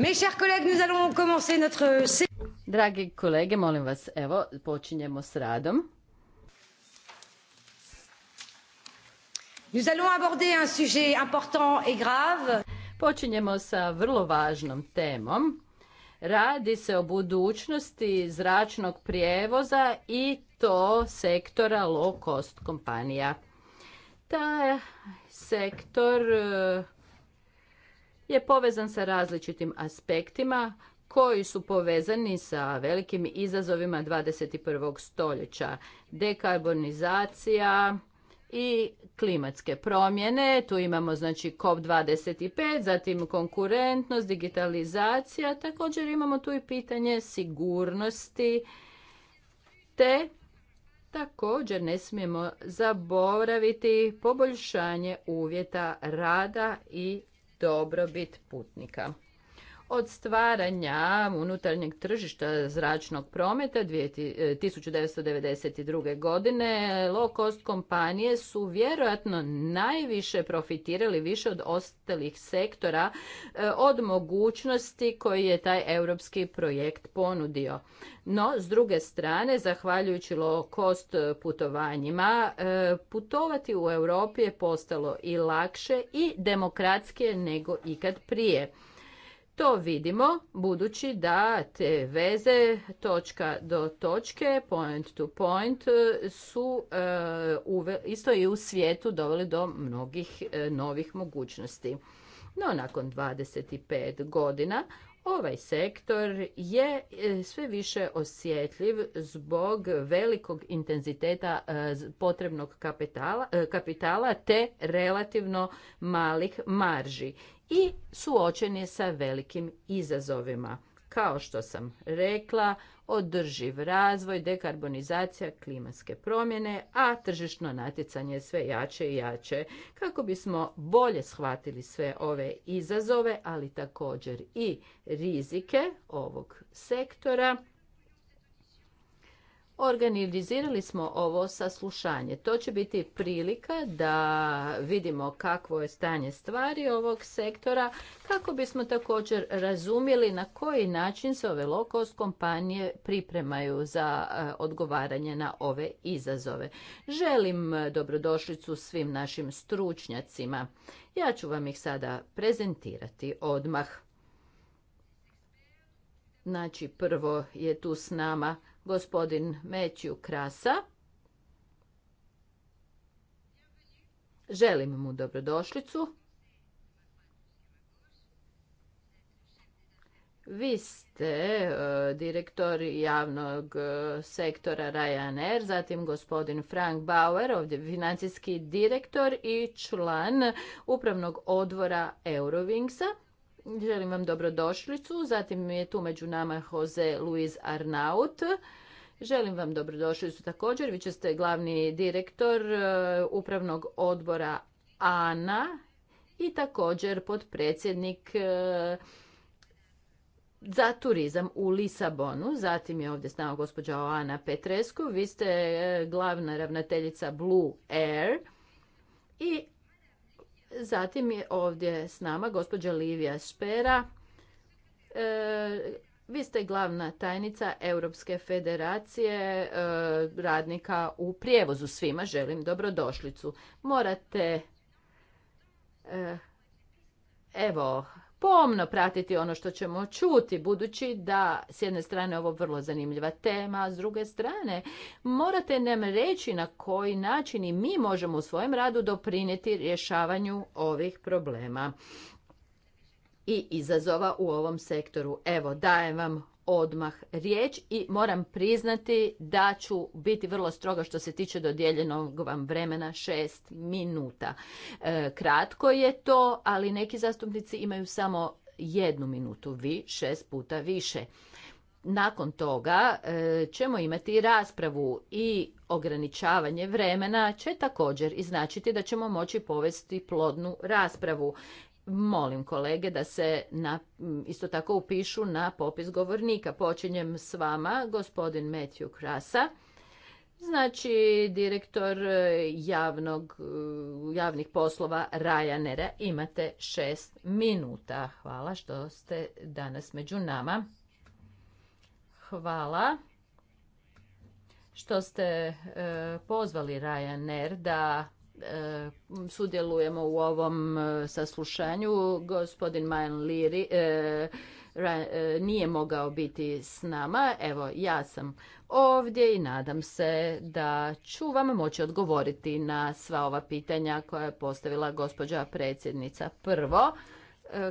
Mes chers collègues, nous allons commencer notre... Dragi kolege, molim vas, evo, počinjemo s radom. Nous allons aborder un sujet important et grave. Počinjemo sa vrlo važnom temom. Radi se o budućnosti zračnog prijevoza i to sektora low cost kompanija. Taj sektor je povezan sa različitim aspektima koji su povezani sa velikim izazovima 21. stoljeća. Dekarbonizacija i klimatske promjene. Tu imamo znači COP25, zatim konkurentnost, digitalizacija. Također imamo tu i pitanje sigurnosti te Također ne smijemo zaboraviti poboljšanje uvjeta rada i dobrobit putnika. Od stvaranja unutarnjeg tržišta zračnog prometa 1992. E, godine low cost kompanije su vjerojatno najviše profitirali više od ostalih sektora e, od mogućnosti koji je taj europski projekt ponudio. No, s druge strane, zahvaljujući low cost putovanjima, e, putovati u Europi je postalo i lakše i demokratskije nego ikad prije. To vidimo budući da te veze točka do točke, point to point, e, su e, isto i u svijetu doveli do mnogih e, novih mogućnosti. No, nakon 25 godina ovaj sektor je sve više osjetljiv zbog velikog intenziteta potrebnog kapitala, kapitala te relativno malih marži i je sa velikim izazovima. Kao što sam rekla, održiv razvoj, dekarbonizacija, klimatske promjene, a tržišno natjecanje sve jače i jače. Kako bismo bolje shvatili sve ove izazove, ali također i rizike ovog sektora, Organizirali smo ovo saslušanje. To će biti prilika da vidimo kakvo je stanje stvari ovog sektora, kako bismo također razumjeli na koji način se ove low kompanije pripremaju za e, odgovaranje na ove izazove. Želim dobrodošlicu svim našim stručnjacima. Ja ću vam ih sada prezentirati odmah. Znači, prvo je tu s nama gospodin Meću Krasa. Želim mu dobrodošlicu. Vi ste e, direktor javnog e, sektora Ryanair, zatim gospodin Frank Bauer, ovdje financijski direktor i član upravnog odvora Eurovingsa. Želim vam dobrodošlicu. Zatim je tu među nama Jose Luis Arnaut. Želim vam dobrodošlicu također. Vi će glavni direktor e, upravnog odbora ANA i također podpredsjednik e, za turizam u Lisabonu. Zatim je ovdje s gospođa Oana Petresku. Vi ste e, glavna ravnateljica Blue Air i Zatim je ovdje s nama gospođa Livija Špera. E, vi ste glavna tajnica Europske federacije e, radnika u prijevozu. Svima želim dobrodošlicu. Morate... E, evo, pomno pratiti ono što ćemo čuti, budući da s jedne strane ovo vrlo zanimljiva tema, a s druge strane morate nam reći na koji način i mi možemo u svojem radu doprinijeti rješavanju ovih problema i izazova u ovom sektoru. Evo, dajem vam odmah riječ i moram priznati da ću biti vrlo stroga što se tiče dodijeljenog vam vremena šest minuta. E, kratko je to, ali neki zastupnici imaju samo jednu minutu, vi šest puta više. Nakon toga e, ćemo imati raspravu i ograničavanje vremena će također i značiti da ćemo moći povesti plodnu raspravu molim kolege da se na, isto tako upišu na popis govornika. Počinjem s vama, gospodin Matthew Krasa. Znači, direktor e, javnog, e, javnih poslova Rajanera, imate šest minuta. Hvala što ste danas među nama. Hvala što ste e, pozvali Rajaner da E, sudjelujemo u ovom e, saslušanju. Gospodin Majan Liri e, nije mogao biti s nama. Evo, ja sam ovdje i nadam se da ću vam moći odgovoriti na sva ova pitanja koja je postavila gospođa predsjednica. Prvo,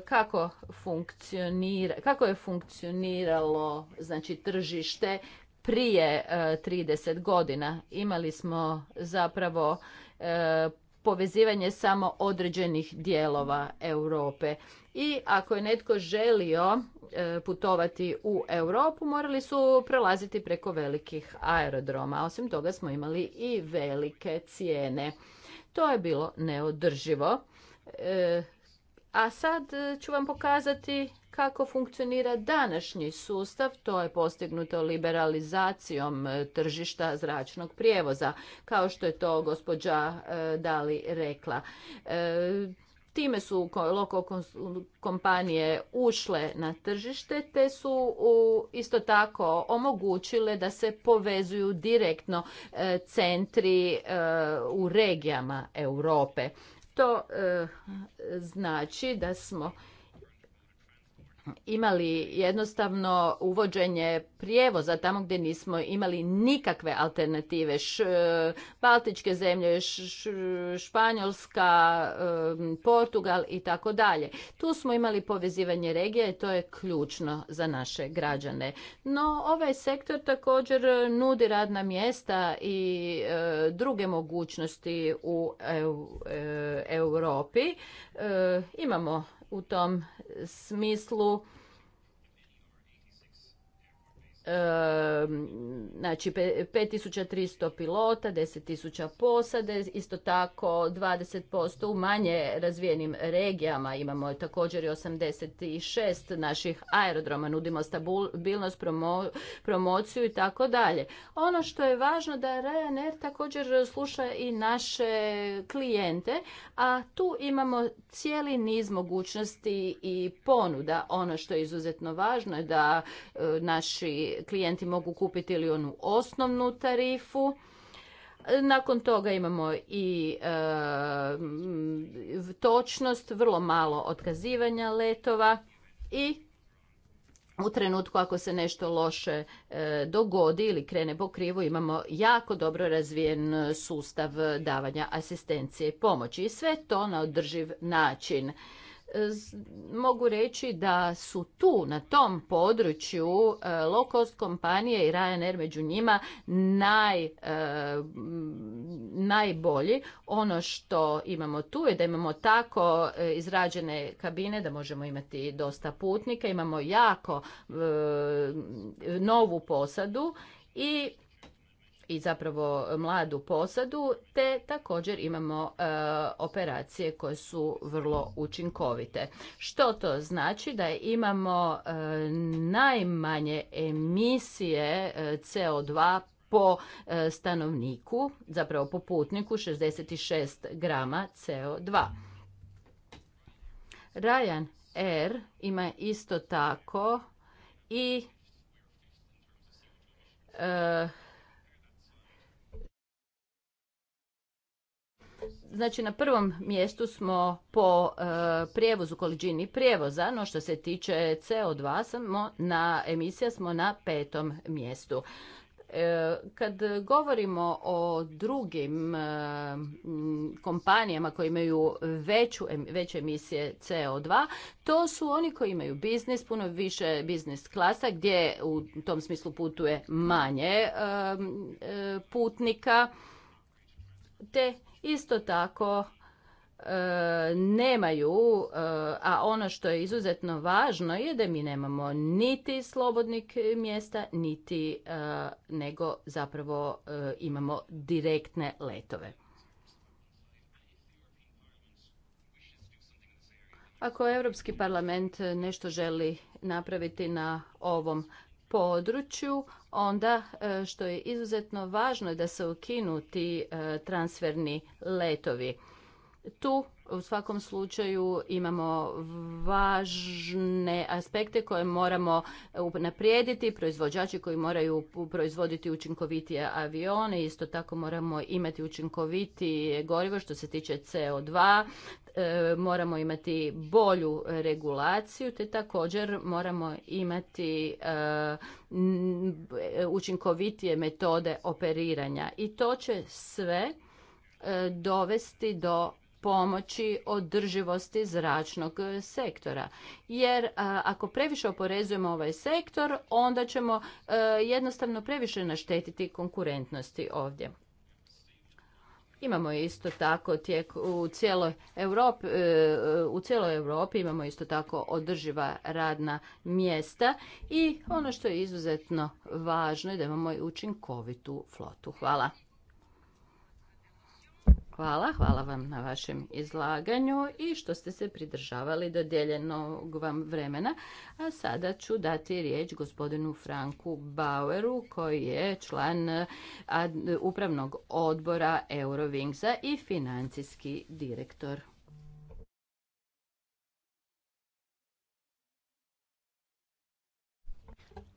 kako, funkcionira, kako je funkcioniralo znači, tržište prije 30 godina. Imali smo zapravo E, povezivanje samo određenih dijelova Europe. I ako je netko želio e, putovati u Europu, morali su prelaziti preko velikih aerodroma. Osim toga smo imali i velike cijene. To je bilo neodrživo. E, a sad ću vam pokazati kako funkcionira današnji sustav, to je postignuto liberalizacijom e, tržišta zračnog prijevoza, kao što je to gospođa e, Dali rekla. E, time su loko kompanije ušle na tržište te su isto tako omogućile da se povezuju direktno centri u regijama Europe. To znači da smo imali jednostavno uvođenje prijevoza tamo gdje nismo imali nikakve alternative. Š, e, Baltičke zemlje, Španjolska, e, Portugal i tako dalje. Tu smo imali povezivanje regija i to je ključno za naše građane. No ovaj sektor također nudi radna mjesta i e, druge mogućnosti u Europi. imamo u tom smislu znači 5300 pilota, 10.000 posade, isto tako 20% u manje razvijenim regijama, imamo također i 86 naših aerodroma, nudimo stabilnost, promociju i tako dalje. Ono što je važno da Ryanair također sluša i naše klijente, a tu imamo cijeli niz mogućnosti i ponuda. Ono što je izuzetno važno je da e, naši klijenti mogu kupiti ili onu osnovnu tarifu. Nakon toga imamo i e, točnost, vrlo malo otkazivanja letova i u trenutku ako se nešto loše e, dogodi ili krene po krivu imamo jako dobro razvijen sustav davanja asistencije i pomoći i sve to na održiv način mogu reći da su tu na tom području e, low cost kompanije i Ryanair među njima naj, e, najbolji. Ono što imamo tu je da imamo tako e, izrađene kabine da možemo imati dosta putnika, imamo jako novu posadu i i zapravo mladu posadu, te također imamo e, operacije koje su vrlo učinkovite. Što to znači? Da imamo e, najmanje emisije e, CO2 po stanovniku, zapravo po putniku 66 grama CO2. Ryan R ima isto tako i Znači na prvom mjestu smo po e, prijevozu, količini prijevoza, no što se tiče CO2 smo na emisija smo na petom mjestu. E, kad govorimo o drugim e, kompanijama koje imaju veću, veće emisije CO2, to su oni koji imaju biznis, puno više biznis klasa gdje u tom smislu putuje manje putnika te isto tako e, nemaju, e, a ono što je izuzetno važno je da mi nemamo niti slobodnih mjesta, niti e, nego zapravo imamo direktne letove. Ako Europski parlament nešto želi napraviti na ovom području, onda e, što je izuzetno važno da se ukinu ti e, transferni letovi. Tu u svakom slučaju imamo važne aspekte koje moramo e, naprijediti, proizvođači koji moraju proizvoditi učinkovitije avione, isto tako moramo imati učinkovitije gorivo što se tiče CO2, e, moramo imati bolju regulaciju, te također moramo imati e, učinkovitije metode operiranja. I to će sve dovesti do pomoći održivosti zračnog e, sektora. Jer ako previše oporezujemo ovaj sektor, onda ćemo e, jednostavno previše naštetiti konkurentnosti ovdje. Imamo isto tako tijek u cijeloj Europi, e, u cijeloj Europi imamo isto tako održiva radna mjesta i ono što je izuzetno važno je da imamo i učinkovitu flotu. Hvala. Hvala, hvala vam na vašem izlaganju i što ste se pridržavali dodijeljenog vam vremena. A sada ću dati riječ gospodinu Franku Baueru koji je član upravnog odbora Eurovingza i financijski direktor.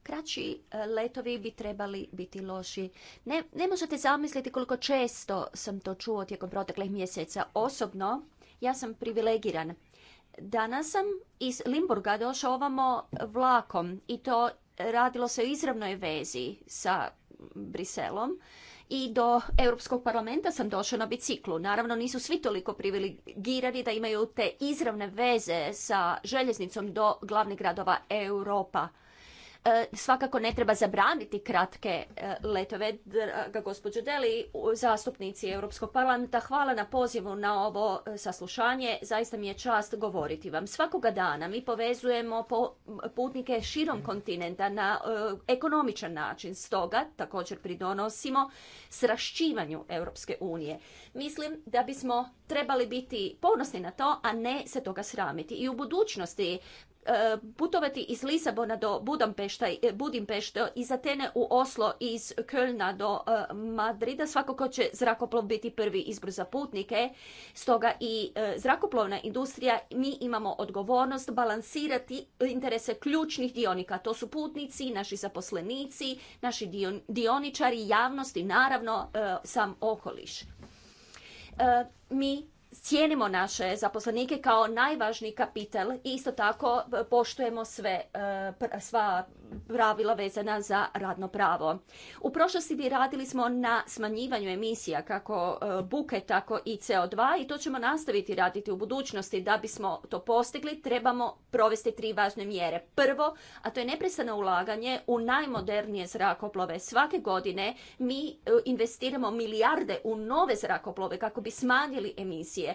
kraći e, letovi bi trebali biti loši. Ne, ne možete zamisliti koliko često sam to čuo tijekom proteklih mjeseca. Osobno, ja sam privilegiran. Danas sam iz Limburga došao ovamo vlakom i to radilo se o izravnoj vezi sa Briselom i do Europskog parlamenta sam došao na biciklu. Naravno nisu svi toliko privilegirani da imaju te izravne veze sa željeznicom do glavnih gradova Europa E, svakako ne treba zabraniti kratke e, letove. Draga gospođo Deli, zastupnici Europskog parlamenta, hvala na pozivu na ovo e, saslušanje. Zaista mi je čast govoriti vam. Svakoga dana mi povezujemo putnike širom kontinenta na ekonomičan način. Stoga također pridonosimo srašćivanju Europske unije. Mislim da bismo trebali biti ponosni na to, a ne se toga sramiti. I u budućnosti E, putovati iz Lisabona do Budimpešta e, Budimpešta iz Atene u Oslo, iz Kölna do e, Madrida, svakako će zrakoplov biti prvi izbor za putnike. Stoga i zrakoplovna industrija, mi imamo odgovornost balansirati interese ključnih dionika. To su putnici, naši zaposlenici, naši dioničari, javnosti, naravno sam okoliš. Mi cijenimo naše zaposlenike kao najvažniji kapital i isto tako poštujemo sve, e, sva pravila vezana za radno pravo. U prošlosti bi radili smo na smanjivanju emisija kako e, buke, tako i CO2 i to ćemo nastaviti raditi u budućnosti. Da bismo to postigli trebamo provesti tri važne mjere. Prvo, a to je neprestano ulaganje u najmodernije zrakoplove. Svake godine mi e, investiramo milijarde u nove zrakoplove kako bi smanjili emisije E,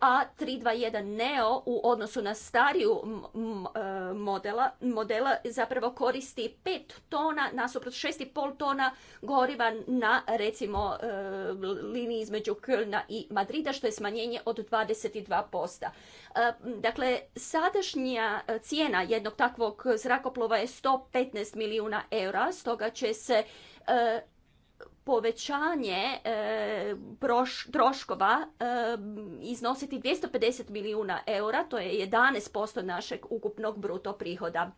A 321 Neo u odnosu na stariju e, modela, modela zapravo koristi 5 tona nasuprot 6,5 tona goriva na recimo e, liniji između Kölna i Madrida što je smanjenje od 22%. Dakle, sadašnja cijena jednog takvog zrakoplova je 115 milijuna eura, stoga će se povećanje e, troškova e, iznositi 250 milijuna eura, to je 11% našeg ukupnog bruto prihoda.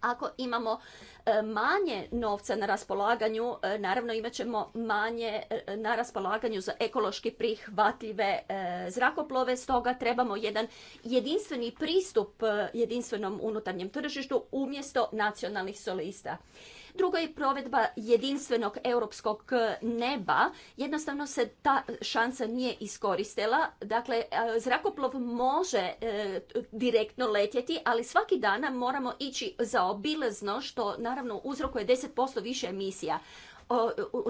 Ako imamo e, manje novca na raspolaganju, naravno imat ćemo manje na raspolaganju za ekološki prihvatljive zrakoplove, stoga trebamo jedan jedinstveni pristup jedinstvenom unutarnjem tržištu umjesto nacionalnih solista. Drugo je provedba jedinstvenog europskog eh, neba. Jednostavno se ta šansa nije iskoristila. Dakle, eh, zrakoplov može eh, direktno letjeti, ali svaki dana moramo ići za obilazno, što naravno uzrokuje 10% više emisija.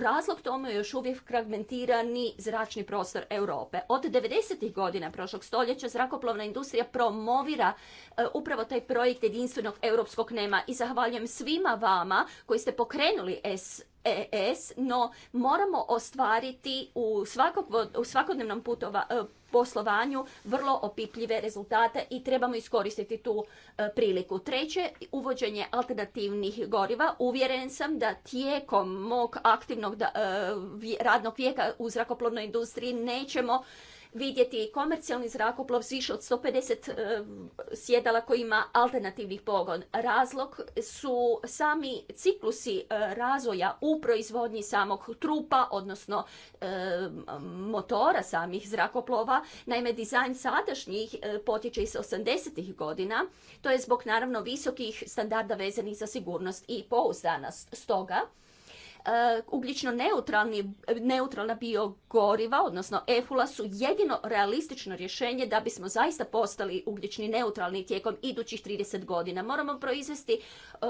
Razlog tome je još uvijek fragmentirani zračni prostor Europe. Od 90. godina prošlog stoljeća zrakoplovna industrija promovira e, upravo taj projekt jedinstvenog europskog nema i zahvaljujem svima vama koji ste pokrenuli S ES, no moramo ostvariti u, u svakodnevnom putova, e, poslovanju vrlo opipljive rezultate i trebamo iskoristiti tu e, priliku. Treće, uvođenje alternativnih goriva. Uvjeren sam da tijekom mog aktivnog e, radnog vijeka u zrakoplovnoj industriji nećemo vidjeti i komercijalni zrakoplov s više od 150 e, sjedala koji ima alternativni pogon. Razlog su sami ciklusi e, razvoja u proizvodnji samog trupa, odnosno e, motora samih zrakoplova. Naime, dizajn sadašnjih potječe iz 80. godina. To je zbog naravno visokih standarda vezanih za sigurnost i pouzdanost. Stoga, E, ugljično neutralni, neutralna biogoriva, odnosno EFULA su jedino realistično rješenje da bismo zaista postali ugljični neutralni tijekom idućih 30 godina. Moramo proizvesti e,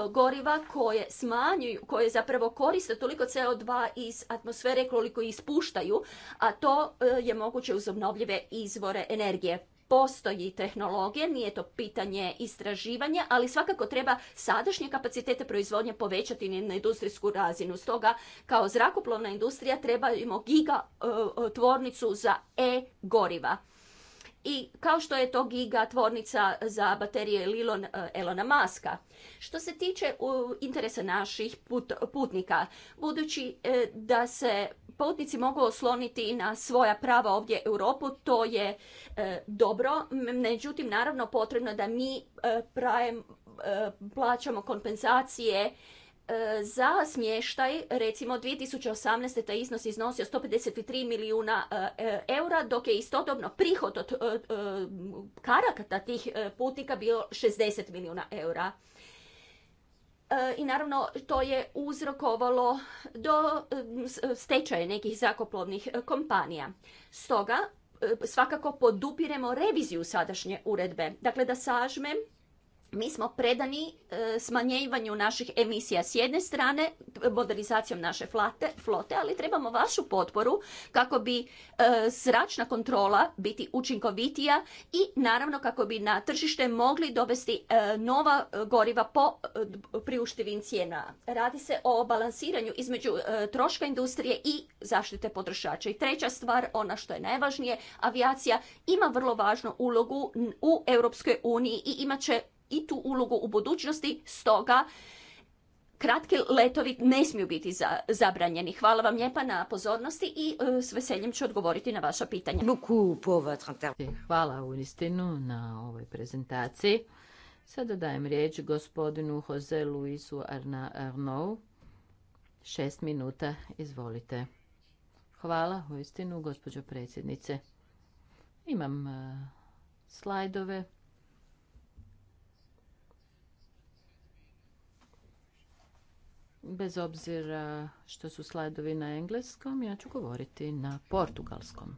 goriva koje smanjuju, koje zapravo koriste toliko CO2 iz atmosfere koliko ispuštaju, a to e, je moguće uz obnovljive izvore energije postoji tehnologija, nije to pitanje istraživanja, ali svakako treba sadašnje kapacitete proizvodnje povećati na industrijsku razinu. Stoga kao zrakoplovna industrija trebamo giga e, e, tvornicu za e-goriva i kao što je to giga tvornica za baterije Lilon e, Elona Maska. Što se tiče interesa naših putnika, budući e, da se putnici mogu osloniti na svoja prava ovdje u Europu, to je e, dobro, međutim naravno potrebno da mi prajem plaćamo kompenzacije E, za smještaj, recimo 2018. taj iznos iznosio 153 milijuna e, e, eura, dok je istodobno prihod od karakata tih putnika bio 60 milijuna eura. I naravno to je uzrokovalo do stečaja nekih zakoplovnih kompanija. Stoga svakako podupiremo reviziju sadašnje uredbe. Dakle, da sažmem, mi smo predani e, smanjivanju naših emisija s jedne strane, modernizacijom naše flote, ali trebamo vašu potporu kako bi e, zračna kontrola biti učinkovitija i naravno kako bi na tržište mogli dovesti e, nova goriva po priuštivim cijena. Radi se o balansiranju između troška industrije i zaštite potrošača. I treća stvar, ona što je najvažnije, avijacija ima vrlo važnu ulogu u Europskoj uniji i imat će i tu ulogu u budućnosti, stoga kratki letovi ne smiju biti zabranjeni. Hvala vam lijepa na pozornosti i e, s veseljem ću odgovoriti na vaša pitanja. Hvala u istinu na ovoj prezentaciji. Sada dajem riječ gospodinu Jose Luisu Arna Šest minuta, izvolite. Hvala u istinu, gospođo predsjednice. Imam e, slajdove. bez obzira što su slajdovi na engleskom, ja ću govoriti na portugalskom.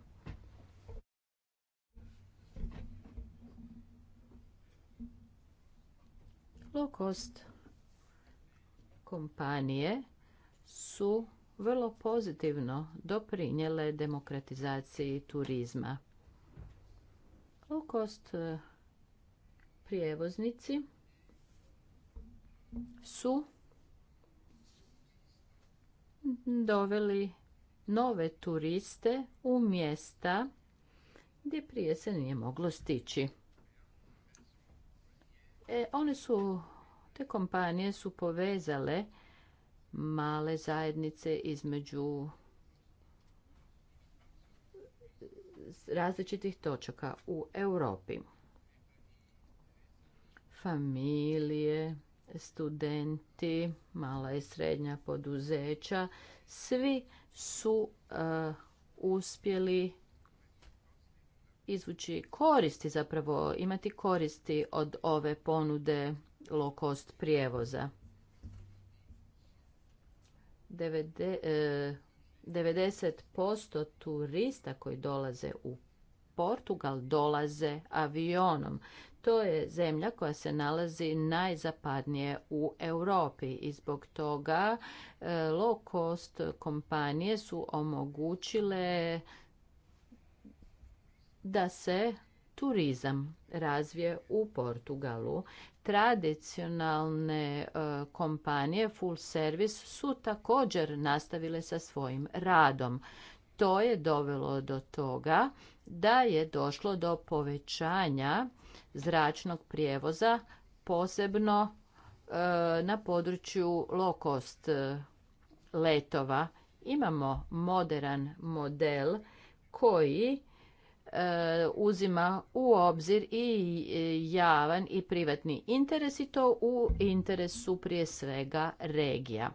Low cost kompanije su vrlo pozitivno doprinjele demokratizaciji turizma. Low cost eh, prijevoznici su doveli nove turiste u mjesta gdje prije se nije moglo stići. E, one su, te kompanije su povezale male zajednice između različitih točaka u Europi. Familije, studenti, mala i srednja poduzeća, svi su uh, uspjeli izvući koristi, zapravo imati koristi od ove ponude low cost prijevoza. 90% uh, turista koji dolaze u Portugal dolaze avionom. To je zemlja koja se nalazi najzapadnije u Europi i zbog toga e, low cost kompanije su omogućile da se turizam razvije u Portugalu. Tradicionalne e, kompanije full service su također nastavile sa svojim radom. To je dovelo do toga da je došlo do povećanja zračnog prijevoza, posebno e, na području low-cost e, letova. Imamo modern model koji e, uzima u obzir i javan i privatni interes i to u interesu prije svega regija.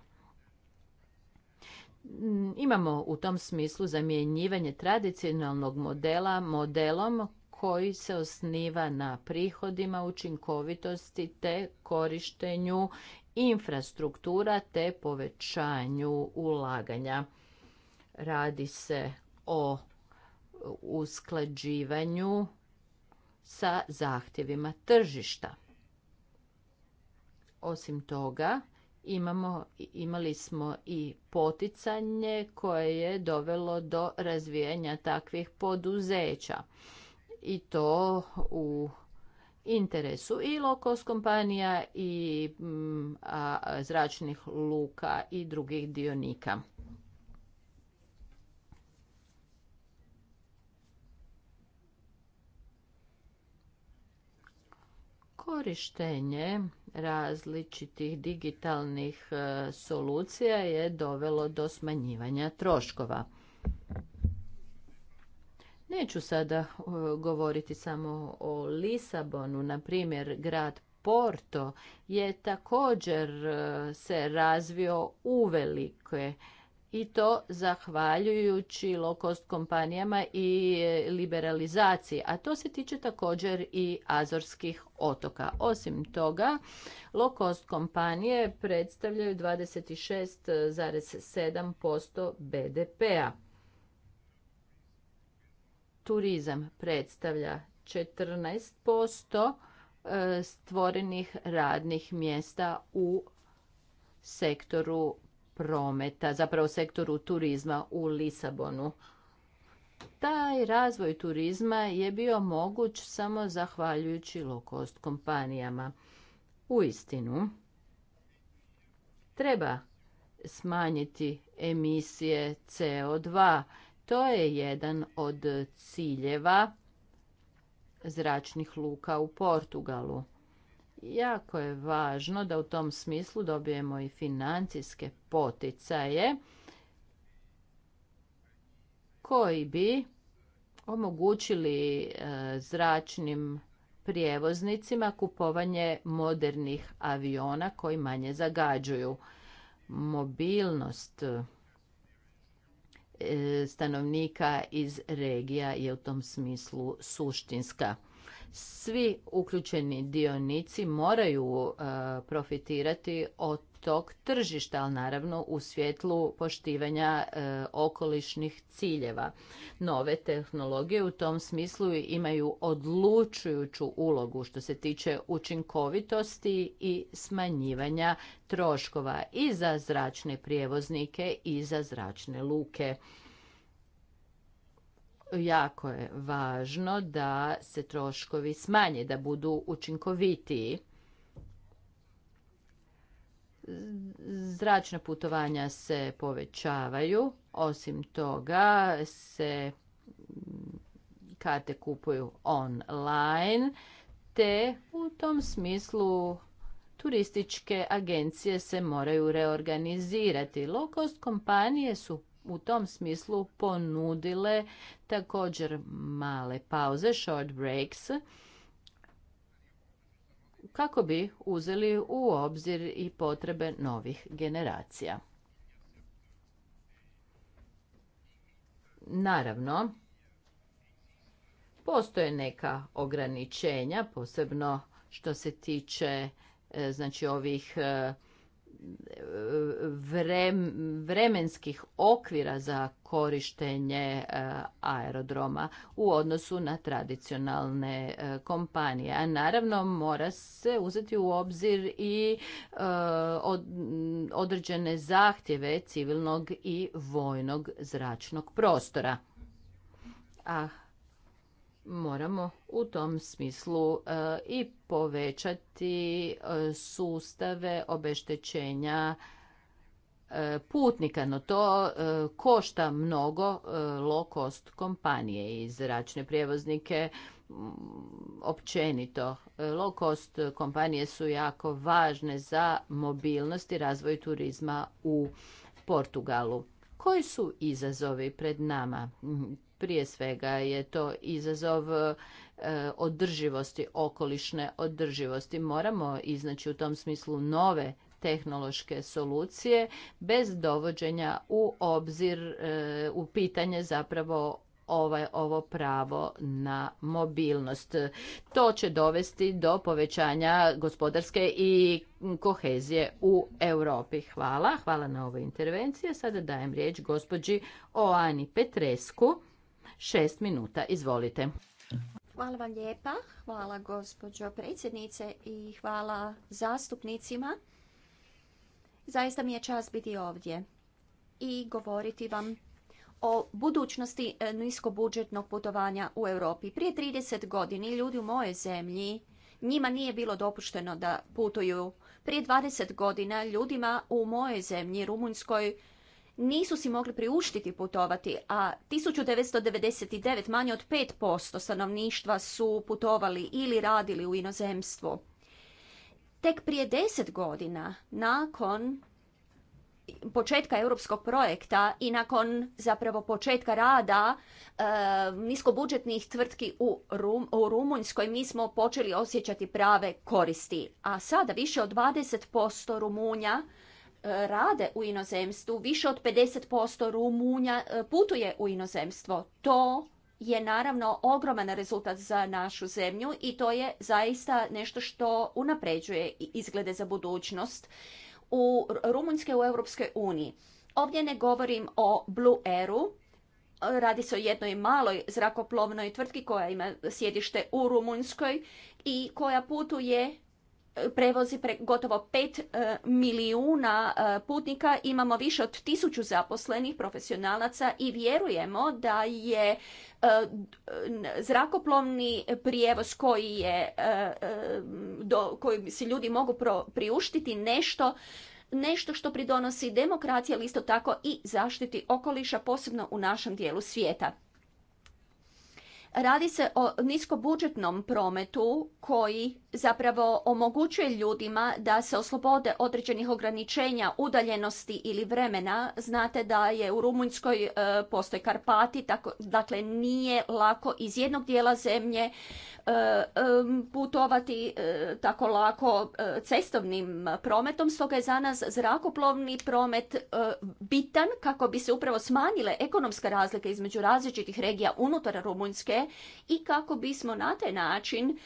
Imamo u tom smislu zamjenjivanje tradicionalnog modela modelom koji se osniva na prihodima učinkovitosti te korištenju infrastruktura te povećanju ulaganja. Radi se o usklađivanju sa zahtjevima tržišta. Osim toga, imamo, imali smo i poticanje koje je dovelo do razvijanja takvih poduzeća i to u interesu i lokos kompanija i mm, zračnih luka i drugih dionika. Korištenje različitih digitalnih e, solucija je dovelo do smanjivanja troškova. Neću sada e, govoriti samo o Lisabonu, na primjer grad Porto je također e, se razvio velike. i to zahvaljujući low kompanijama i e, liberalizaciji, a to se tiče također i Azorskih otoka. Osim toga, low-cost kompanije predstavljaju 26,7% BDP-a turizam predstavlja 14% e, stvorenih radnih mjesta u sektoru prometa, zapravo sektoru turizma u Lisabonu. Taj razvoj turizma je bio moguć samo zahvaljujući low-cost kompanijama. U istinu, treba smanjiti emisije CO2 to je jedan od ciljeva zračnih luka u Portugalu. Jako je važno da u tom smislu dobijemo i financijske poticaje koji bi omogućili e, zračnim prijevoznicima kupovanje modernih aviona koji manje zagađuju. Mobilnost E, stanovnika iz regija je u tom smislu suštinska svi uključeni dionici moraju e, profitirati od tog tržišta, ali naravno u svjetlu poštivanja e, okolišnih ciljeva. Nove tehnologije u tom smislu imaju odlučujuću ulogu što se tiče učinkovitosti i smanjivanja troškova i za zračne prijevoznike i za zračne luke jako je važno da se troškovi smanje, da budu učinkovitiji. Zračna putovanja se povećavaju, osim toga se karte kupuju online, te u tom smislu turističke agencije se moraju reorganizirati. Low cost kompanije su u tom smislu ponudile također male pauze, short breaks, kako bi uzeli u obzir i potrebe novih generacija. Naravno, postoje neka ograničenja, posebno što se tiče e, znači ovih e, vremenskih okvira za korištenje e, aerodroma u odnosu na tradicionalne e, kompanije. A naravno mora se uzeti u obzir i e, određene zahtjeve civilnog i vojnog zračnog prostora. A moramo u tom smislu e, i povećati e, sustave obeštećenja e, putnika, no to košta mnogo low cost kompanije i zračne prijevoznike mm, općenito. Low cost kompanije su jako važne za mobilnost i razvoj turizma u Portugalu. Koji su izazovi pred nama? prije svega je to izazov e, održivosti, okolišne održivosti. Moramo iznaći u tom smislu nove tehnološke solucije bez dovođenja u obzir, e, u pitanje zapravo ovaj, ovo pravo na mobilnost. To će dovesti do povećanja gospodarske i kohezije u Europi. Hvala, hvala na ovoj intervenciji. Sada dajem riječ gospođi Oani Petresku šest minuta. Izvolite. Hvala vam lijepa, hvala gospođo predsjednice i hvala zastupnicima. Zaista mi je čast biti ovdje i govoriti vam o budućnosti niskobudžetnog putovanja u Europi. Prije 30 godini ljudi u moje zemlji njima nije bilo dopušteno da putuju. Prije 20 godina ljudima u mojoj zemlji, Rumunjskoj, nisu si mogli priuštiti putovati, a 1999 manje od 5% stanovništva su putovali ili radili u inozemstvu. Tek prije 10 godina nakon početka europskog projekta i nakon zapravo početka rada e, niskobudžetnih tvrtki u, u Rumunjskoj mi smo počeli osjećati prave koristi. A sada više od 20% Rumunja E, rade u inozemstvu, više od 50% Rumunja e, putuje u inozemstvo. To je naravno ogroman rezultat za našu zemlju i to je zaista nešto što unapređuje izglede za budućnost u Rumunjske u Europskoj uniji. Ovdje ne govorim o Blue Airu, Radi se o jednoj maloj zrakoplovnoj tvrtki koja ima sjedište u Rumunjskoj i koja putuje prevozi gotovo 5 e, milijuna e, putnika, imamo više od tisuću zaposlenih profesionalaca i vjerujemo da je e, zrakoplovni prijevoz koji je, do, koji si ljudi mogu priuštiti nešto nešto što pridonosi demokraciji, ali isto tako i zaštiti okoliša, posebno u našem dijelu svijeta. Radi se o niskobudžetnom prometu koji zapravo omogućuje ljudima da se oslobode određenih ograničenja udaljenosti ili vremena. Znate da je u Rumunjskoj e, postoje Karpati, tako, dakle nije lako iz jednog dijela zemlje e, e, putovati tako lako cestovnim prometom, stoga je za nas zrakoplovni promet bitan kako bi se upravo smanjile ekonomske razlike između različitih regija unutar Rumunjske i kako bismo na taj način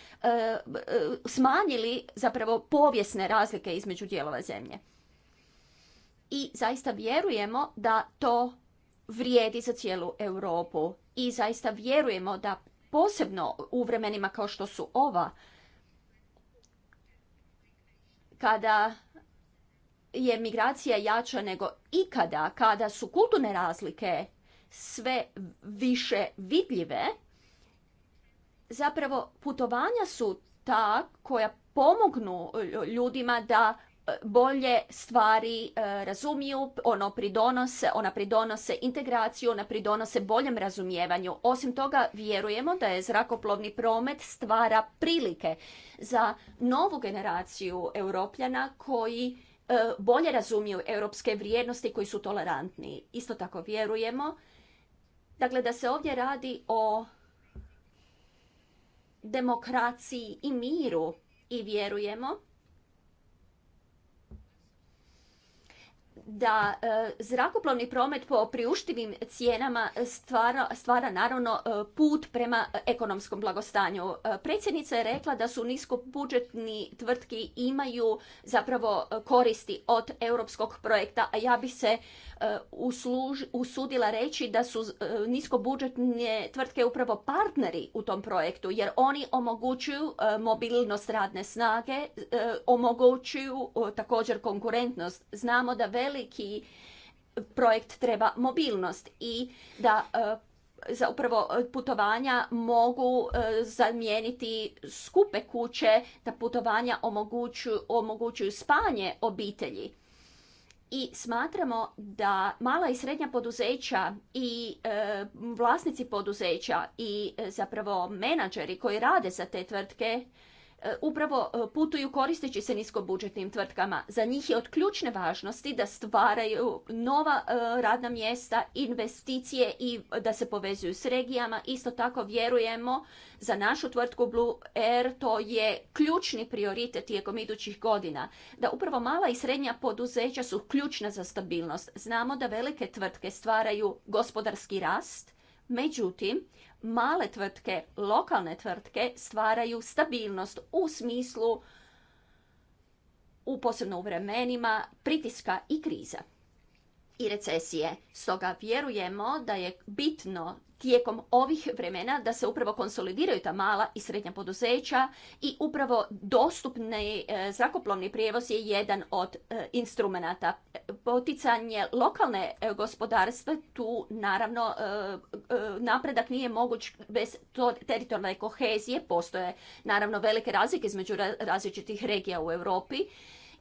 smanjili zapravo povijesne razlike između dijelova zemlje. I zaista vjerujemo da to vrijedi za cijelu Europu i zaista vjerujemo da posebno u vremenima kao što su ova, kada je migracija jača nego ikada, kada su kulturne razlike sve više vidljive, zapravo putovanja su ta koja pomognu e, ljudima da e, bolje stvari e, razumiju, ono pridonose, ona pridonose integraciju, ona pridonose boljem razumijevanju. Osim toga, vjerujemo da je zrakoplovni promet stvara prilike za novu generaciju europljana koji bolje razumiju europske vrijednosti koji su tolerantni. Isto tako vjerujemo dakle, da se ovdje radi o demokraciji i miru i vjerujemo da e, zrakoplovni promet po priuštivim cijenama stvara, naravno e, put prema ekonomskom blagostanju. E, predsjednica je rekla da su niskobudžetni tvrtki imaju zapravo koristi od europskog projekta, a ja bi se E, usluž, usudila reći da su e, niskobudžetne tvrtke upravo partneri u tom projektu jer oni omogućuju e, mobilnost radne snage, omogućuju također konkurentnost. Znamo da veliki projekt treba mobilnost i da za upravo putovanja mogu zamijeniti skupe kuće, da putovanja omogućuju, omogućuju spanje obitelji i smatramo da mala i srednja poduzeća i e, vlasnici poduzeća i e, zapravo menadžeri koji rade za te tvrtke E, upravo e, putuju koristeći se niskobudžetnim tvrtkama. Za njih je od ključne važnosti da stvaraju nova e, radna mjesta, investicije i da se povezuju s regijama. Isto tako vjerujemo za našu tvrtku Blue Air to je ključni prioritet tijekom idućih godina. Da upravo mala i srednja poduzeća su ključna za stabilnost. Znamo da velike tvrtke stvaraju gospodarski rast, međutim male tvrtke, lokalne tvrtke stvaraju stabilnost u smislu u posebno u vremenima pritiska i kriza i recesije. Stoga vjerujemo da je bitno tijekom ovih vremena da se upravo konsolidiraju ta mala i srednja poduzeća i upravo dostupni e, zrakoplovni prijevoz je jedan od e, instrumenata. Poticanje lokalne e, gospodarstva tu naravno napredak nije moguć bez teritorijalne kohezije. Postoje naravno velike razlike između različitih regija u Europi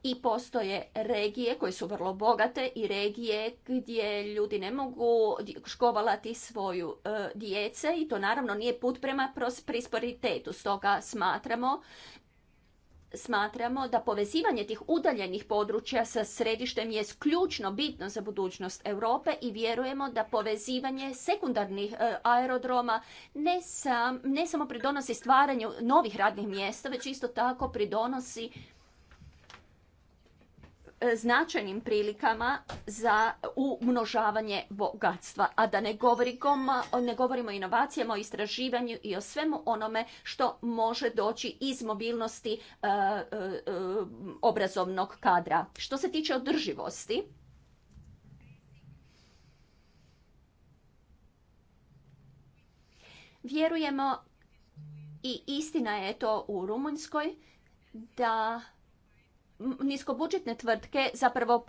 i postoje regije koje su vrlo bogate i regije gdje ljudi ne mogu škovalati svoju e, djece i to naravno nije put prema prosperitetu. Stoga smatramo smatramo da povezivanje tih udaljenih područja sa središtem je ključno bitno za budućnost Europe i vjerujemo da povezivanje sekundarnih e, aerodroma ne, ne samo pridonosi stvaranju novih radnih mjesta, već isto tako pridonosi E, značajnim prilikama za umnožavanje bogatstva, a da ne govorimo, govorimo o inovacijama, o istraživanju i o svemu onome što može doći iz mobilnosti e, e, obrazovnog kadra. Što se tiče održivosti, vjerujemo i istina je to u Rumunjskoj da niskobudžetne tvrtke zapravo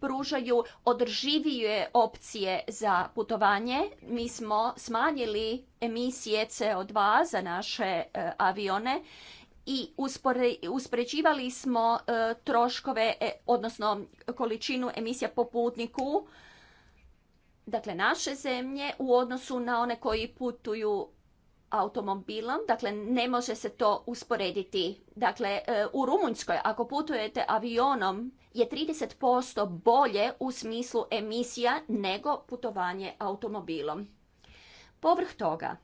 pružaju održivije opcije za putovanje. Mi smo smanjili emisije CO2 za naše e, avione i uspoređivali smo e, troškove, e, odnosno količinu emisija po putniku, dakle naše zemlje u odnosu na one koji putuju automobilom, dakle ne može se to usporediti. Dakle, e, u Rumunjskoj ako putujete avionom je 30% bolje u smislu emisija nego putovanje automobilom. Povrh toga,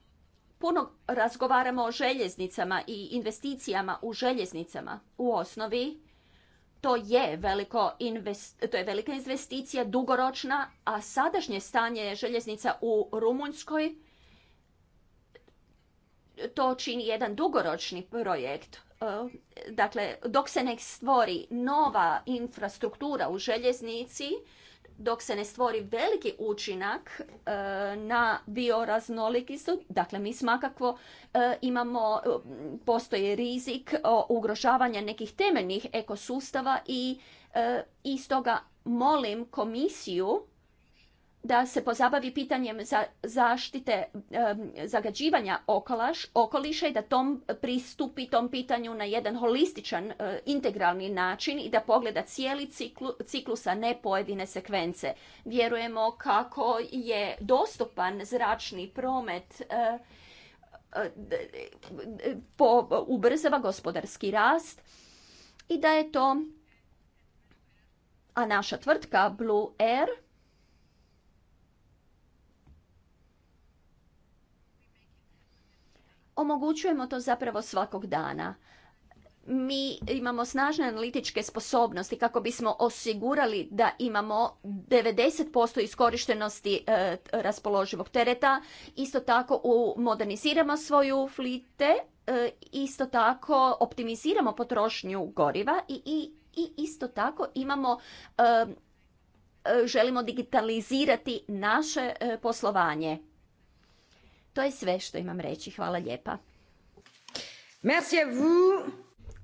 puno razgovaramo o željeznicama i investicijama u željeznicama. U osnovi to je, veliko to je velika investicija, dugoročna, a sadašnje stanje željeznica u Rumunjskoj to čini jedan dugoročni projekt. E, dakle, dok se ne stvori nova infrastruktura u željeznici, dok se ne stvori veliki učinak e, na bioraznolikost, dakle mi smakako e, imamo, postoji rizik ugrožavanja nekih temeljnih ekosustava i e, iz toga molim komisiju da se pozabavi pitanjem za zaštite zagađivanja okolaš, okoliša i da tom pristupi tom pitanju na jedan holističan, e, integralni način i da pogleda cijeli ciklu, ciklus, a ne pojedine sekvence. Vjerujemo kako je dostupan zračni promet e, e, po, ubrzava gospodarski rast i da je to, a naša tvrtka Blue Air, omogućujemo to zapravo svakog dana mi imamo snažne analitičke sposobnosti kako bismo osigurali da imamo 90% iskorištenosti e, raspoloživog tereta. Isto tako moderniziramo svoju flite, e, isto tako optimiziramo potrošnju goriva i, isto tako imamo e, želimo digitalizirati naše poslovanje. To je sve što imam reći. Hvala lijepa. Merci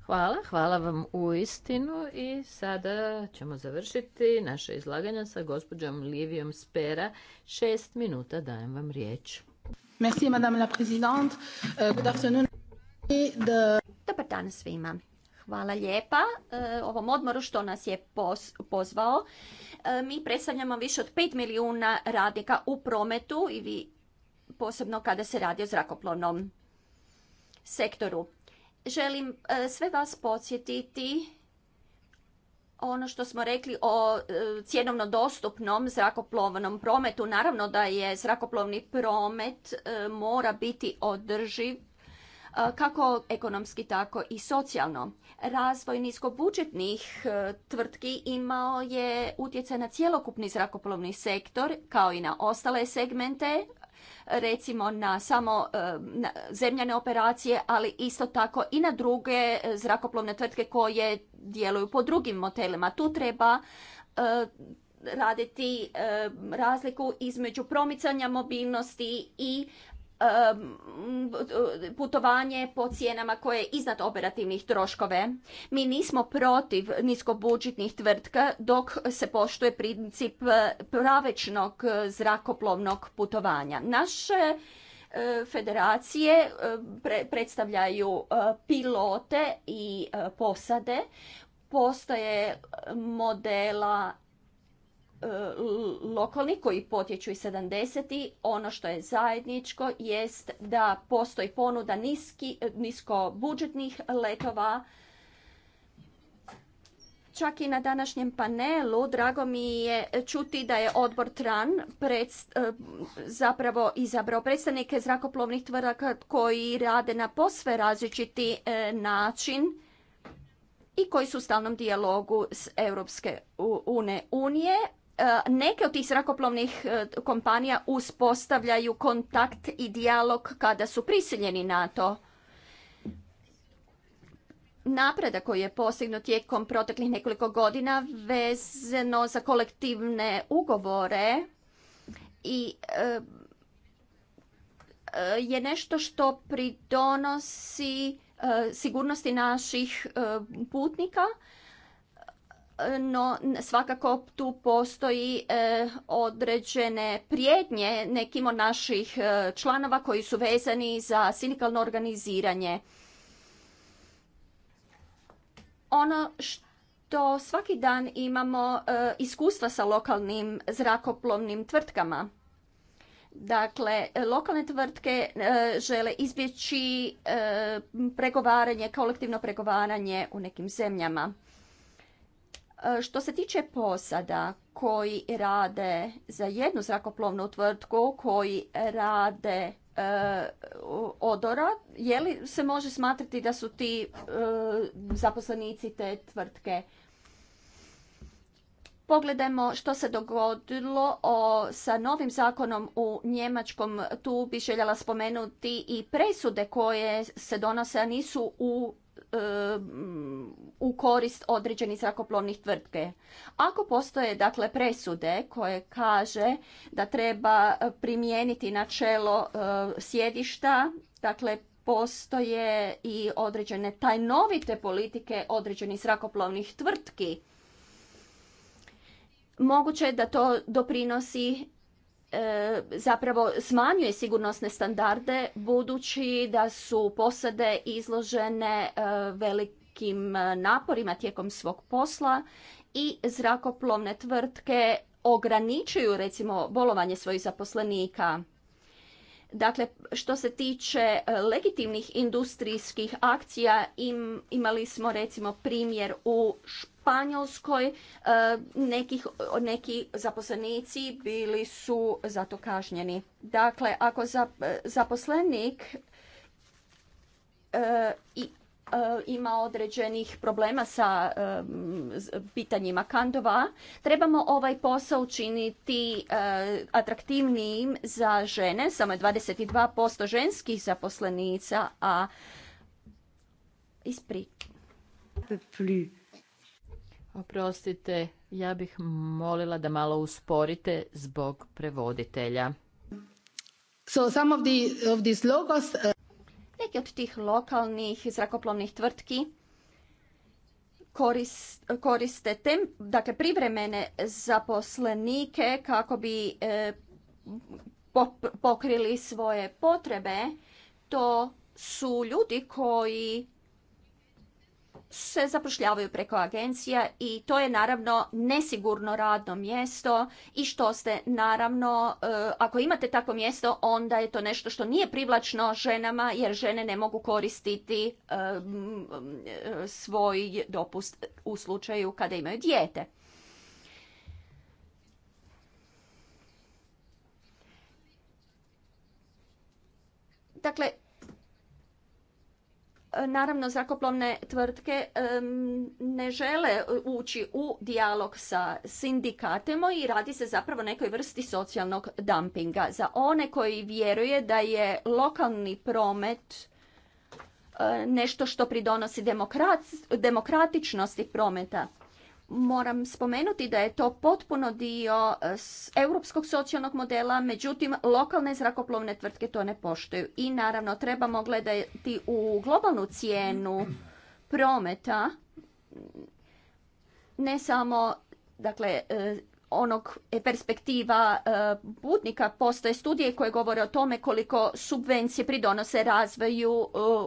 Hvala, hvala vam u istinu i sada ćemo završiti naše izlaganje sa gospođom Livijom Spera. Šest minuta dajem vam riječ. Merci, madame la présidente. Euh, good afternoon. Dobar dan svima. Hvala lijepa eh, ovom odmoru što nas je pozvao. Eh, mi predstavljamo više od 5 milijuna radnika u prometu i vi posebno kada se radi o zrakoplovnom sektoru. Želim e, sve vas podsjetiti ono što smo rekli o e, cjenovno dostupnom zrakoplovnom prometu. Naravno da je zrakoplovni promet e, mora biti održiv kako ekonomski, tako i socijalno. Razvoj niskobudžetnih tvrtki imao je utjecaj na cjelokupni zrakoplovni sektor, kao i na ostale segmente recimo na samo e, zemljane operacije, ali isto tako i na druge e, zrakoplovne tvrtke koje djeluju po drugim motelima. Tu treba e, raditi razliku između promicanja mobilnosti i Um, putovanje po cijenama koje je iznad operativnih troškove. Mi nismo protiv niskobudžetnih tvrtka dok se poštuje princip uh, pravečnog uh, zrakoplovnog putovanja. Naše uh, federacije predstavljaju pilote i posade. Postoje modela lokalni koji potječu iz 70. Ono što je zajedničko jest da postoji ponuda niski, nisko budžetnih letova. Čak i na današnjem panelu drago mi je čuti da je odbor TRAN e, zapravo izabrao predstavnike zrakoplovnih tvrtka koji rade na posve različiti e, način i koji su u stalnom dijalogu s Europske unije. E, neke od tih zrakoplovnih e, kompanija uspostavljaju kontakt i dijalog kada su prisiljeni na to. Napredak koji je postignut tijekom proteklih nekoliko godina vezano za kolektivne ugovore i e, je nešto što pridonosi sigurnosti naših putnika no svakako tu postoji e, određene prijednje nekim od naših e, članova koji su vezani za sindikalno organiziranje. Ono što svaki dan imamo e, iskustva sa lokalnim zrakoplovnim tvrtkama. Dakle, lokalne tvrtke žele izbjeći pregovaranje, kolektivno pregovaranje u nekim zemljama. E, što se tiče posada koji rade za jednu zrakoplovnu tvrtku, koji rade e, odora, je li se može smatrati da su ti e, zaposlenici te tvrtke? Pogledajmo što se dogodilo o, sa novim zakonom u Njemačkom. Tu bi željela spomenuti i presude koje se donose, a nisu u, e, korist određenih zrakoplovnih tvrtke. Ako postoje dakle presude koje kaže da treba e, primijeniti načelo e, sjedišta, dakle postoje i određene tajnovite politike određenih zrakoplovnih tvrtki. Moguće je da to doprinosi e, zapravo smanjuje sigurnosne standarde budući da su posade izložene e, velik, velikim e, naporima tijekom svog posla i zrakoplovne tvrtke ograničuju recimo bolovanje svojih zaposlenika. Dakle, što se tiče e, legitimnih industrijskih akcija, im, imali smo recimo primjer u Španjolskoj, e, neki zaposlenici bili su zato kažnjeni. Dakle, ako zaposlenik i E, ima određenih problema sa e, pitanjima kandova. Trebamo ovaj posao učiniti e, atraktivnijim za žene, samo je 22% ženskih zaposlenica, a ispri. Oprostite, ja bih molila da malo usporite zbog prevoditelja. So some of, the, of these logos... Uh, neki od tih lokalnih zrakoplovnih tvrtki koriste tem, dakle privremene zaposlenike kako bi e, pokrili svoje potrebe. To su ljudi koji se zapošljavaju preko agencija i to je naravno nesigurno radno mjesto i što ste naravno, e, ako imate takvo mjesto onda je to nešto što nije privlačno ženama jer žene ne mogu koristiti e, e, svoj dopust u slučaju kada imaju dijete. Dakle, E, naravno, zrakoplovne tvrtke ne žele ući u dijalog sa sindikatima i radi se zapravo nekoj vrsti socijalnog dumpinga. Za one koji vjeruje da je lokalni promet e, nešto što pridonosi demokratičnosti prometa, Moram spomenuti da je to potpuno dio eh, europskog socijalnog modela, međutim lokalne zrakoplovne tvrtke to ne poštuju. I naravno trebamo gledati u globalnu cijenu prometa, ne samo dakle, eh, onog e, perspektiva eh, putnika postoje studije koje govore o tome koliko subvencije pridonose razvoju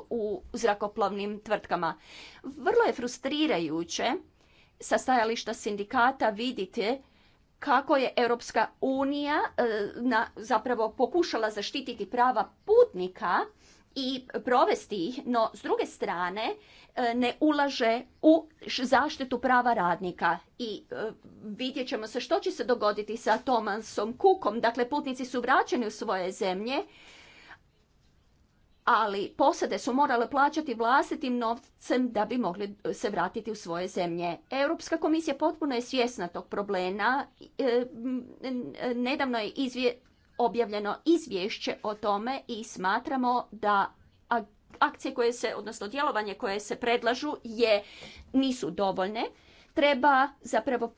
u zrakoplovnim tvrtkama. Vrlo je frustrirajuće sa stajališta sindikata vidite kako je Europska unija e, zapravo pokušala zaštititi prava putnika i provesti ih, no s druge strane e, ne ulaže u zaštitu prava radnika. I e, vidjet ćemo se što će se dogoditi sa Tomasom Kukom. Dakle, putnici su vraćeni u svoje zemlje, ali posade su morale plaćati vlastitim novcem da bi mogli e, se vratiti u svoje zemlje. Europska komisija potpuno je svjesna tog problema. E, e, nedavno je objavljeno izvješće o tome i smatramo da akcije koje se, odnosno djelovanje koje se predlažu je nisu dovoljne. Treba zapravo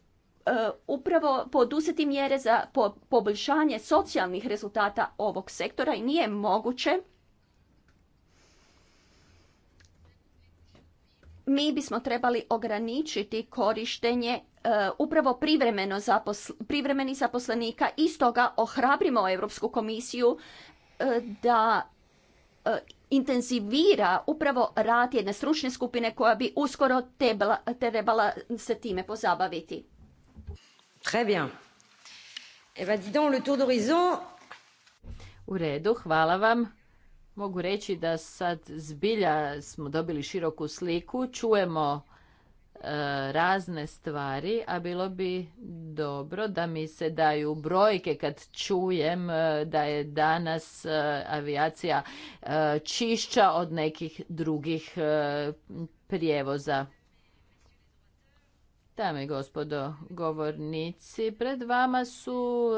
upravo poduzeti mjere za poboljšanje socijalnih rezultata ovog sektora i nije moguće mi bismo trebali ograničiti korištenje e, upravo privremenih zaposlenika i stoga ohrabrimo Europsku komisiju e, da e, intenzivira upravo rad jedne stručne skupine koja bi uskoro trebala se time pozabaviti. Eh U redu, hvala vam. Mogu reći da sad zbilja smo dobili široku sliku, čujemo e, razne stvari, a bilo bi dobro da mi se daju brojke kad čujem e, da je danas e, avijacija čišća od nekih drugih prijevoza. Dame i gospodo govornici, pred vama su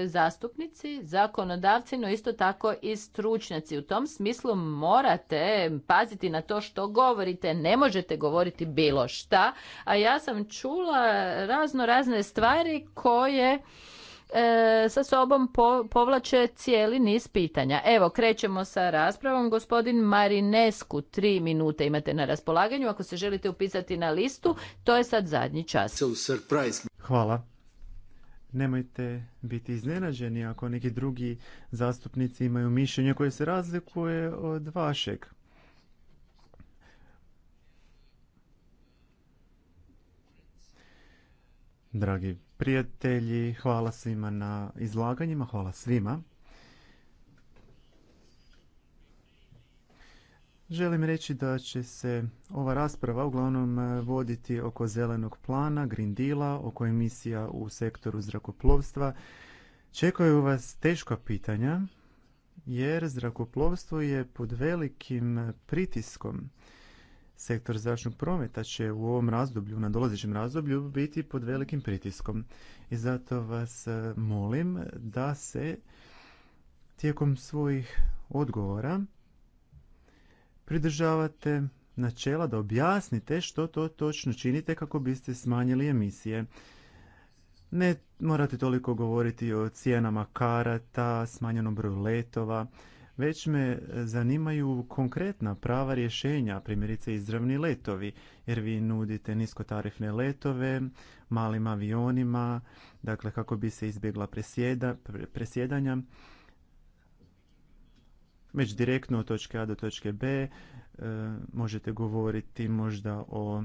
e, zastupnici, zakonodavci, no isto tako i stručnjaci. U tom smislu morate paziti na to što govorite, ne možete govoriti bilo šta. A ja sam čula razno razne stvari koje E, sa sobom povlače cijeli niz pitanja. Evo, krećemo sa raspravom. Gospodin Marinesku, tri minute imate na raspolaganju. Ako se želite upisati na listu, to je sad zadnji čas. Hvala. Nemojte biti iznenađeni ako neki drugi zastupnici imaju mišljenje koje se razlikuje od vašeg. Dragi prijatelji, hvala svima na izlaganjima, hvala svima. Želim reći da će se ova rasprava uglavnom e, voditi oko zelenog plana, Green Deala, oko emisija u sektoru zrakoplovstva. Čekaju vas teška pitanja jer zrakoplovstvo je pod velikim pritiskom Sektor zračnog prometa će u ovom razdoblju, na dolazećem razdoblju, biti pod velikim pritiskom. I zato vas e, molim da se tijekom svojih odgovora pridržavate načela da objasnite što to točno činite kako biste smanjili emisije. Ne morate toliko govoriti o cijenama karata, smanjenom broju letova, već me e, zanimaju konkretna prava rješenja, primjerice izravni letovi, jer vi nudite niskotarifne letove malim avionima, dakle kako bi se izbjegla presjeda, presjedanja već direktno od točke A do točke B e, možete govoriti možda o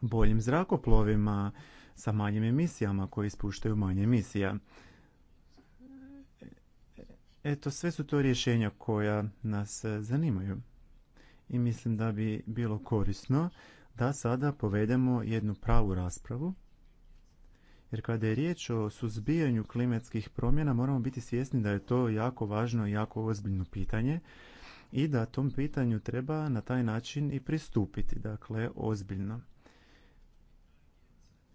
boljim zrakoplovima sa manjim emisijama koji ispuštaju manje emisija. Eto, sve su to rješenja koja nas e, zanimaju. I mislim da bi bilo korisno da sada povedemo jednu pravu raspravu. Jer kada je riječ o suzbijanju klimatskih promjena, moramo biti svjesni da je to jako važno i jako ozbiljno pitanje i da tom pitanju treba na taj način i pristupiti, dakle ozbiljno.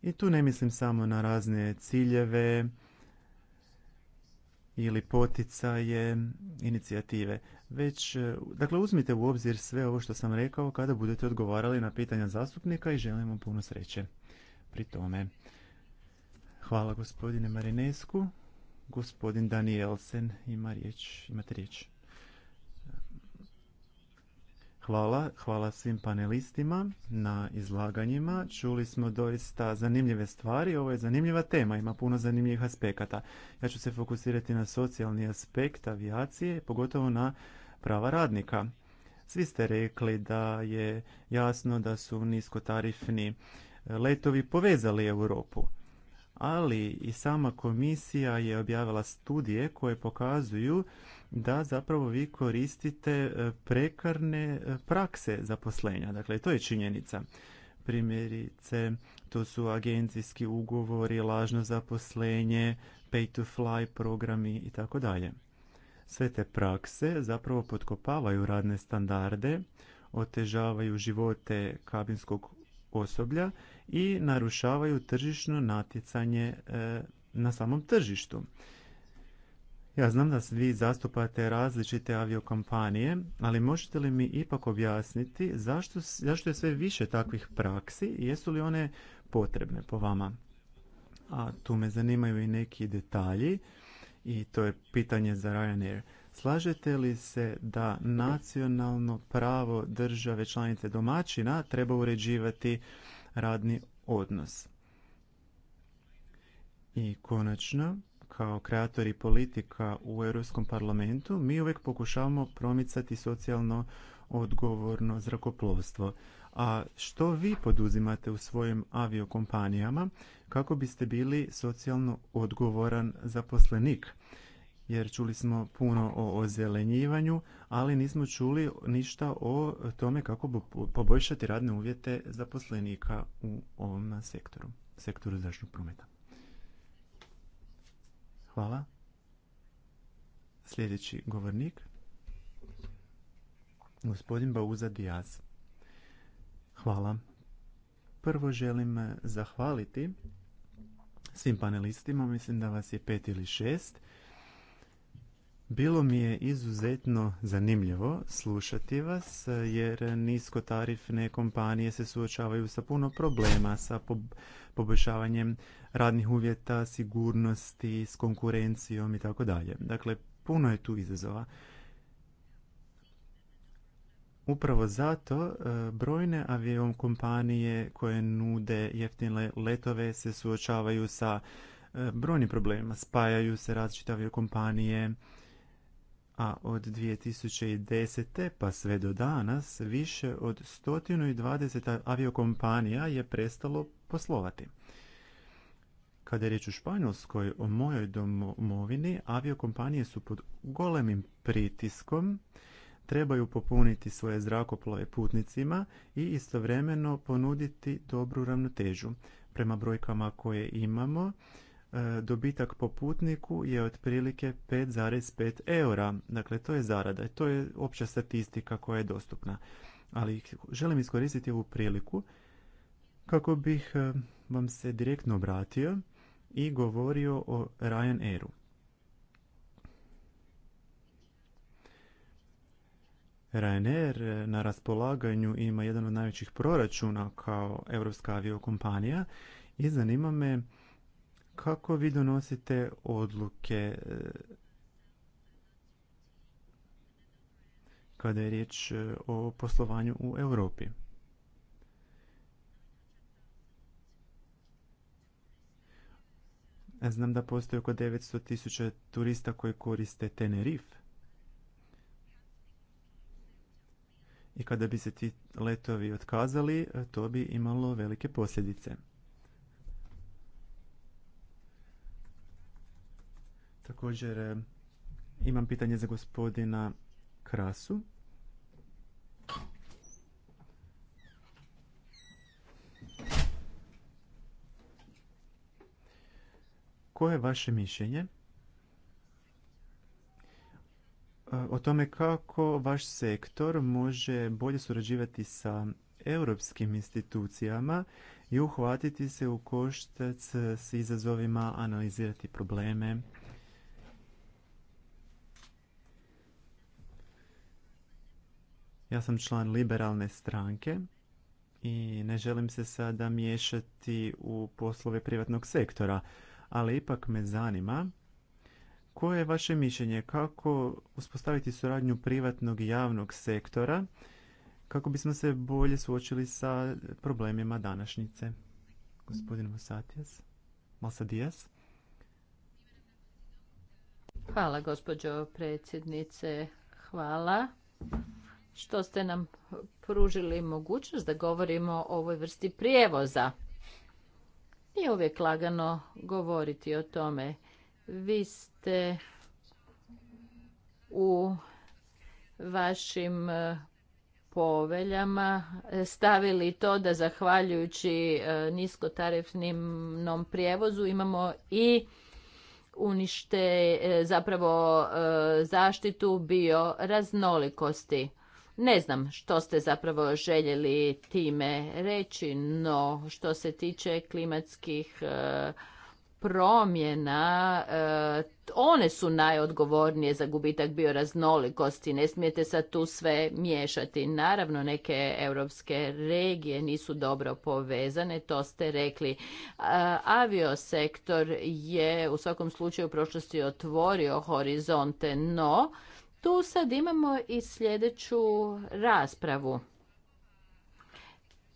I tu ne mislim samo na razne ciljeve, ili poticaje, inicijative. Već, e, dakle, uzmite u obzir sve ovo što sam rekao kada budete odgovarali na pitanja zastupnika i želimo puno sreće pri tome. Hvala gospodine Marinesku. Gospodin Danielsen ima riječ, imate riječ. Hvala, hvala svim panelistima na izlaganjima. Čuli smo doista zanimljive stvari. Ovo je zanimljiva tema, ima puno zanimljivih aspekata. Ja ću se fokusirati na socijalni aspekt avijacije, pogotovo na prava radnika. Svi ste rekli da je jasno da su niskotarifni letovi povezali Europu. Ali i sama komisija je objavila studije koje pokazuju da zapravo vi koristite e, prekarne e, prakse zaposlenja. Dakle, to je činjenica. Primjerice, to su agencijski ugovori, lažno zaposlenje, pay to fly programi i tako dalje. Sve te prakse zapravo potkopavaju radne standarde, otežavaju živote kabinskog osoblja i narušavaju tržišno natjecanje e, na samom tržištu. Ja znam da vi zastupate različite aviokompanije, ali možete li mi ipak objasniti zašto, zašto je sve više takvih praksi i jesu li one potrebne po vama? A tu me zanimaju i neki detalji i to je pitanje za Ryanair. Slažete li se da nacionalno pravo države članice domaćina treba uređivati radni odnos? I konačno, kao kreatori politika u Europskom parlamentu, mi uvijek pokušavamo promicati socijalno odgovorno zrakoplovstvo. A što vi poduzimate u svojim aviokompanijama kako biste bili socijalno odgovoran zaposlenik? Jer čuli smo puno o ozelenjivanju, ali nismo čuli ništa o tome kako poboljšati radne uvjete zaposlenika u ovom sektoru, sektoru zračnog prometa. Hvala. Sljedeći govornik. Gospodin Bauza Dijaz. Hvala. Prvo želim zahvaliti svim panelistima. Mislim da vas je pet ili šest. Bilo mi je izuzetno zanimljivo slušati vas jer niskotarifne kompanije se suočavaju sa puno problema sa poboljšavanjem radnih uvjeta, sigurnosti, s konkurencijom i tako dalje. Dakle, puno je tu izazova. Upravo zato e, brojne avion kompanije koje nude jeftine letove se suočavaju sa e, brojnim problemima. Spajaju se različite aviokompanije kompanije, a od 2010. pa sve do danas više od 120 aviokompanija je prestalo poslovati. Kada je riječ o Španjolskoj, o mojoj domovini, aviokompanije su pod golemim pritiskom, trebaju popuniti svoje zrakoplove putnicima i istovremeno ponuditi dobru ravnotežu. Prema brojkama koje imamo, E, dobitak po putniku je otprilike 5,5 eura. Dakle, to je zarada. To je opća statistika koja je dostupna. Ali želim iskoristiti ovu priliku kako bih e, vam se direktno obratio i govorio o Ryanairu. Ryanair e, na raspolaganju ima jedan od najvećih proračuna kao europska aviokompanija i zanima me kako vi donosite odluke e, kada je riječ e, o poslovanju u Europi? Znam da postoji oko 900.000 tisuća turista koji koriste Tenerif. I kada bi se ti letovi otkazali, e, to bi imalo velike posljedice. Također e, imam pitanje za gospodina Krasu. Koje je vaše mišljenje e, o tome kako vaš sektor može bolje surađivati sa europskim institucijama i uhvatiti se u koštac s izazovima, analizirati probleme? Ja sam član liberalne stranke i ne želim se sada miješati u poslove privatnog sektora, ali ipak me zanima koje je vaše mišljenje kako uspostaviti suradnju privatnog i javnog sektora kako bismo se bolje suočili sa problemima današnjice? Gospodin Masadijas. Hvala, gospođo predsjednice. Hvala što ste nam pružili mogućnost da govorimo o ovoj vrsti prijevoza. Nije uvijek lagano govoriti o tome. Vi ste u vašim e, poveljama e, stavili to da zahvaljujući e, niskotarifnom prijevozu imamo i unište zapravo zaštitu bioraznolikosti. Ne znam što ste zapravo željeli time reći, no što se tiče klimatskih e, promjena, e, one su najodgovornije za gubitak bioraznolikosti. Ne smijete sad tu sve miješati. Naravno, neke europske regije nisu dobro povezane, to ste rekli. E, aviosektor je u svakom slučaju u prošlosti otvorio horizonte, no tu sad imamo i sljedeću raspravu.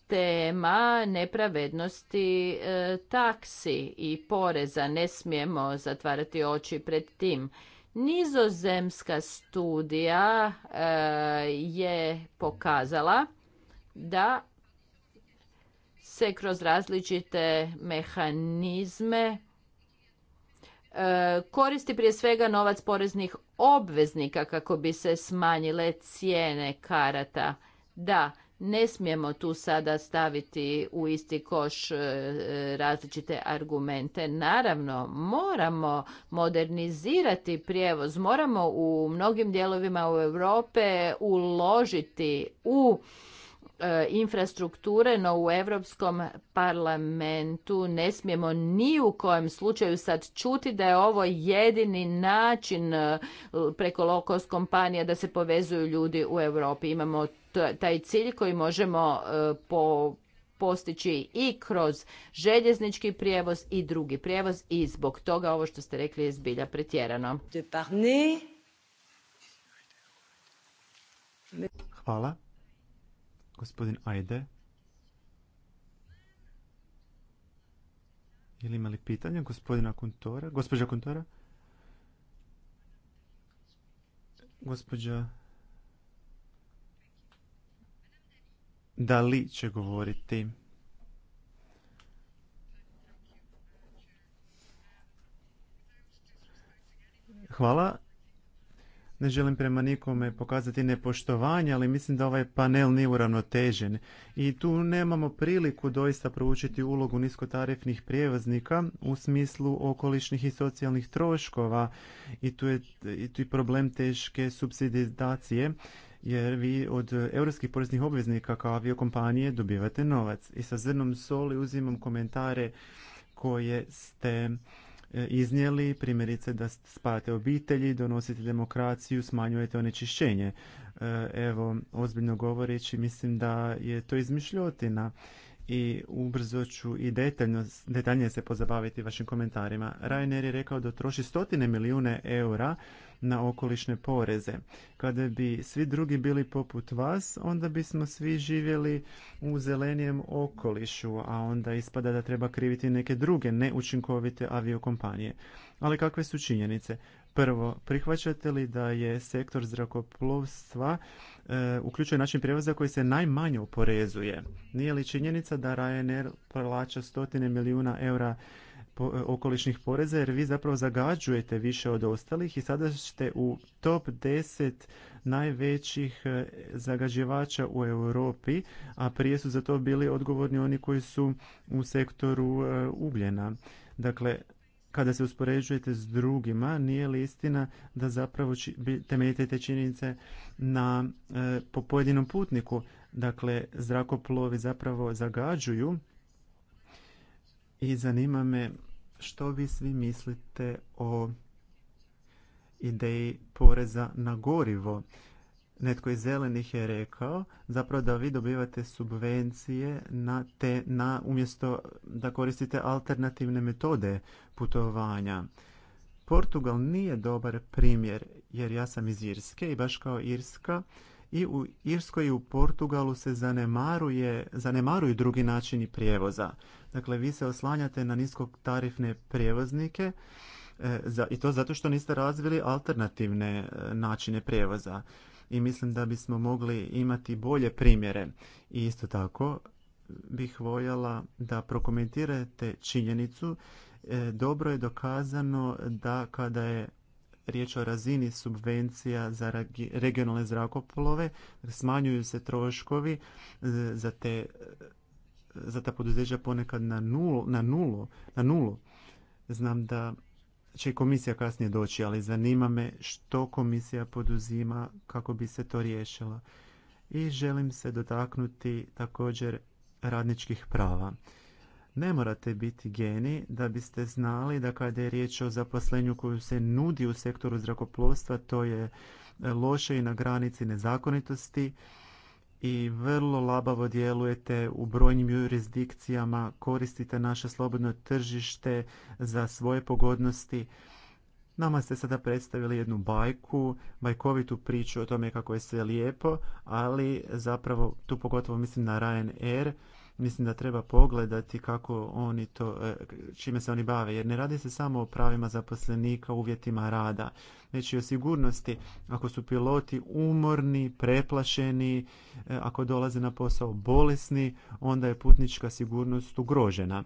Tema nepravednosti e, taksi i poreza. Ne smijemo zatvarati oči pred tim. Nizozemska studija e, je pokazala da se kroz različite mehanizme e, koristi prije svega novac poreznih obveznika kako bi se smanjile cijene karata. Da, ne smijemo tu sada staviti u isti koš e, različite argumente. Naravno, moramo modernizirati prijevoz, moramo u mnogim dijelovima u Europe uložiti u E, infrastrukture, no u Europskom parlamentu ne smijemo ni u kojem slučaju sad čuti da je ovo jedini način e, preko lokos kompanija da se povezuju ljudi u Europi. Imamo taj cilj koji možemo e, postići i kroz željeznički prijevoz i drugi prijevoz i zbog toga ovo što ste rekli je zbilja pretjerano. Hvala. Gospodin Ajde. Jeli imali pitanja? Gospodina Kuntora? Gospođa Kuntora? Gospođa li će govoriti. Hvala. Ne želim prema nikome pokazati nepoštovanje, ali mislim da ovaj panel nije uravnotežen. I tu nemamo priliku doista proučiti ulogu niskotarifnih prijevoznika u smislu okolišnih i socijalnih troškova. I tu je i tu je problem teške subsidizacije jer vi od europskih poreznih obveznika kao aviokompanije dobivate novac. I sa zrnom soli uzimam komentare koje ste iznijeli, primjerice da spajate obitelji, donosite demokraciju, smanjujete onečišćenje. E, evo, ozbiljno govoreći, mislim da je to izmišljotina i ubrzo ću i detaljno, detaljnije se pozabaviti vašim komentarima. Rainer je rekao da troši stotine milijune eura na okolišne poreze. Kada bi svi drugi bili poput vas, onda bismo svi živjeli u zelenijem okolišu, a onda ispada da treba kriviti neke druge neučinkovite aviokompanije. Ali kakve su činjenice? Prvo, prihvaćate li da je sektor zrakoplovstva e, uključuje način prijevoza koji se najmanje oporezuje? Nije li činjenica da Ryanair plaća stotine milijuna eura E, okoličnih poreza jer vi zapravo zagađujete više od ostalih i sada ste u top 10 najvećih e, zagađivača u Europi, a prije su za to bili odgovorni oni koji su u sektoru e, ugljena. Dakle, kada se uspoređujete s drugima, nije li istina da zapravo temeljite te činjenice na, po pojedinom putniku? Dakle, zrakoplovi zapravo zagađuju i zanima me što vi svi mislite o ideji poreza na gorivo. Netko iz zelenih je rekao zapravo da vi dobivate subvencije na te, na, umjesto da koristite alternativne metode putovanja. Portugal nije dobar primjer jer ja sam iz Irske i baš kao Irska i u Irskoj i u Portugalu se zanemaruje, zanemaruju drugi načini prijevoza. Dakle, vi se oslanjate na niskotarifne prijevoznike e, za, i to zato što niste razvili alternativne e, načine prijevoza. I mislim da bismo mogli imati bolje primjere. I isto tako bih voljela da prokomentirate činjenicu e, dobro je dokazano da kada je riječ o razini subvencija za regionalne zrakoplove, smanjuju se troškovi e, za te e, za ta poduzeća ponekad na nulu, na nulu, na nulu. Znam da će komisija kasnije doći, ali zanima me što komisija poduzima kako bi se to riješila. I želim se dotaknuti također radničkih prava. Ne morate biti geni da biste znali da kada je riječ o zaposlenju koju se nudi u sektoru zrakoplovstva, to je e, loše i na granici nezakonitosti i vrlo labavo djelujete u brojnim jurisdikcijama, koristite naše slobodno tržište za svoje pogodnosti. Nama ste sada predstavili jednu bajku, bajkovitu priču o tome kako je sve lijepo, ali zapravo tu pogotovo mislim na Ryanair, Mislim da treba pogledati kako oni to, e, čime se oni bave, jer ne radi se samo o pravima zaposlenika, uvjetima rada, već i o sigurnosti. Ako su piloti umorni, preplašeni, e, ako dolaze na posao bolesni, onda je putnička sigurnost ugrožena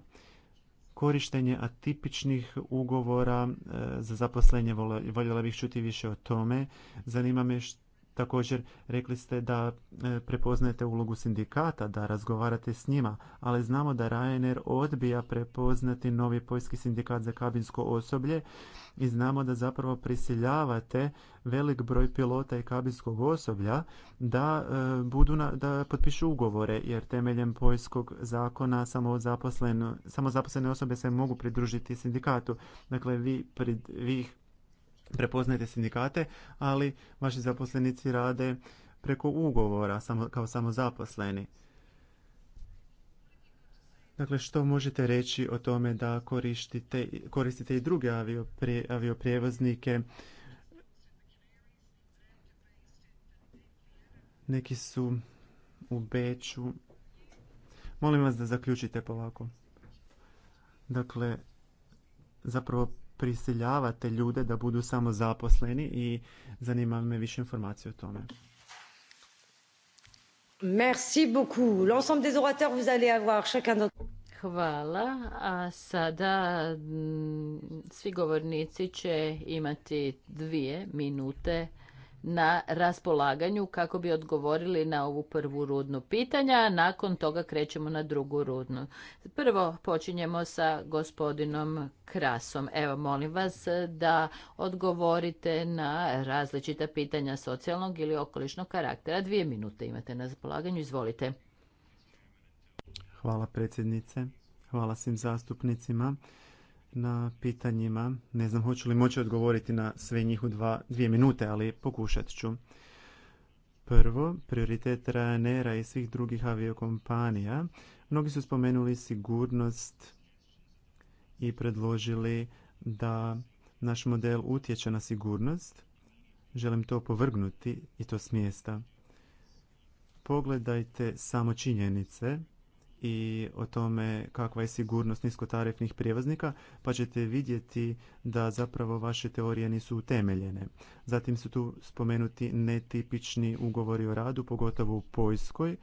korištenje atipičnih ugovora e, za zaposlenje voljela bih čuti više o tome zanima me Također rekli ste da e, prepoznajete ulogu sindikata, da razgovarate s njima, ali znamo da Ryanair odbija prepoznati novi poljski sindikat za kabinsko osoblje i znamo da zapravo prisiljavate velik broj pilota i kabinskog osoblja da, e, budu na, da potpišu ugovore, jer temeljem poljskog zakona samozaposlene, samozaposlene osobe se mogu pridružiti sindikatu. Dakle, vi, vi ih prepoznajte sindikate, ali vaši zaposlenici rade preko ugovora samo, kao samozaposleni. Dakle, što možete reći o tome da koristite, koristite i druge avioprijevoznike? Neki su u Beču. Molim vas da zaključite polako. Dakle, zapravo prisiljavate ljude da budu samo zaposleni i zanima me više informacije o tome. Merci beaucoup. L'ensemble des orateurs, vous allez avoir chacun Hvala. A sada mm, svi govornici će imati dvije minute na raspolaganju kako bi odgovorili na ovu prvu rudnu pitanja, a nakon toga krećemo na drugu rudnu. Prvo počinjemo sa gospodinom Krasom. Evo, molim vas da odgovorite na različita pitanja socijalnog ili okolišnog karaktera. Dvije minute imate na raspolaganju, izvolite. Hvala predsjednice, hvala svim zastupnicima na pitanjima. Ne znam hoću li moći odgovoriti na sve njih u dva, dvije minute, ali pokušat ću. Prvo, prioritet Ryanaira i svih drugih aviokompanija. Mnogi su spomenuli sigurnost i predložili da naš model utječe na sigurnost. Želim to povrgnuti i to s mjesta. Pogledajte samo činjenice i o tome kakva je sigurnost niskotarifnih prijevoznika, pa ćete vidjeti da zapravo vaše teorije nisu utemeljene. Zatim su tu spomenuti netipični ugovori o radu, pogotovo u Poljskoj.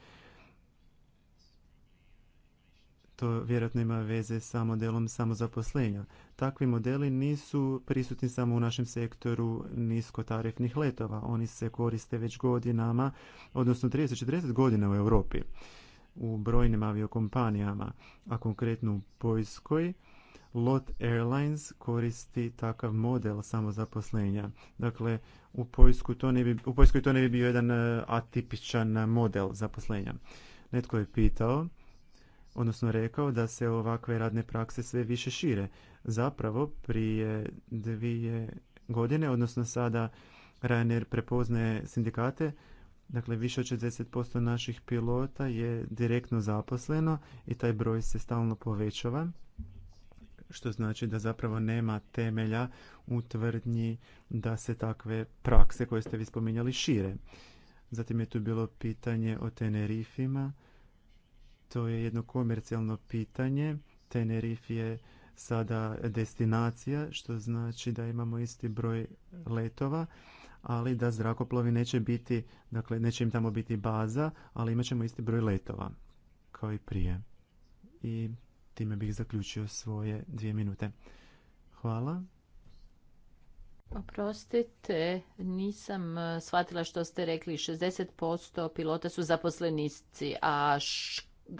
To vjerojatno ima veze sa modelom samozaposlenja. Takvi modeli nisu prisutni samo u našem sektoru niskotarifnih letova. Oni se koriste već godinama, odnosno 30-40 godina u Europi u brojnim aviokompanijama, a konkretno u Poljskoj Lot Airlines koristi takav model samozaposlenja. Dakle, u Poljskoj to ne bi, u to ne bi bio jedan eh, atipičan model zaposlenja. Netko je pitao, odnosno rekao da se ovakve radne prakse sve više šire. Zapravo prije dvije godine, odnosno sada Ryanair prepoznaje sindikate Dakle, više od 60% naših pilota je direktno zaposleno i taj broj se stalno povećava, što znači da zapravo nema temelja u tvrdnji da se takve prakse koje ste vi spominjali šire. Zatim je tu bilo pitanje o Tenerifima. To je jedno komercijalno pitanje. Tenerif je sada destinacija, što znači da imamo isti broj letova ali da zrakoplovi neće biti, dakle neće im tamo biti baza, ali imat ćemo isti broj letova kao i prije. I time bih zaključio svoje dvije minute. Hvala. Oprostite, nisam e, shvatila što ste rekli. 60% pilota su zaposlenici, a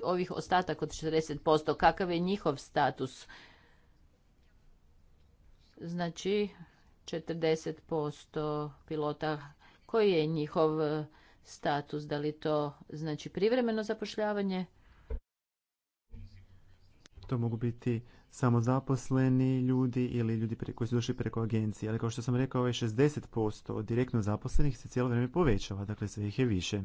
ovih ostatak od 40%, kakav je njihov status? Znači, 40% pilota koji je njihov e, status, da li to znači privremeno zapošljavanje? To mogu biti samozaposleni ljudi ili ljudi koji su došli preko agencije. Ali kao što sam rekao, ovaj 60% od direktno zaposlenih se cijelo vrijeme povećava, dakle sve ih je više.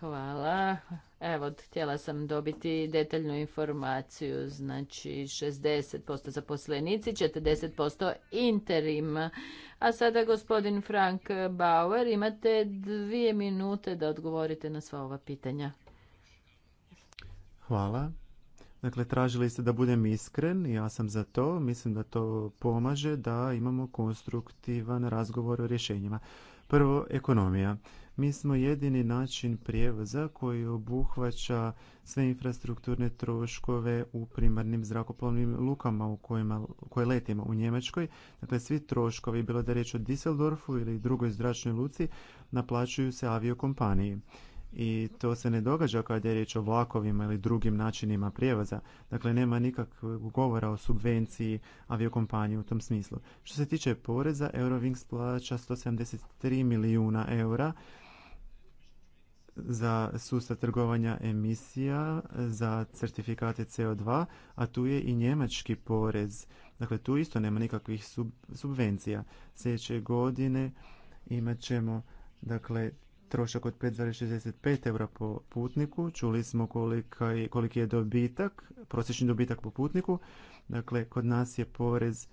Hvala. Evo, htjela sam dobiti detaljnu informaciju, znači 60% zaposlenici, 40% interim. A sada gospodin Frank Bauer, imate dvije minute da odgovorite na sva ova pitanja. Hvala. Dakle, tražili ste da budem iskren i ja sam za to. Mislim da to pomaže da imamo konstruktivan razgovor o rješenjima. Prvo, ekonomija. Mi smo jedini način prijevoza koji obuhvaća sve infrastrukturne troškove u primarnim zrakoplovnim lukama u kojima, koje letimo u Njemačkoj. Dakle, svi troškovi, bilo da je riječ o Düsseldorfu ili drugoj zračnoj luci, naplaćuju se aviokompaniji i to se ne događa kada je riječ o vlakovima ili drugim načinima prijevoza. Dakle, nema nikakvog govora o subvenciji aviokompanije u tom smislu. Što se tiče poreza, Eurowings plaća 173 milijuna eura za sustav trgovanja emisija za certifikate CO2, a tu je i njemački porez. Dakle, tu isto nema nikakvih subvencija. Sljedeće godine imat ćemo dakle, trošak od 5,65 eura po putniku. Čuli smo je, koliki je dobitak, prosječni dobitak po putniku. Dakle, kod nas je porez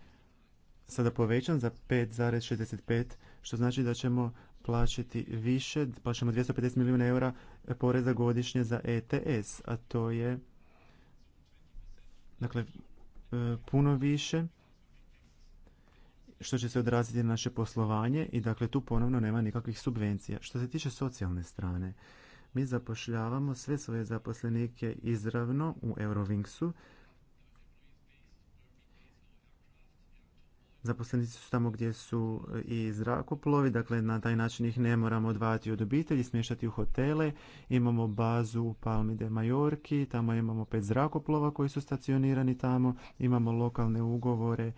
sada povećan za 5,65, što znači da ćemo plaćati više, plaćamo 250 milijuna eura poreza godišnje za ETS, a to je dakle, e, puno više što će se odraziti na naše poslovanje i dakle tu ponovno nema nikakvih subvencija. Što se tiče socijalne strane, mi zapošljavamo sve svoje zaposlenike izravno u Eurovingsu zaposlenici su tamo gdje su e, i zrakoplovi, dakle na taj način ih ne moramo odvajati od obitelji, smještati u hotele. Imamo bazu u Palmi Majorki, tamo imamo pet zrakoplova koji su stacionirani tamo, imamo lokalne ugovore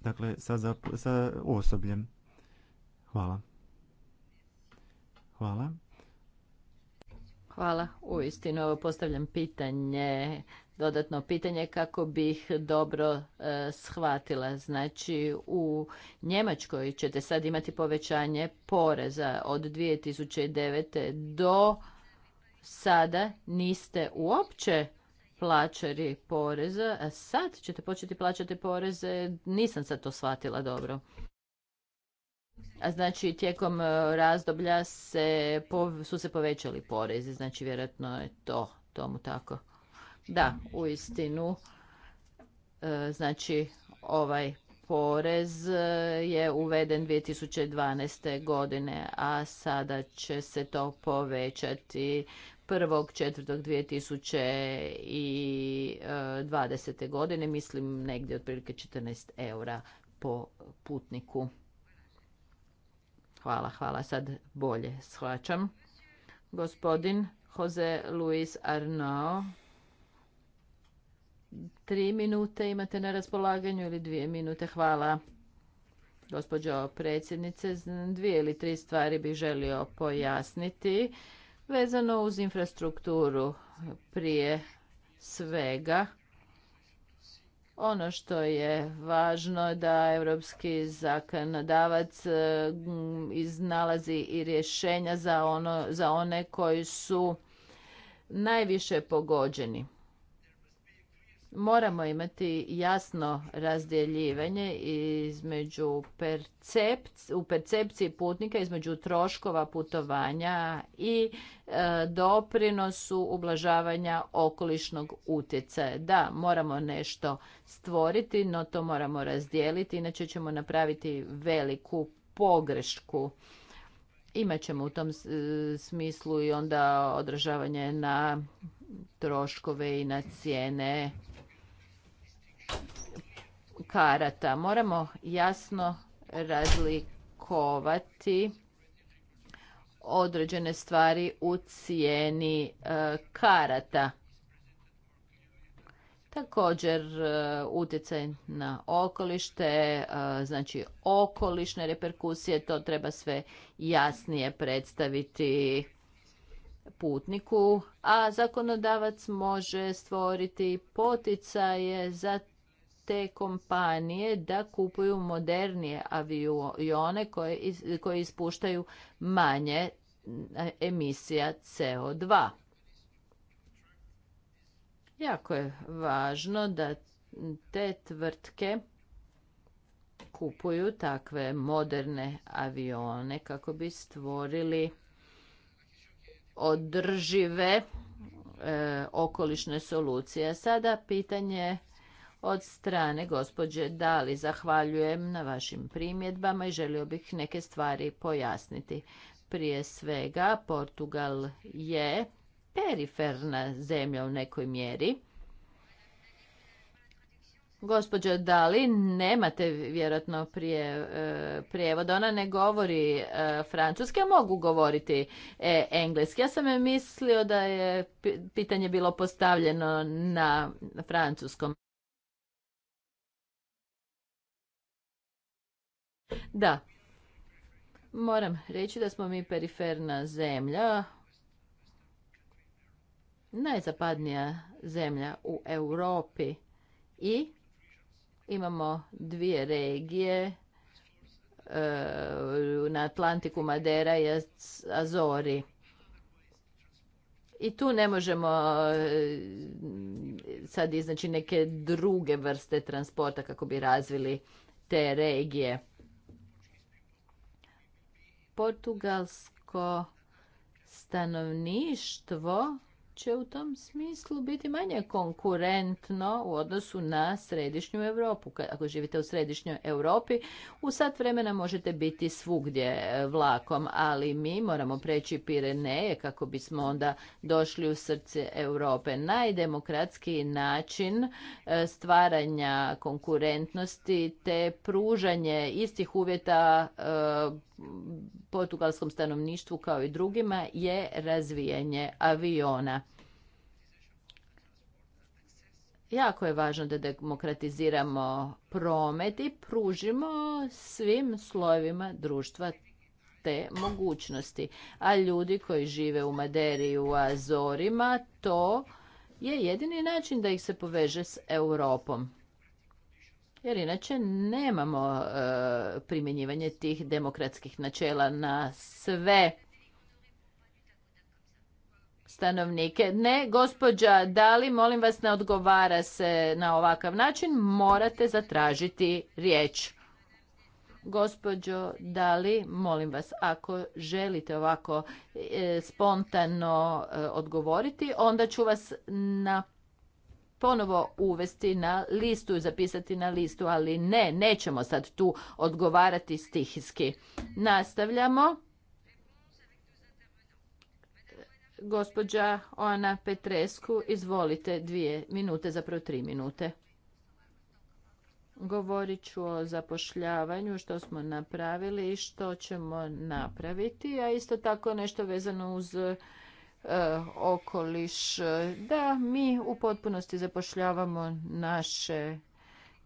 dakle sa, sa osobljem. Hvala. Hvala. Hvala. Uistinu ovo postavljam pitanje dodatno pitanje kako bih dobro e, shvatila. Znači u Njemačkoj ćete sad imati povećanje poreza od 2009. do sada niste uopće plaćari poreza, a sad ćete početi plaćati poreze, nisam sad to shvatila dobro. A znači tijekom e, razdoblja se, su se povećali porezi, znači vjerojatno je to tomu tako. Da, u istinu, e, znači ovaj porez e, je uveden 2012. godine, a sada će se to povećati 1.4.2020. godine, mislim negdje otprilike 14 eura po putniku. Hvala, hvala, sad bolje shvaćam. Gospodin Jose Luis Arnao tri minute imate na raspolaganju ili dvije minute. Hvala, gospođo predsjednice. Dvije ili tri stvari bih želio pojasniti vezano uz infrastrukturu prije svega. Ono što je važno da europski zakonodavac e, iznalazi i rješenja za, ono, za one koji su najviše pogođeni moramo imati jasno razdjeljivanje između u percepciji putnika između troškova putovanja i e, doprinosu ublažavanja okolišnog utjecaja. Da, moramo nešto stvoriti, no to moramo razdijeliti, inače ćemo napraviti veliku pogrešku. Imaćemo u tom e, smislu i onda odražavanje na troškove i na cijene karata. Moramo jasno razlikovati određene stvari u cijeni e, karata. Također e, utjecaj na okolište, e, znači okolišne reperkusije, to treba sve jasnije predstaviti putniku, a zakonodavac može stvoriti poticaje za te kompanije da kupuju modernije avione koje, ispuštaju manje e, emisija CO2. Jako je važno da te tvrtke kupuju takve moderne avione kako bi stvorili održive e, okolišne solucije. Sada pitanje od strane gospođe Dali. Zahvaljujem na vašim primjedbama i želio bih neke stvari pojasniti. Prije svega, Portugal je periferna zemlja u nekoj mjeri. Gospođo Dali, nemate vjerojatno prije e, prijevoda. Ona ne govori e, francuski, a mogu govoriti e, engleski. Ja sam je mislio da je pitanje bilo postavljeno na francuskom. Da, moram reći da smo mi periferna zemlja, najzapadnija zemlja u Europi i imamo dvije regije, eh, na Atlantiku Madera i Azori. I tu ne možemo eh, sad iznaći neke druge vrste transporta kako bi razvili te regije portugalsko stanovništvo će u tom smislu biti manje konkurentno u odnosu na središnju Europu. Ako živite u središnjoj Europi, u sat vremena možete biti svugdje e, vlakom, ali mi moramo preći Pireneje kako bismo onda došli u srce Europe. Najdemokratski način e, stvaranja konkurentnosti te pružanje istih uvjeta e, portugalskom stanovništvu kao i drugima je razvijanje aviona. Jako je važno da demokratiziramo promet i pružimo svim slojevima društva te mogućnosti. A ljudi koji žive u Maderi i u Azorima, to je jedini način da ih se poveže s Europom jer inače nemamo e, primjenjivanje tih demokratskih načela na sve stanovnike. Ne, gospođa Dali, molim vas ne odgovara se na ovakav način, morate zatražiti riječ. Gospođo Dali, molim vas, ako želite ovako e, spontano e, odgovoriti, onda ću vas na ponovo uvesti na listu, i zapisati na listu, ali ne, nećemo sad tu odgovarati stihijski. Nastavljamo. Gospođa Oana Petresku, izvolite dvije minute, zapravo tri minute. Govorit ću o zapošljavanju, što smo napravili i što ćemo napraviti, a isto tako nešto vezano uz E, okoliš, e, da mi u potpunosti zapošljavamo naše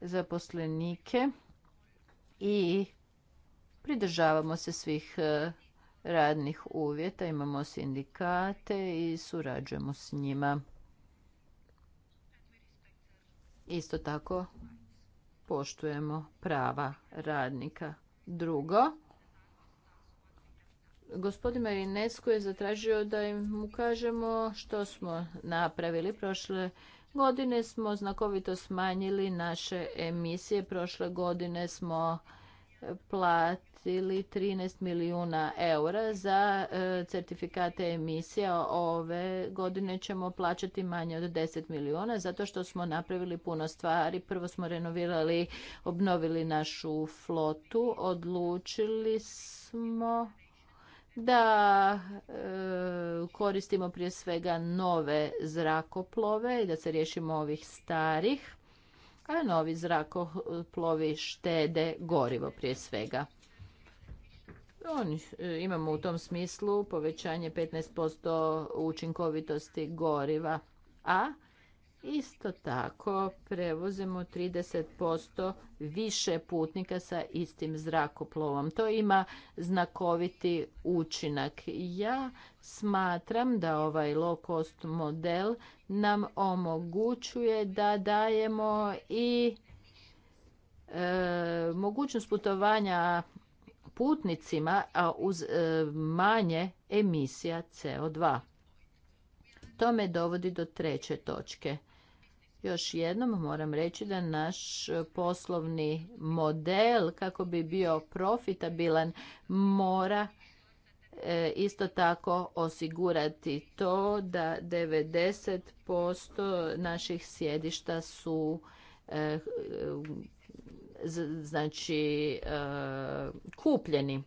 zaposlenike i pridržavamo se svih e, radnih uvjeta, imamo sindikate i surađujemo s njima. Isto tako poštujemo prava radnika. Drugo, Gospodin Marinescu je zatražio da im ukažemo što smo napravili. Prošle godine smo znakovito smanjili naše emisije. Prošle godine smo e, platili 13 milijuna eura za e, certifikate emisija. Ove godine ćemo plaćati manje od 10 milijuna zato što smo napravili puno stvari. Prvo smo renovirali, obnovili našu flotu. Odlučili smo da e, koristimo prije svega nove zrakoplove i da se riješimo ovih starih, a novi zrakoplovi štede gorivo prije svega. On, e, imamo u tom smislu povećanje 15% učinkovitosti goriva, a Isto tako prevozimo 30% više putnika sa istim zrakoplovom. To ima znakoviti učinak. Ja smatram da ovaj low cost model nam omogućuje da dajemo i e, mogućnost putovanja putnicima a uz e, manje emisija CO2. To me dovodi do treće točke još jednom moram reći da naš poslovni model kako bi bio profitabilan mora e, isto tako osigurati to da 90% naših sjedišta su e, znači e, kupljeni.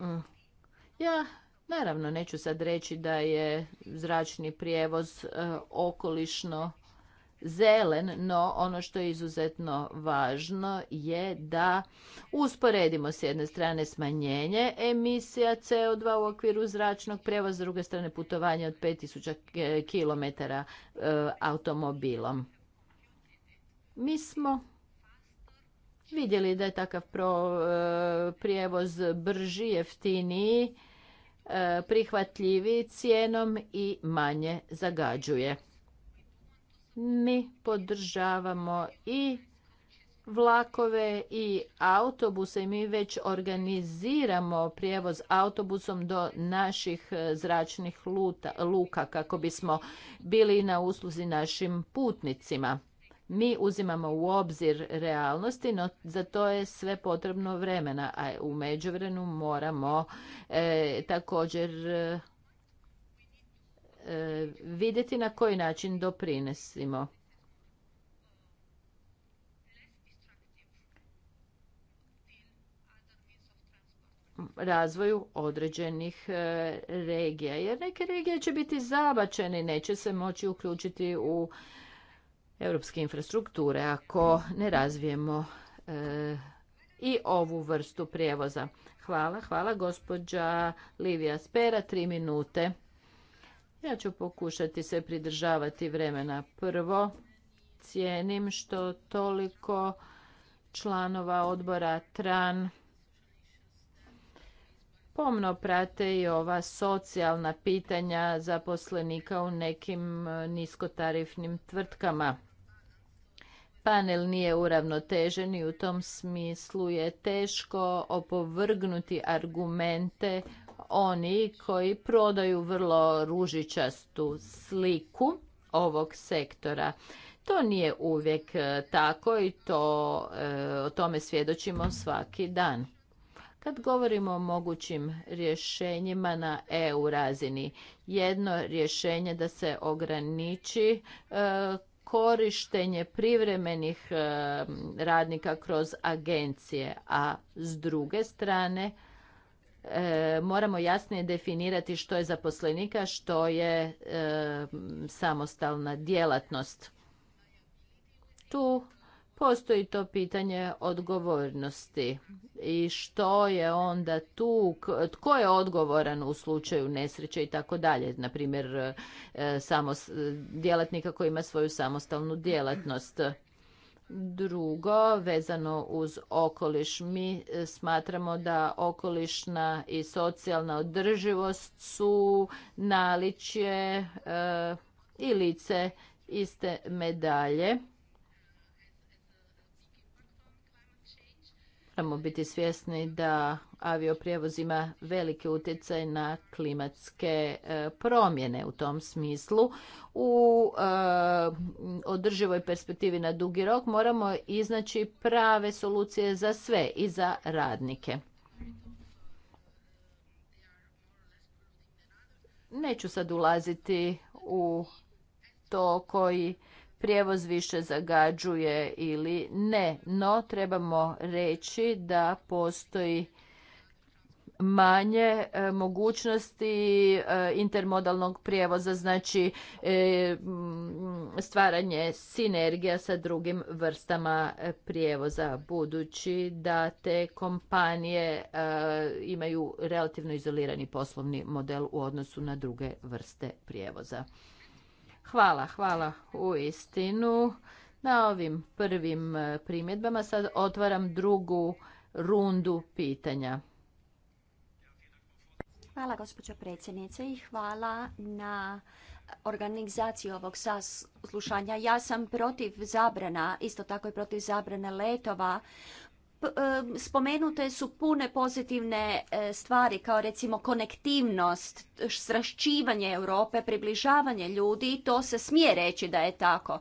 Mm. Ja Naravno, neću sad reći da je zračni prijevoz e, okolišno zelen, no ono što je izuzetno važno je da usporedimo s jedne strane smanjenje emisija CO2 u okviru zračnog prijevoza, s druge strane putovanje od 5000 e, km e, automobilom. Mi smo vidjeli da je takav prijevoz brži, jeftiniji E, prihvatljiviji cijenom i manje zagađuje. Mi podržavamo i vlakove i autobuse i mi već organiziramo prijevoz autobusom do naših e, zračnih luka kako bismo bili na usluzi našim putnicima mi uzimamo u obzir realnosti, no za to je sve potrebno vremena, a u međuvremenu moramo e, također e, e vidjeti na koji način doprinesimo. razvoju određenih e, regija. Jer neke regije će biti zabačene, neće se moći uključiti u europske infrastrukture ako ne razvijemo eh, i ovu vrstu prijevoza. Hvala, hvala gospođa Livija Spera, tri minute. Ja ću pokušati se pridržavati vremena. Prvo, cijenim što toliko članova odbora TRAN pomno prate i ova socijalna pitanja zaposlenika u nekim eh, niskotarifnim tvrtkama panel nije uravnotežen i u tom smislu je teško opovrgnuti argumente oni koji prodaju vrlo ružičastu sliku ovog sektora. To nije uvijek e, tako i to, e, o tome svjedočimo svaki dan. Kad govorimo o mogućim rješenjima na EU razini, jedno rješenje da se ograniči e, korištenje privremenih e, radnika kroz agencije, a s druge strane e, moramo jasnije definirati što je zaposlenika, što je e, samostalna djelatnost. Tu postoji to pitanje odgovornosti i što je onda tu, tko je odgovoran u slučaju nesreće i tako dalje, na primjer e, djelatnika koji ima svoju samostalnu djelatnost. Drugo, vezano uz okoliš, mi e, smatramo da okolišna i socijalna održivost su naličje e, i lice iste medalje Moramo biti svjesni da avioprijevoz ima velike utjecaj na klimatske e, promjene u tom smislu. U e, održivoj perspektivi na dugi rok moramo iznaći prave solucije za sve i za radnike. Neću sad ulaziti u to koji prijevoz više zagađuje ili ne. No, trebamo reći da postoji manje e, mogućnosti e, intermodalnog prijevoza, znači e, stvaranje sinergija sa drugim vrstama prijevoza, budući da te kompanije imaju relativno izolirani poslovni model u odnosu na druge vrste prijevoza. Hvala, hvala u istinu na ovim prvim e, primjedbama. Sad otvaram drugu rundu pitanja. Hvala gospođo predsjednice i hvala na organizaciji ovog saslušanja. Ja sam protiv zabrana, isto tako i protiv zabrane letova spomenute su pune pozitivne e, stvari kao recimo konektivnost, srašćivanje Europe, približavanje ljudi, to se smije reći da je tako.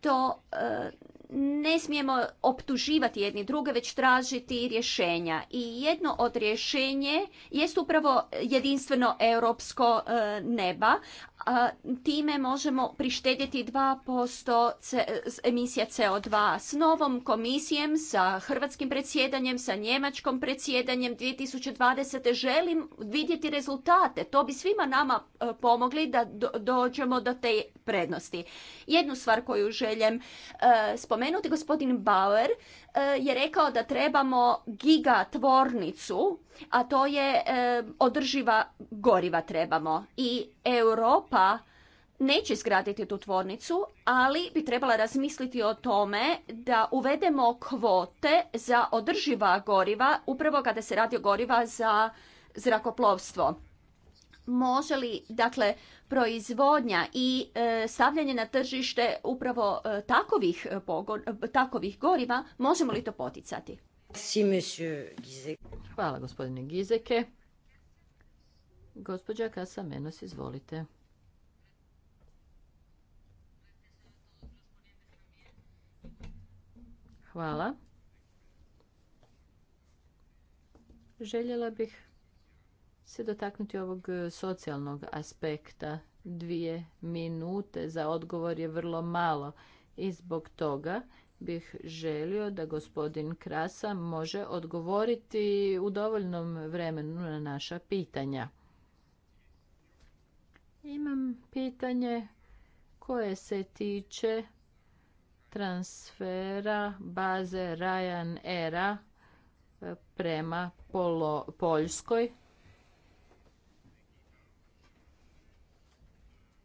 To e, ne smijemo optuživati jedni druge, već tražiti rješenja. I jedno od rješenje jest upravo jedinstveno europsko e, neba, time možemo prištedjeti 2% emisija CO2. S novom komisijem, sa hrvatskim predsjedanjem, sa njemačkom predsjedanjem 2020. želim vidjeti rezultate. To bi svima nama e, pomogli da dođemo do te prednosti. Jednu stvar koju želim e, spomenuti, gospodin Bauer E, je rekao da trebamo tvornicu, a to je e, održiva goriva trebamo. I Europa neće izgraditi tu tvornicu, ali bi trebala razmisliti o tome da uvedemo kvote za održiva goriva, upravo kada se radi o goriva za zrakoplovstvo može li dakle proizvodnja i e, stavljanje na tržište upravo e, takovih, e, e, goriva, možemo li to poticati? Hvala gospodine Gizeke. Gospođa Kasa Menos, izvolite. Hvala. Željela bih se dotaknuti ovog e, socijalnog aspekta. Dvije minute za odgovor je vrlo malo i zbog toga bih želio da gospodin Krasa može odgovoriti u dovoljnom vremenu na naša pitanja. Imam pitanje koje se tiče transfera baze Ryanaira e, prema Poljskoj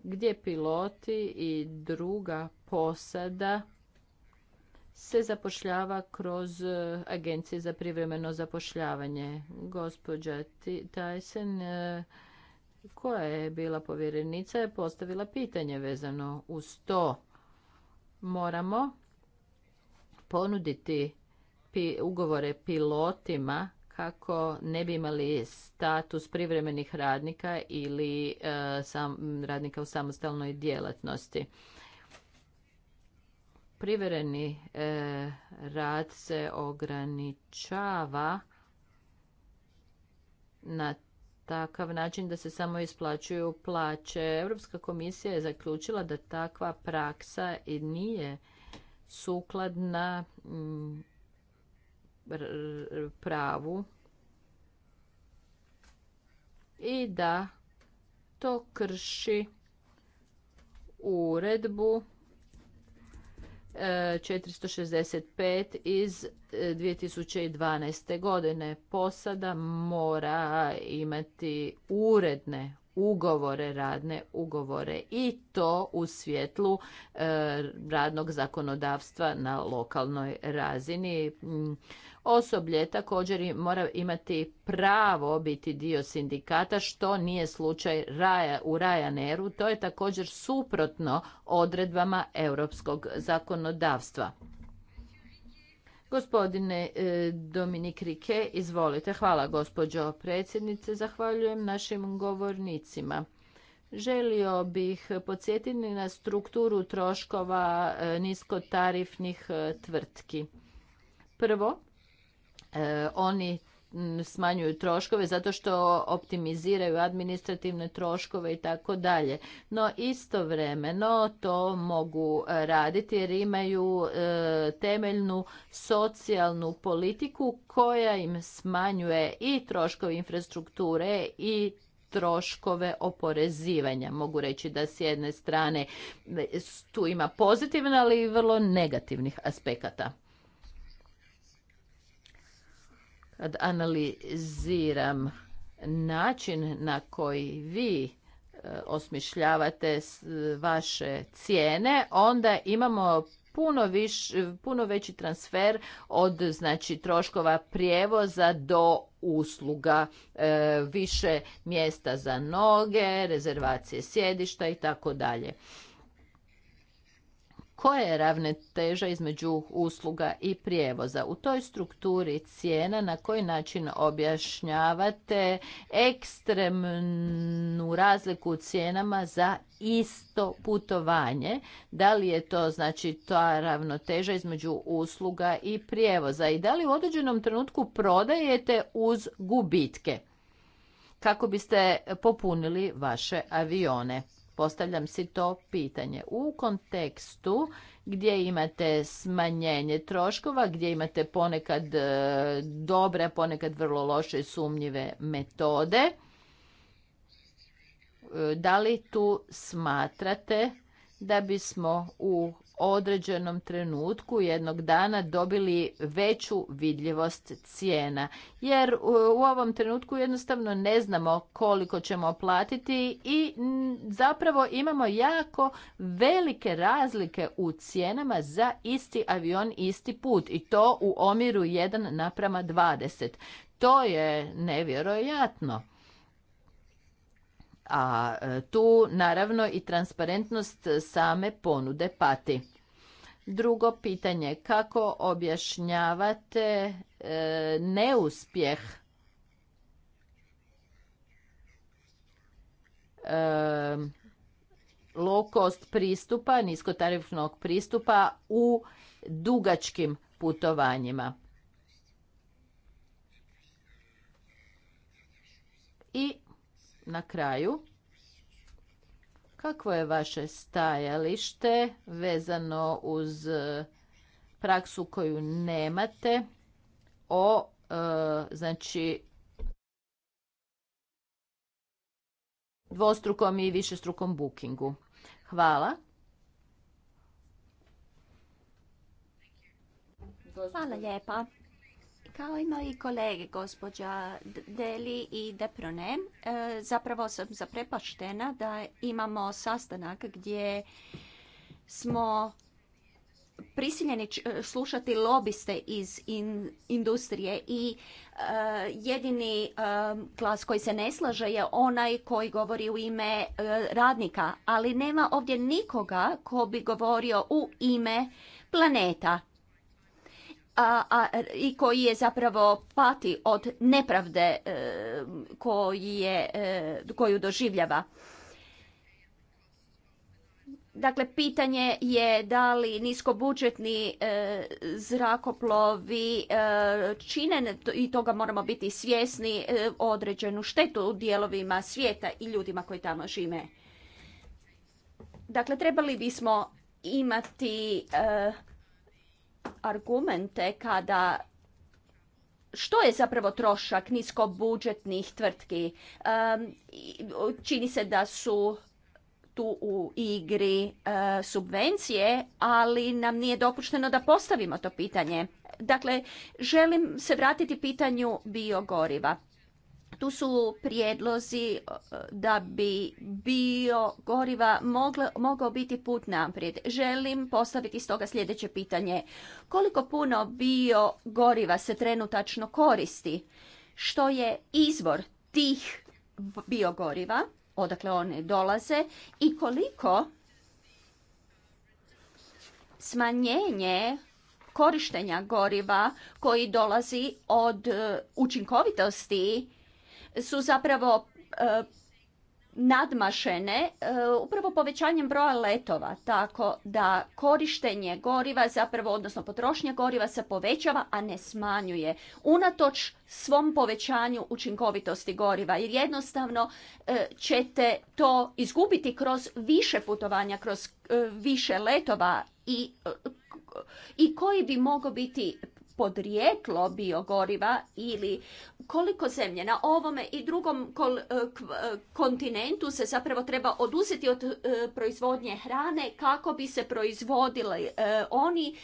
gdje piloti i druga posada se zapošljava kroz e, agencije za privremeno zapošljavanje. Gospođa Tyson, e, koja je bila povjerenica, je postavila pitanje vezano uz to. Moramo ponuditi ugovore pilotima kako ne bi imali status privremenih radnika ili e, sam, radnika u samostalnoj djelatnosti privremeni e, rad se ograničava na takav način da se samo isplaćuju plaće. Europska komisija je zaključila da takva praksa i nije sukladna mm, pravu i da to krši uredbu 465 e, iz 2012. E, godine. Posada mora imati uredne ugovore, radne ugovore i to u svjetlu e, radnog zakonodavstva na lokalnoj razini. Mm, Osoblje također mora imati pravo biti dio sindikata, što nije slučaj u Ryanairu. To je također suprotno odredbama europskog zakonodavstva. Gospodine e, Dominik Rike, izvolite. Hvala gospođo predsjednice. Zahvaljujem našim govornicima. Želio bih podsjetiti na strukturu troškova e, niskotarifnih e, tvrtki. Prvo, E, oni smanjuju troškove zato što optimiziraju administrativne troškove i tako dalje. No istovremeno to mogu e, raditi jer imaju e, temeljnu socijalnu politiku koja im smanjuje i troškove infrastrukture i troškove oporezivanja. Mogu reći da s jedne strane tu ima pozitivna, ali i vrlo negativnih aspekata. kad analiziram način na koji vi e, osmišljavate vaše cijene, onda imamo puno, viš, puno veći transfer od znači, troškova prijevoza do usluga, e, više mjesta za noge, rezervacije sjedišta i tako dalje koja je ravnoteža između usluga i prijevoza. U toj strukturi cijena na koji način objašnjavate ekstremnu razliku u cijenama za isto putovanje? Da li je to znači ta ravnoteža između usluga i prijevoza i da li u određenom trenutku prodajete uz gubitke kako biste popunili vaše avione? Postavljam si to pitanje. U kontekstu gdje imate smanjenje troškova, gdje imate ponekad e, dobre, ponekad vrlo loše i sumnjive metode, e, da li tu smatrate da bismo u određenom trenutku jednog dana dobili veću vidljivost cijena. Jer u ovom trenutku jednostavno ne znamo koliko ćemo platiti i zapravo imamo jako velike razlike u cijenama za isti avion, isti put i to u omjeru 1 naprama 20. To je nevjerojatno a e, tu naravno i transparentnost same ponude pati. Drugo pitanje, kako objašnjavate e, neuspjeh e, low cost pristupa, niskotarifnog pristupa u dugačkim putovanjima. I na kraju, kakvo je vaše stajalište vezano uz e, praksu koju nemate o e, znači dvostrukom i višestrukom bookingu. Hvala. Hvala lijepa. Kao i moji kolege, gospođa Deli i Deprone, e, zapravo sam zaprepaštena da imamo sastanak gdje smo prisiljeni e, slušati lobiste iz industrije i e, jedini klas glas koji se ne slaže je onaj koji govori u ime radnika ali nema ovdje nikoga ko bi govorio u ime planeta a, i koji je zapravo pati od nepravde e, koji je, e, koju doživljava. Dakle, pitanje je da li niskobudžetni e, zrakoplovi e, čine, i toga moramo biti svjesni, određenu štetu u dijelovima svijeta i ljudima koji tamo žive. Dakle, trebali bismo imati argumente kada što je zapravo trošak niskobudžetnih tvrtki? Čini se da su tu u igri e, subvencije, ali nam nije dopušteno da postavimo to pitanje. Dakle, želim se vratiti pitanju biogoriva tu su prijedlozi e, da bi bio goriva mogao biti put naprijed. Želim postaviti stoga sljedeće pitanje. Koliko puno bio goriva se trenutačno koristi? Što je izvor tih biogoriva, odakle one dolaze i koliko smanjenje korištenja goriva koji dolazi od e, učinkovitosti su zapravo e, nadmašene e, upravo povećanjem broja letova, tako da korištenje goriva, zapravo odnosno potrošnja goriva se povećava, a ne smanjuje. Unatoč svom povećanju učinkovitosti goriva, jer jednostavno e, ćete to izgubiti kroz više putovanja, kroz više letova i i koji bi mogao biti podrijetlo biogoriva ili koliko zemlje na ovome i drugom e, e, kontinentu se zapravo treba oduzeti od e, proizvodnje hrane kako bi se proizvodili oni,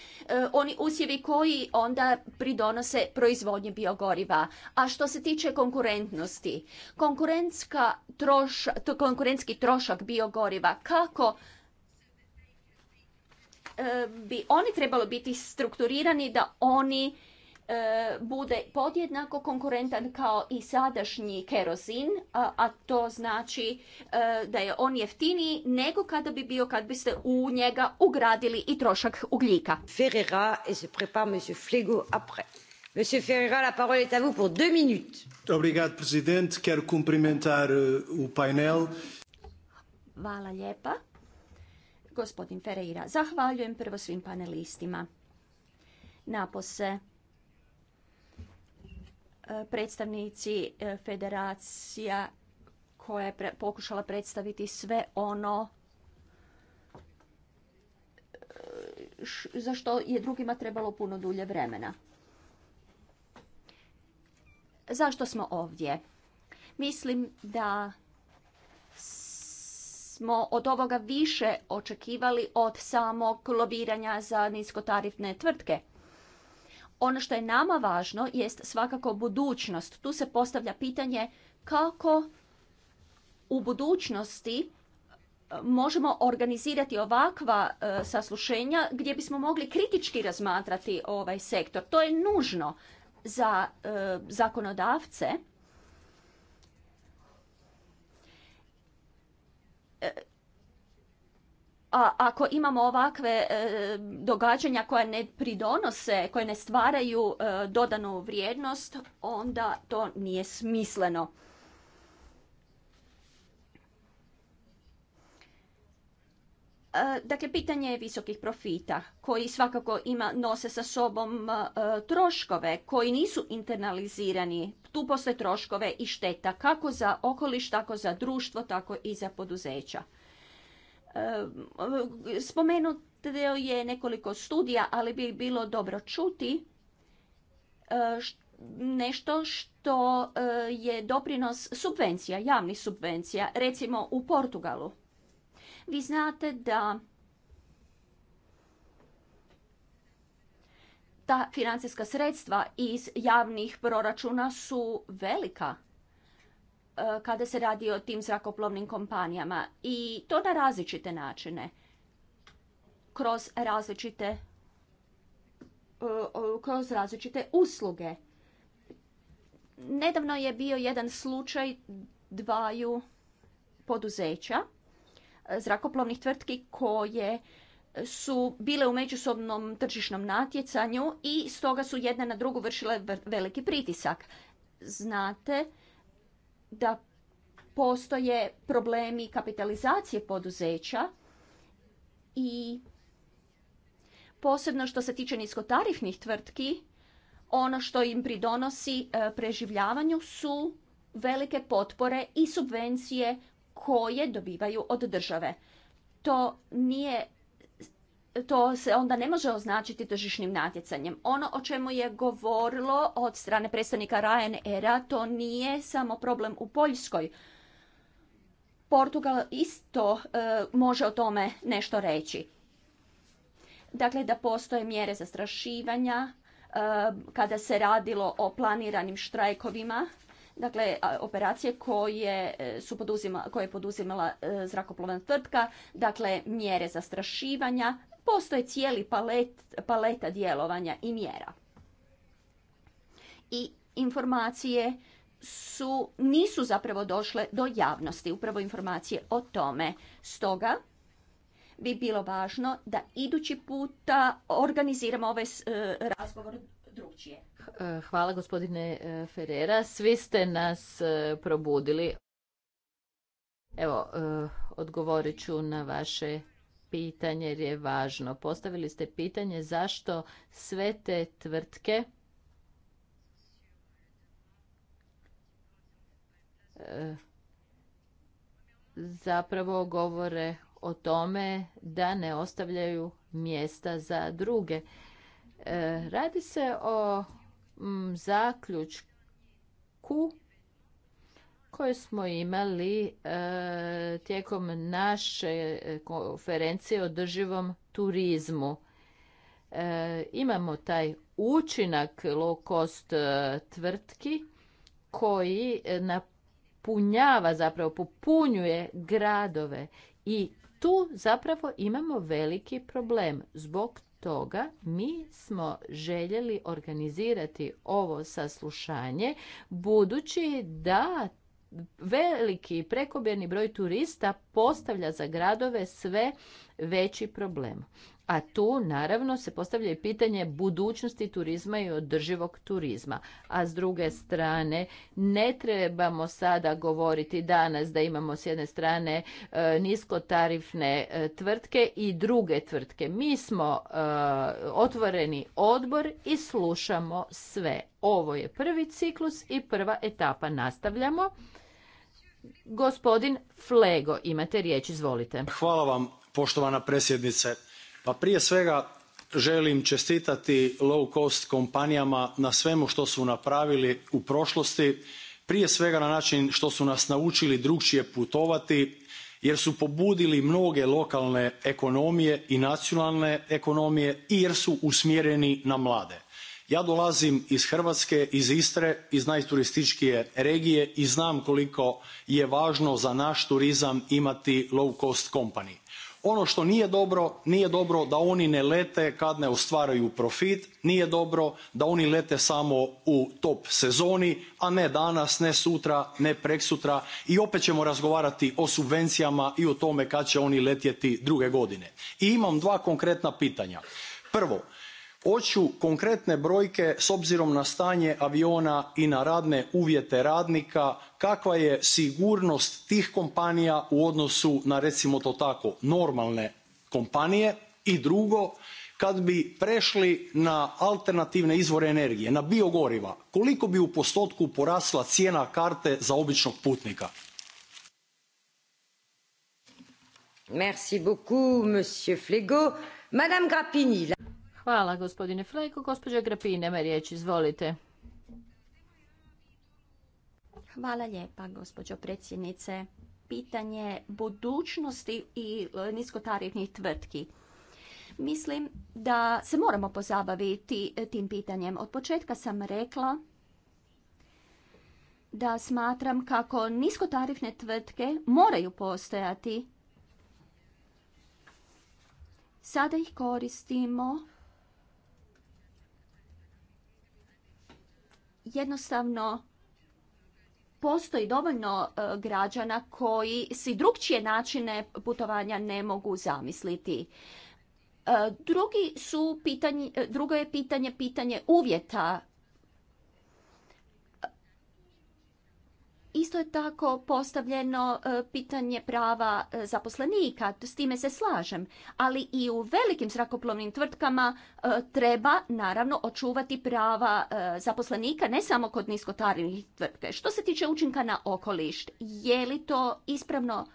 oni usjevi koji onda pridonose proizvodnje biogoriva. A što se tiče konkurentnosti, konkurentska troš, konkurentski trošak biogoriva kako E, bi oni trebalo biti strukturirani da oni e, bude podjednako konkurentan kao i sadašnji kerozin, a, a to znači e, da je on jeftiniji nego kada bi bio kad biste u njega ugradili i trošak ugljika. Ferreira et se prépare monsieur Flego après. Monsieur Ferreira, la parole est à vous pour deux minutes. Obrigado, presidente. Quero cumprimentar uh, o painel. Hvala lijepa gospodin Ferreira. Zahvaljujem prvo svim panelistima. Napose e, predstavnici e, federacija koja je pokušala predstaviti sve ono e, za što je drugima trebalo puno dulje vremena. Zašto smo ovdje? Mislim da smo od ovoga više očekivali od samog lobiranja za niskotarifne tvrtke. Ono što je nama važno jest svakako budućnost. Tu se postavlja pitanje kako u budućnosti e, možemo organizirati ovakva e, saslušenja gdje bismo mogli kritički razmatrati ovaj sektor. To je nužno za e, zakonodavce a ako imamo ovakve e, događanja koja ne pridonose, koje ne stvaraju e, dodanu vrijednost, onda to nije smisleno. E, dakle, pitanje je visokih profita koji svakako ima, nose sa sobom e, troškove koji nisu internalizirani. Tu postoje troškove i šteta kako za okoliš, tako za društvo, tako i za poduzeća. E, spomenuto je nekoliko studija, ali bi bilo dobro čuti nešto što je doprinos subvencija, javnih subvencija, recimo u Portugalu vi znate da ta financijska sredstva iz javnih proračuna su velika e, kada se radi o tim zrakoplovnim kompanijama i to na različite načine kroz različite e, kroz različite usluge. Nedavno je bio jedan slučaj dvaju poduzeća zrakoplovnih tvrtki koje su bile u međusobnom tržišnom natjecanju i stoga su jedna na drugu vršile veliki pritisak. Znate da postoje problemi kapitalizacije poduzeća i posebno što se tiče niskotarifnih tvrtki, ono što im pridonosi e, preživljavanju su velike potpore i subvencije koje dobivaju od države. To nije to se onda ne može označiti tržišnim natjecanjem. Ono o čemu je govorilo od strane predstavnika Ryanaira, to nije samo problem u Poljskoj. Portugal isto e, može o tome nešto reći. Dakle, da postoje mjere zastrašivanja e, kada se radilo o planiranim štrajkovima dakle operacije koje e, su poduzima, koje je poduzimala e, zrakoplovna tvrtka, dakle mjere zastrašivanja, postoje cijeli palet, paleta djelovanja i mjera. I informacije su, nisu zapravo došle do javnosti, upravo informacije o tome. Stoga bi bilo važno da idući puta organiziramo ovaj e, razgovor drugčije. Eh, hvala gospodine eh, Ferrera. Svi ste nas eh, probudili. Evo, odgovorit ću na vaše pitanje jer je važno. Postavili ste pitanje zašto sve te tvrtke zapravo govore o tome da ne ostavljaju mjesta za druge. Radi se o Mm, zaključku koje smo imali e, tijekom naše konferencije o drživom turizmu. E, imamo taj učinak low cost e, tvrtki koji napunjava, zapravo popunjuje gradove i tu zapravo imamo veliki problem. Zbog toga mi smo željeli organizirati ovo saslušanje budući da veliki prekobjerni broj turista postavlja za gradove sve veći problem. A tu naravno se postavlja i pitanje budućnosti turizma i održivog turizma. A s druge strane ne trebamo sada govoriti danas da imamo s jedne strane e, niskotarifne e, tvrtke i druge tvrtke. Mi smo e, otvoreni odbor i slušamo sve. Ovo je prvi ciklus i prva etapa. Nastavljamo. Gospodin Flego, imate riječ, izvolite. Hvala vam, poštovana predsjednice pa prije svega želim čestitati low cost kompanijama na svemu što su napravili u prošlosti, prije svega na način što su nas naučili drukčije putovati jer su pobudili mnoge lokalne ekonomije i nacionalne ekonomije i jer su usmjereni na mlade. Ja dolazim iz Hrvatske, iz Istre, iz najturističkije regije i znam koliko je važno za naš turizam imati low cost company ono što nije dobro nije dobro da oni ne lete kad ne ostvaraju profit nije dobro da oni lete samo u top sezoni a ne danas ne sutra ne prekosutra i opet ćemo razgovarati o subvencijama i o tome kad će oni letjeti druge godine. i imam dva konkretna pitanja prvo hoću konkretne brojke s obzirom na stanje aviona i na radne uvjete radnika kakva je sigurnost tih kompanija u odnosu na recimo to tako normalne kompanije i drugo kad bi prešli na alternativne izvore energije na biogoriva koliko bi u postotku porasla cijena karte za običnog putnika? Merci beaucoup, monsieur Madame Grappini. Hvala gospodine Flejko. Gospođa Grapine, nema riječ, izvolite. Hvala lijepa gospođo predsjednice. Pitanje budućnosti i niskotarifnih tvrtki. Mislim da se moramo pozabaviti tim pitanjem. Od početka sam rekla da smatram kako niskotarifne tvrtke moraju postojati. Sada ih koristimo jednostavno postoji dovoljno e, građana koji si drugčije načine putovanja ne mogu zamisliti. E, drugo je pitanje pitanje uvjeta Isto je tako postavljeno e, pitanje prava e, zaposlenika, s time se slažem, ali i u velikim zrakoplovnim tvrtkama e, treba naravno očuvati prava zaposlenika, ne samo kod niskotarnih tvrtke. Što se tiče učinka na okoliš, je li to ispravno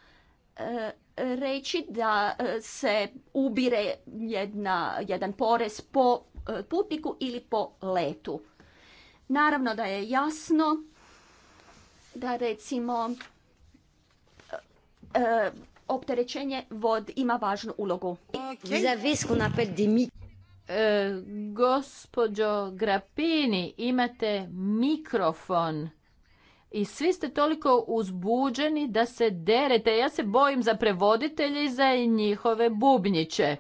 reći da se ubire jedan porez po putniku ili po letu? Naravno da je jasno da recimo e, opterećenje vod ima važnu ulogu. Okay. E, gospođo Grapini, imate mikrofon i svi ste toliko uzbuđeni da se derete. Ja se bojim za prevoditelje i za njihove bubnjiće.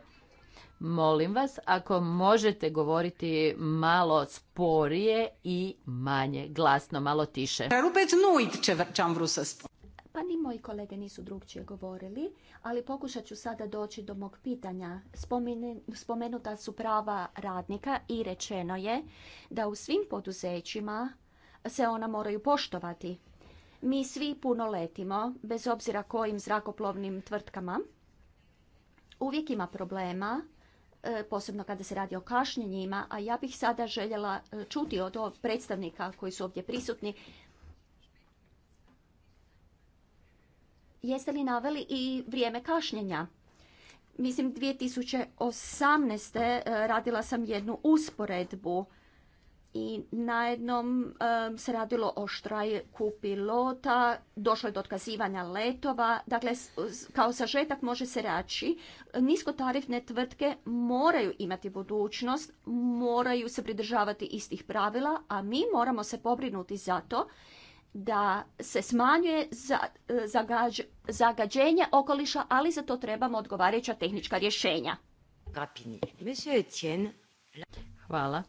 Molim vas, ako možete govoriti malo sporije i manje glasno, malo tiše. Pa ni moji kolege nisu drugčije govorili, ali pokušat ću sada doći do mog pitanja. Spomenuta su prava radnika i rečeno je da u svim poduzećima se ona moraju poštovati. Mi svi puno letimo, bez obzira kojim zrakoplovnim tvrtkama. Uvijek ima problema E, posebno kada se radi o kašnjenjima, a ja bih sada željela e, čuti od predstavnika koji su ovdje prisutni jeste li naveli i vrijeme kašnjenja. Mislim, 2018. E, radila sam jednu usporedbu i na jednom se radilo o štrajku pilota, došlo je do otkazivanja letova. Dakle, kao sažetak može se reći, niskotarifne tvrtke moraju imati budućnost, moraju se pridržavati istih pravila, a mi moramo se pobrinuti za to da se smanjuje e, zagađenje okoliša, ali za to trebamo odgovarajuća tehnička rješenja. Hvala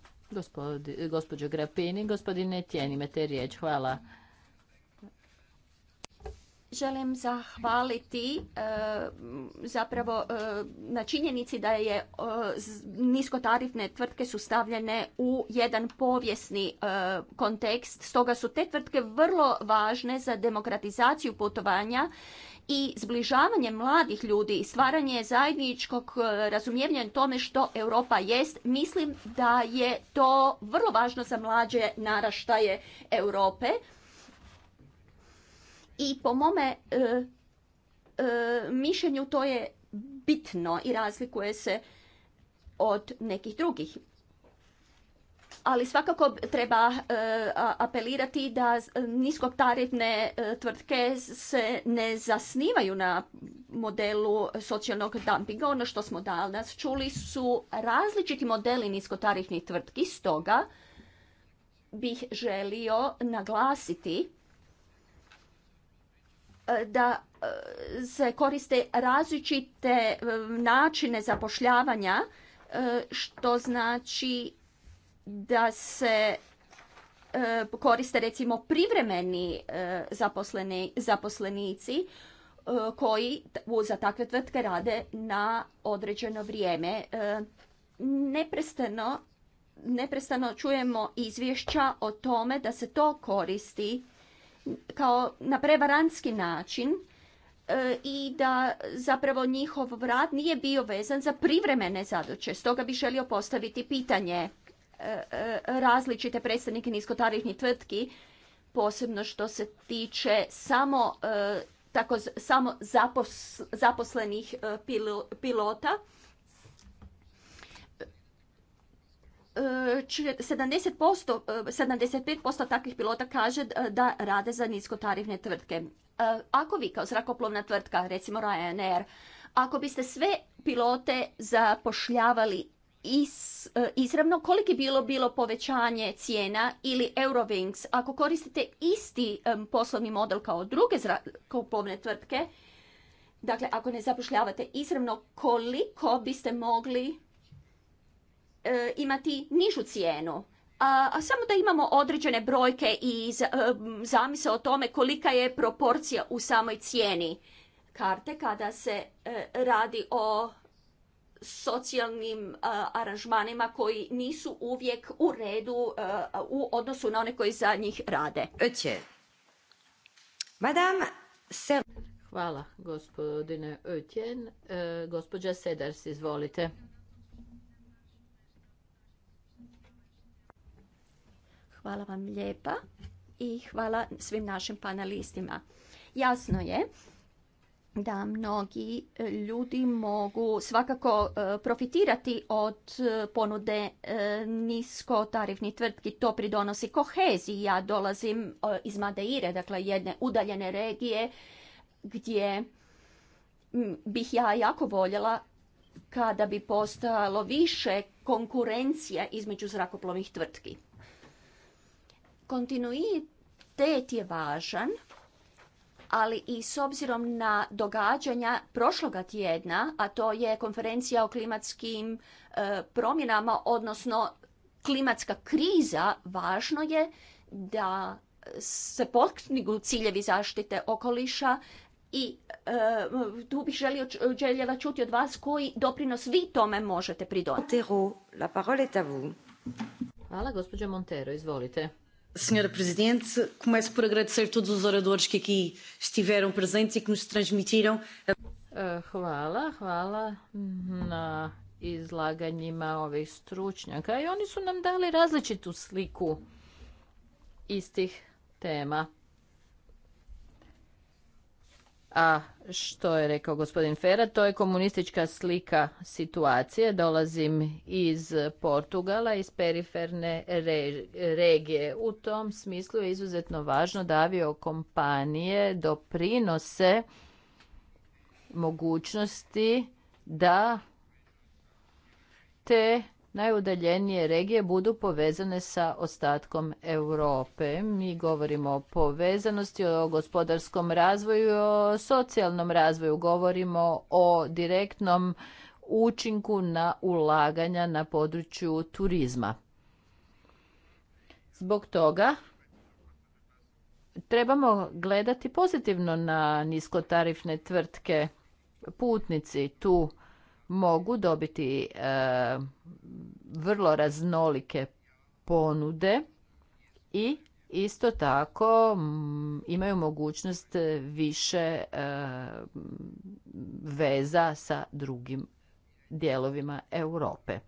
gospođo Grapini, gospodine Tjeni, imate riječ. Hvala. Želim zahvaliti e, zapravo e, na činjenici da je e, niskotarifne tvrtke su stavljene u jedan povijesni kontekst. Stoga su te tvrtke vrlo važne za demokratizaciju putovanja i zbližavanje mladih ljudi i stvaranje zajedničkog e, razumijevanja tome što Europa jest, mislim da je to vrlo važno za mlađe naraštaje Europe. I po mome e, e, mišljenju to je bitno i razlikuje se od nekih drugih ali svakako treba eh, apelirati da eh, niskotarifne eh, tvrtke se ne zasnivaju na modelu socijalnog dumpinga. Ono što smo danas čuli su različiti modeli niskotarifnih tvrtki, stoga bih želio naglasiti da se koriste različite načine zapošljavanja, što znači da se e, koriste recimo privremeni e, zaposlenici e, koji za takve tvrtke rade na određeno vrijeme. Neprestano, neprestano čujemo izvješća o tome da se to koristi kao na prevarantski način i da zapravo njihov rad nije bio vezan za privremene zadoće. Stoga bi želio postaviti pitanje različite predstavnike niskotarifnih tvrtki, posebno što se tiče samo, e, tako, samo zaposlenih e, pilota. 70%, e, 75% takvih pilota kaže da rade za niskotarifne tvrtke. Ako vi kao zrakoplovna tvrtka, recimo Ryanair, ako biste sve pilote zapošljavali E, izravno koliko bilo bilo povećanje cijena ili Eurowings. Ako koristite isti e, poslovni model kao druge kupovne tvrtke, dakle ako ne zapošljavate izravno koliko biste mogli e, imati nižu cijenu. A, samo da imamo određene brojke i z, zamise o tome kolika je proporcija u samoj cijeni karte kada se radi o socijalnim e, aranžmanima koji nisu uvijek u redu e, u odnosu na one koji za njih rade. Madame Hvala, gospodine Ötjen. E, gospođa Sedars, izvolite. Hvala vam lijepa i hvala svim našim panelistima. Jasno je da mnogi e, ljudi mogu svakako e, profitirati od e, ponude nisko tarifni tvrtki. To pridonosi koheziji. Ja dolazim iz Madeire, dakle jedne udaljene regije gdje bih ja jako voljela kada bi postojalo više konkurencija između zrakoplovnih tvrtki. Kontinuitet je važan ali i s obzirom na događanja prošloga tjedna, a to je konferencija o klimatskim e, promjenama, odnosno klimatska kriza, važno je da se postignu ciljevi zaštite okoliša i e, tu bih želio, željela čuti od vas koji doprinos vi tome možete pridonati. la Hvala, gospođo Montero, izvolite. Senhora Presidente, começo por agradecer todos os oradores que aqui estiveram presentes e que nos transmitiram. Eh, hvala, hvala na izlaganjima ovih stručnjaka i oni su nam dali različitu sliku istih tema. A što je rekao gospodin Fera, to je komunistička slika situacije. Dolazim iz Portugala, iz periferne regije. U tom smislu je izuzetno važno da kompanije doprinose mogućnosti da te najudaljenije regije budu povezane sa ostatkom Europe. Mi govorimo o povezanosti, o gospodarskom razvoju, o socijalnom razvoju, govorimo o direktnom učinku na ulaganja na području turizma. Zbog toga trebamo gledati pozitivno na niskotarifne tvrtke putnici tu mogu dobiti e, vrlo raznolike ponude i isto tako mm, imaju mogućnost više e, veza sa drugim dijelovima Europe.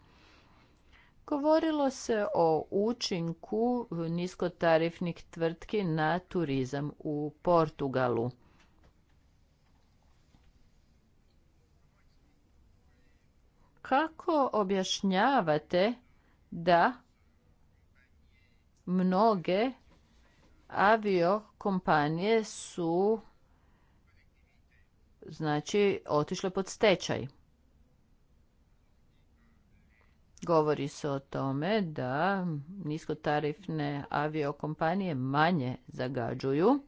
Govorilo se o učinku niskotarifnih tvrtki na turizam u Portugalu. Kako objašnjavate da mnoge aviokompanije su znači otišle pod stečaj? Govori se o tome da niskotarifne aviokompanije manje zagađuju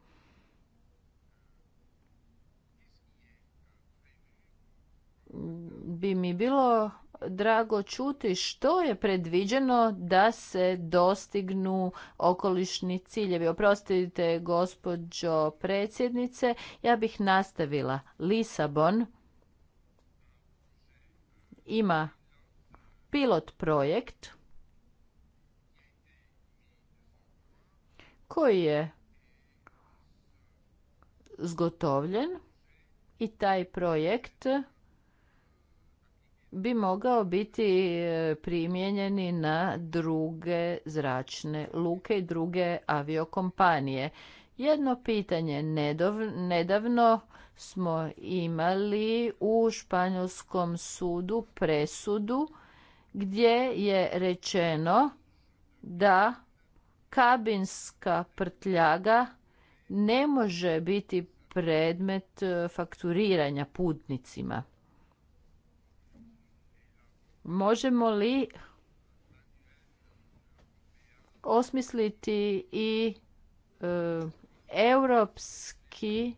bi mi bilo drago čuti što je predviđeno da se dostignu okolišni ciljevi. Oprostite, gospođo predsjednice, ja bih nastavila. Lisabon ima pilot projekt koji je zgotovljen i taj projekt bi mogao biti e, primijenjeni na druge zračne luke i druge aviokompanije. Jedno pitanje, nedavno smo imali u Španjolskom sudu presudu gdje je rečeno da kabinska prtljaga ne može biti predmet e, fakturiranja putnicima. Možemo li osmisliti i e, europski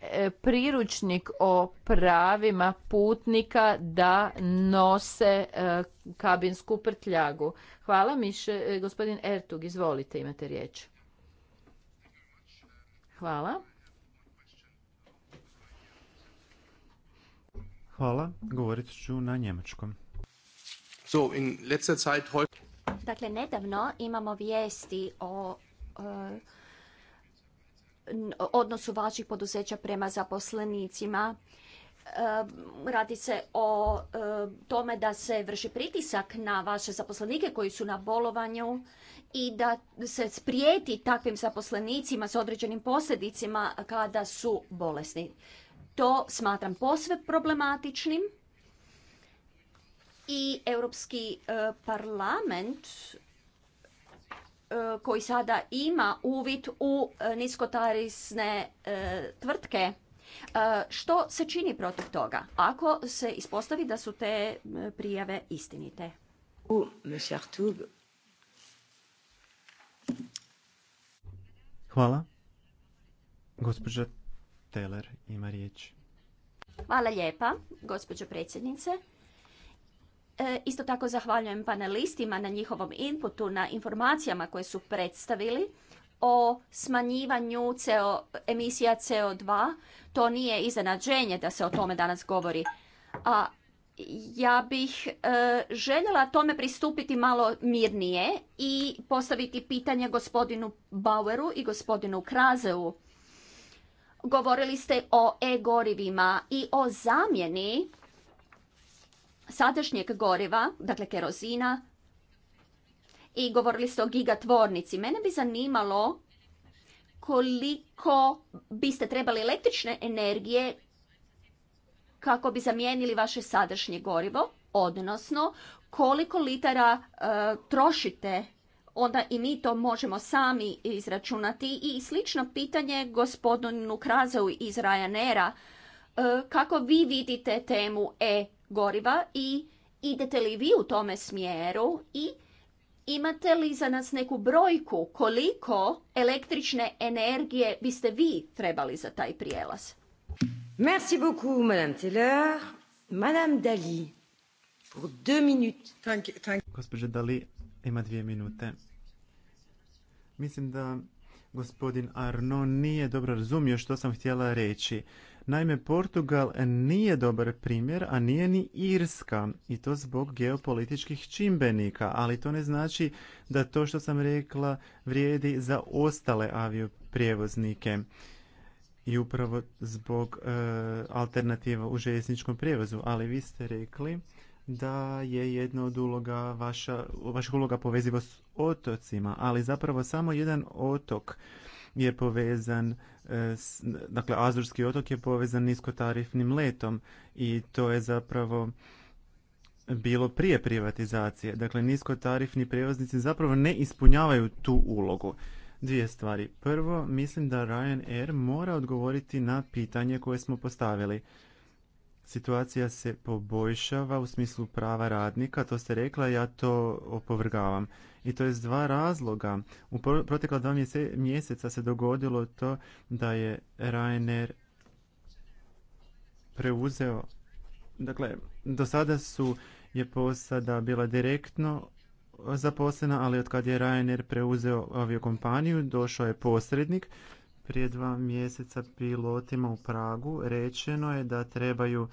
e, priručnik o pravima putnika da nose e, kabinsku prtljagu. Hvala miše. Gospodin Ertug, izvolite, imate riječ. Hvala. Hvala, govorit ću na njemačkom. So, in letzter Zeit Dakle, nedavno imamo vijesti o e, odnosu vaših poduzeća prema zaposlenicima. E, radi se o e, tome da se vrši pritisak na vaše zaposlenike koji su na bolovanju i da se sprijeti takvim zaposlenicima s određenim posljedicima kada su bolesni. To smatram posve problematičnim i Europski e, parlament e, koji sada ima uvid u e, niskotarisne tvrtke što se čini protiv toga ako se ispostavi da su te prijave istinite? Oh, Hvala. Gospođa Teller ima riječ. Hvala lijepa, gospođo predsjednice. E, isto tako zahvaljujem panelistima na njihovom inputu, na informacijama koje su predstavili o smanjivanju CO, emisija CO2. To nije iznenađenje da se o tome danas govori. A ja bih e, željela tome pristupiti malo mirnije i postaviti pitanje gospodinu Baueru i gospodinu Krazeu. Govorili ste o e-gorivima i o zamjeni sadašnjeg goriva, dakle kerozina, i govorili ste o gigatvornici. Mene bi zanimalo koliko biste trebali električne energije kako bi zamijenili vaše sadašnje gorivo, odnosno koliko litara e, trošite onda i mi to možemo sami izračunati. I slično pitanje gospodinu krazau iz Ryanaira, e, kako vi vidite temu e-goriva i idete li vi u tome smjeru i imate li za nas neku brojku koliko električne energije biste vi trebali za taj prijelaz? Merci beaucoup, Madame Madame Dali, pour deux minutes. Dali, ima dvije minute. Mislim da gospodin Arno nije dobro razumio što sam htjela reći. Naime, Portugal nije dobar primjer, a nije ni Irska, i to zbog geopolitičkih čimbenika, ali to ne znači da to što sam rekla vrijedi za ostale avioprijevoznike. I upravo zbog e, alternativa u željezničkom prijevozu, ali vi ste rekli da je jedna od uloga vaša, vaša uloga povezivost s otocima, ali zapravo samo jedan otok je povezan, e, dakle Azurski otok je povezan niskotarifnim letom i to je zapravo bilo prije privatizacije. Dakle, niskotarifni prijevoznici zapravo ne ispunjavaju tu ulogu. Dvije stvari. Prvo, mislim da Ryanair mora odgovoriti na pitanje koje smo postavili situacija se poboljšava u smislu prava radnika, to ste rekla, ja to opovrgavam. I to je dva razloga. U protekla dva mjeseca se dogodilo to da je Rainer preuzeo, dakle, do sada su je posada bila direktno zaposlena, ali od kad je Ryanair preuzeo aviokompaniju, došao je posrednik prije dva mjeseca pilotima u Pragu rečeno je da trebaju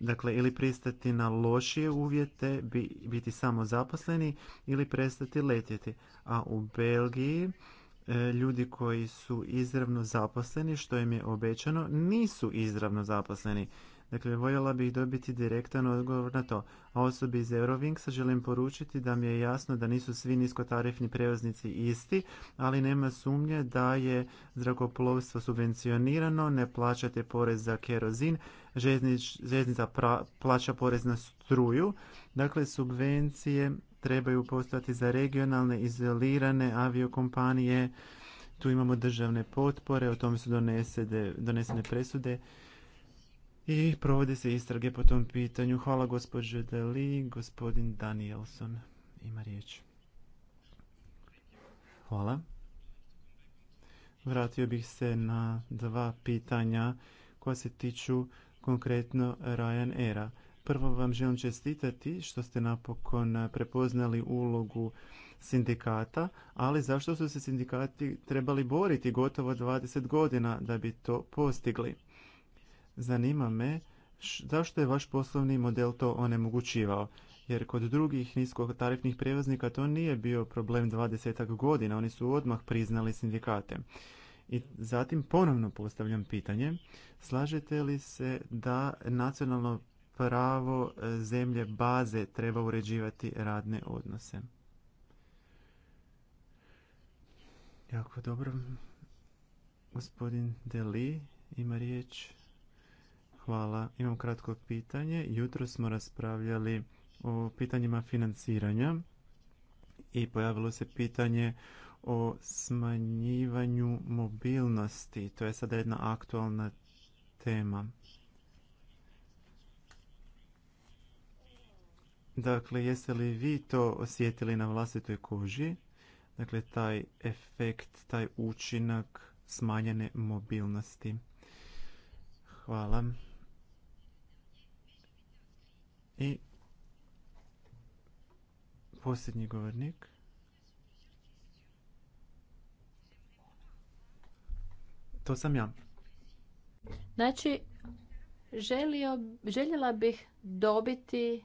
dakle ili pristati na lošije uvjete, biti samozaposleni ili prestati letjeti. A u Belgiji e, ljudi koji su izravno zaposleni, što im je obećano, nisu izravno zaposleni Dakle, voljela bih dobiti direktan odgovor na to. A osobi iz Eurowingsa želim poručiti da mi je jasno da nisu svi niskotarifni prevoznici isti, ali nema sumnje da je zrakoplovstvo subvencionirano, ne plaćate porez za kerozin, željeznica plaća porez na struju. Dakle, subvencije trebaju postati za regionalne, izolirane aviokompanije. Tu imamo državne potpore, o tome su donesene presude i provode se istrage po tom pitanju. Hvala gospođe Deli, gospodin Danielson ima riječ. Hvala. Vratio bih se na dva pitanja koja se tiču konkretno Era. Prvo vam želim čestitati što ste napokon prepoznali ulogu sindikata, ali zašto su se sindikati trebali boriti gotovo 20 godina da bi to postigli? Zanima me zašto je vaš poslovni model to onemogućivao? Jer kod drugih niskotarifnih prijevoznika to nije bio problem 20 godina, oni su odmah priznali sindikate. I zatim ponovno postavljam pitanje, slažete li se da nacionalno pravo e, zemlje baze treba uređivati radne odnose? Jako dobro. Gospodin Deli ima riječ. Hvala. Imam kratko pitanje. Jutro smo raspravljali o pitanjima financiranja i pojavilo se pitanje o smanjivanju mobilnosti. To je sada jedna aktualna tema. Dakle, jeste li vi to osjetili na vlastitoj koži? Dakle, taj efekt, taj učinak smanjene mobilnosti. Hvala. I posljednji govornik. To sam ja. Znači, želio, željela bih dobiti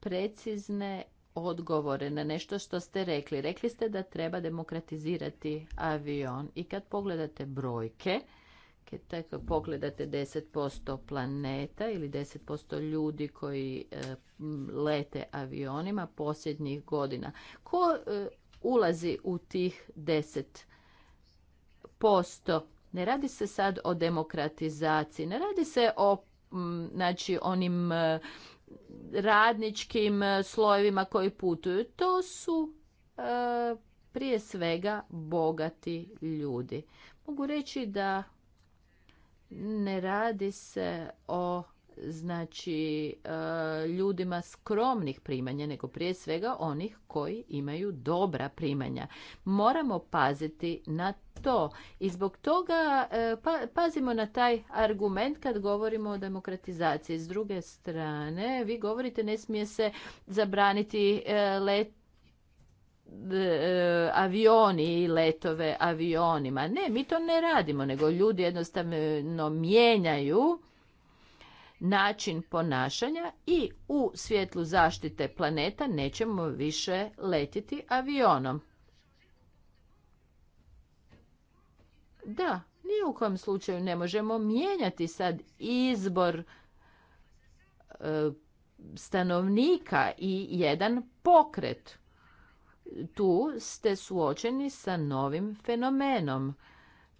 precizne odgovore na nešto što ste rekli. Rekli ste da treba demokratizirati avion i kad pogledate brojke, pogledate 10% planeta ili 10% ljudi koji e, lete avionima posljednjih godina. Ko e, ulazi u tih 10%? Ne radi se sad o demokratizaciji, ne radi se o znači, onim e, radničkim slojevima koji putuju. To su prije svega bogati ljudi. Mogu reći da ne radi se o znači e, ljudima skromnih primanja, nego prije svega onih koji imaju dobra primanja. Moramo paziti na to i zbog toga e, pa, pazimo na taj argument kad govorimo o demokratizaciji. S druge strane, vi govorite ne smije se zabraniti e, let E, avioni i letove avionima. Ne, mi to ne radimo, nego ljudi jednostavno mijenjaju način ponašanja i u svjetlu zaštite planeta nećemo više letiti avionom. Da, ni u kojem slučaju ne možemo mijenjati sad izbor e, stanovnika i jedan pokret tu ste suočeni sa novim fenomenom.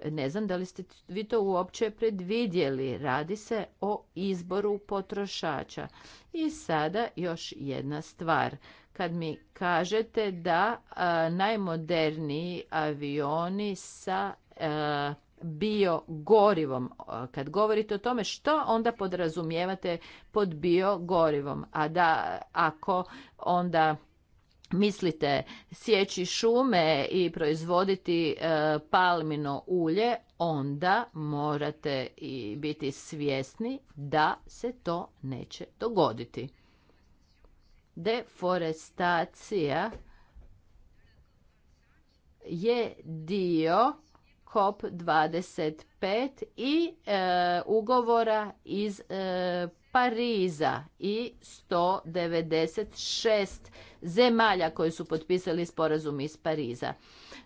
Ne znam da li ste vi to uopće predvidjeli. Radi se o izboru potrošača. I sada još jedna stvar. Kad mi kažete da najmoderniji avioni sa e, biogorivom. Kad govorite o tome što onda podrazumijevate pod biogorivom, a da ako onda mislite sjeći šume i proizvoditi e, palmino ulje, onda morate i biti svjesni da se to neće dogoditi. Deforestacija je dio COP25 i e, ugovora iz e, Pariza i 196 zemalja koje su potpisali sporazum iz Pariza.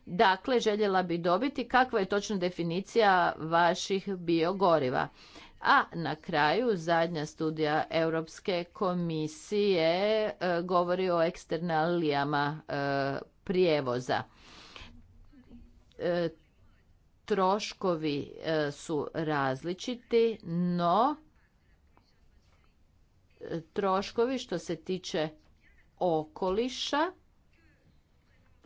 Dakle, željela bi dobiti kakva je točna definicija vaših biogoriva. A na kraju zadnja studija Europske komisije e, govori o eksternalijama e, prijevoza. E, troškovi su različiti, no troškovi što se tiče okoliša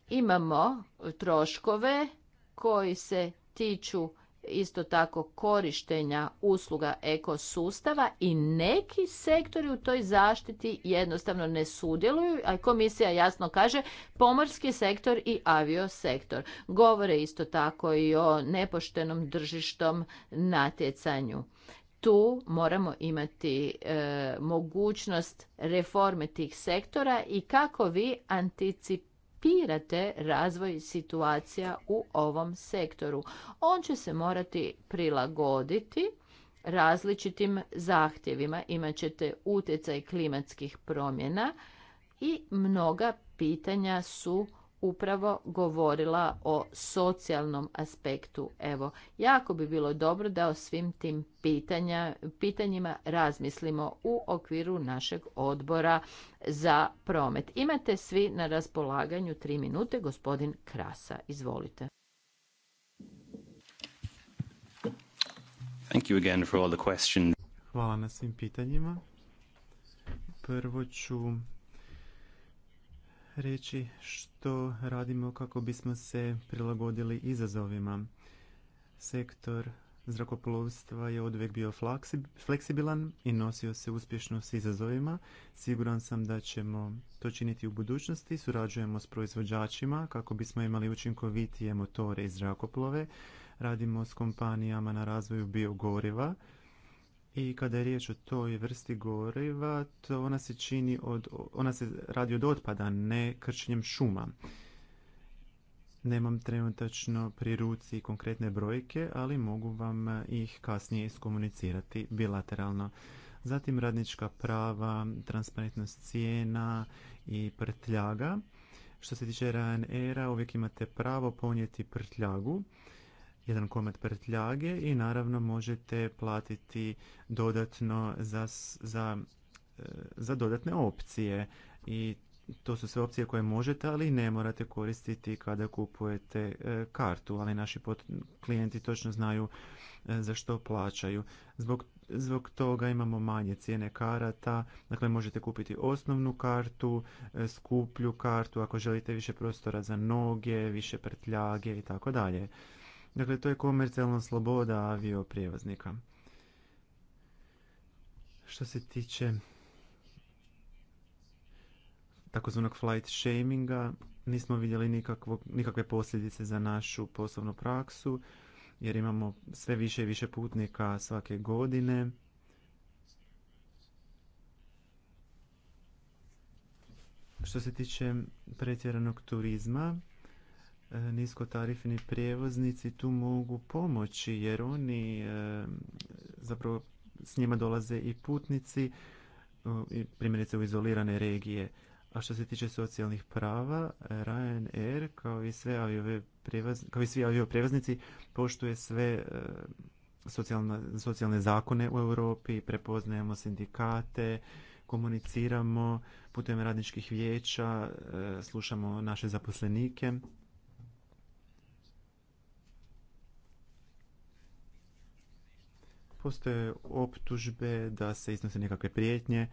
imamo troškove koji se tiču isto tako korištenja usluga ekosustava i neki sektori u toj zaštiti jednostavno ne sudjeluju, a komisija jasno kaže pomorski sektor i aviosektor. Govore isto tako i o nepoštenom držištom natjecanju tu moramo imati e, mogućnost reforme tih sektora i kako vi anticipirate razvoj situacija u ovom sektoru. On će se morati prilagoditi različitim zahtjevima, imat ćete utjecaj klimatskih promjena i mnoga pitanja su upravo govorila o socijalnom aspektu. Evo, jako bi bilo dobro da o svim tim pitanja, pitanjima razmislimo u okviru našeg odbora za promet. Imate svi na raspolaganju tri minute. Gospodin Krasa, izvolite. Thank you again for all the questions. Hvala na svim pitanjima. Prvo ću reći što radimo kako bismo se prilagodili izazovima. Sektor zrakoplovstva je odvek bio fleksibilan i nosio se uspješno s izazovima. Siguran sam da ćemo to činiti u budućnosti. Surađujemo s proizvođačima kako bismo imali učinkovitije motore i zrakoplove. Radimo s kompanijama na razvoju biogoriva i kada je riječ o toj vrsti goriva, to ona se čini od, ona se radi od otpada, ne krčenjem šuma. Nemam trenutačno pri ruci konkretne brojke, ali mogu vam ih kasnije iskomunicirati bilateralno. Zatim radnička prava, transparentnost cijena i prtljaga. Što se tiče Ryanaira, uvijek imate pravo ponijeti prtljagu jedan komad prtljage i naravno možete platiti dodatno za, za, e, za dodatne opcije i to su sve opcije koje možete, ali ne morate koristiti kada kupujete e, kartu, ali naši klijenti točno znaju e, za što plaćaju. Zbog, zbog toga imamo manje cijene karata, dakle možete kupiti osnovnu kartu, skuplju kartu ako želite više prostora za noge, više prtljage i tako dalje. Dakle, to je komercijalna sloboda avioprijevoznika. Što se tiče takozvanog flight shaminga, nismo vidjeli nikakve posljedice za našu poslovnu praksu, jer imamo sve više i više putnika svake godine. Što se tiče pretjeranog turizma, E, niskotarifni prijevoznici tu mogu pomoći jer oni e, zapravo s njima dolaze i putnici e, primjerice u izolirane regije. A što se tiče socijalnih prava, Ryanair kao i, sve kao i svi avioprijevoznici poštuje sve socijalne, socijalne zakone u Europi, prepoznajemo sindikate, komuniciramo putem radničkih vijeća, slušamo naše zaposlenike Postoje optužbe da se iznose nekakve prijetnje,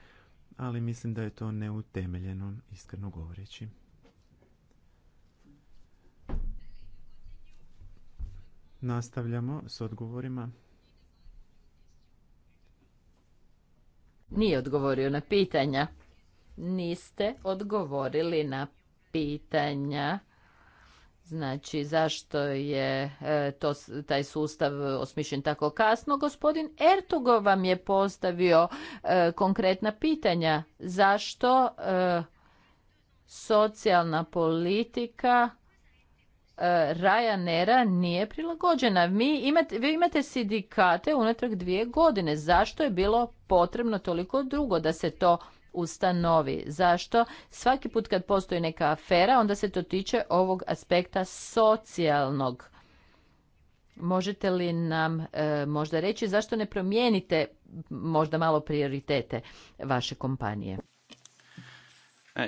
ali mislim da je to neutemeljeno, iskreno govoreći. Nastavljamo s odgovorima. Nije odgovorio na pitanja. Niste odgovorili na pitanja Znači, zašto je e, to, taj sustav osmišljen tako kasno? Gospodin Ertugov vam je postavio e, konkretna pitanja. Zašto e, socijalna politika e, nije prilagođena? Mi imate, vi imate sindikate unatrag dvije godine. Zašto je bilo potrebno toliko drugo da se to ustanovi. Zašto? Svaki put kad postoji neka afera, onda se to tiče ovog aspekta socijalnog. Možete li nam e, možda reći zašto ne promijenite možda malo prioritete vaše kompanije? Uh,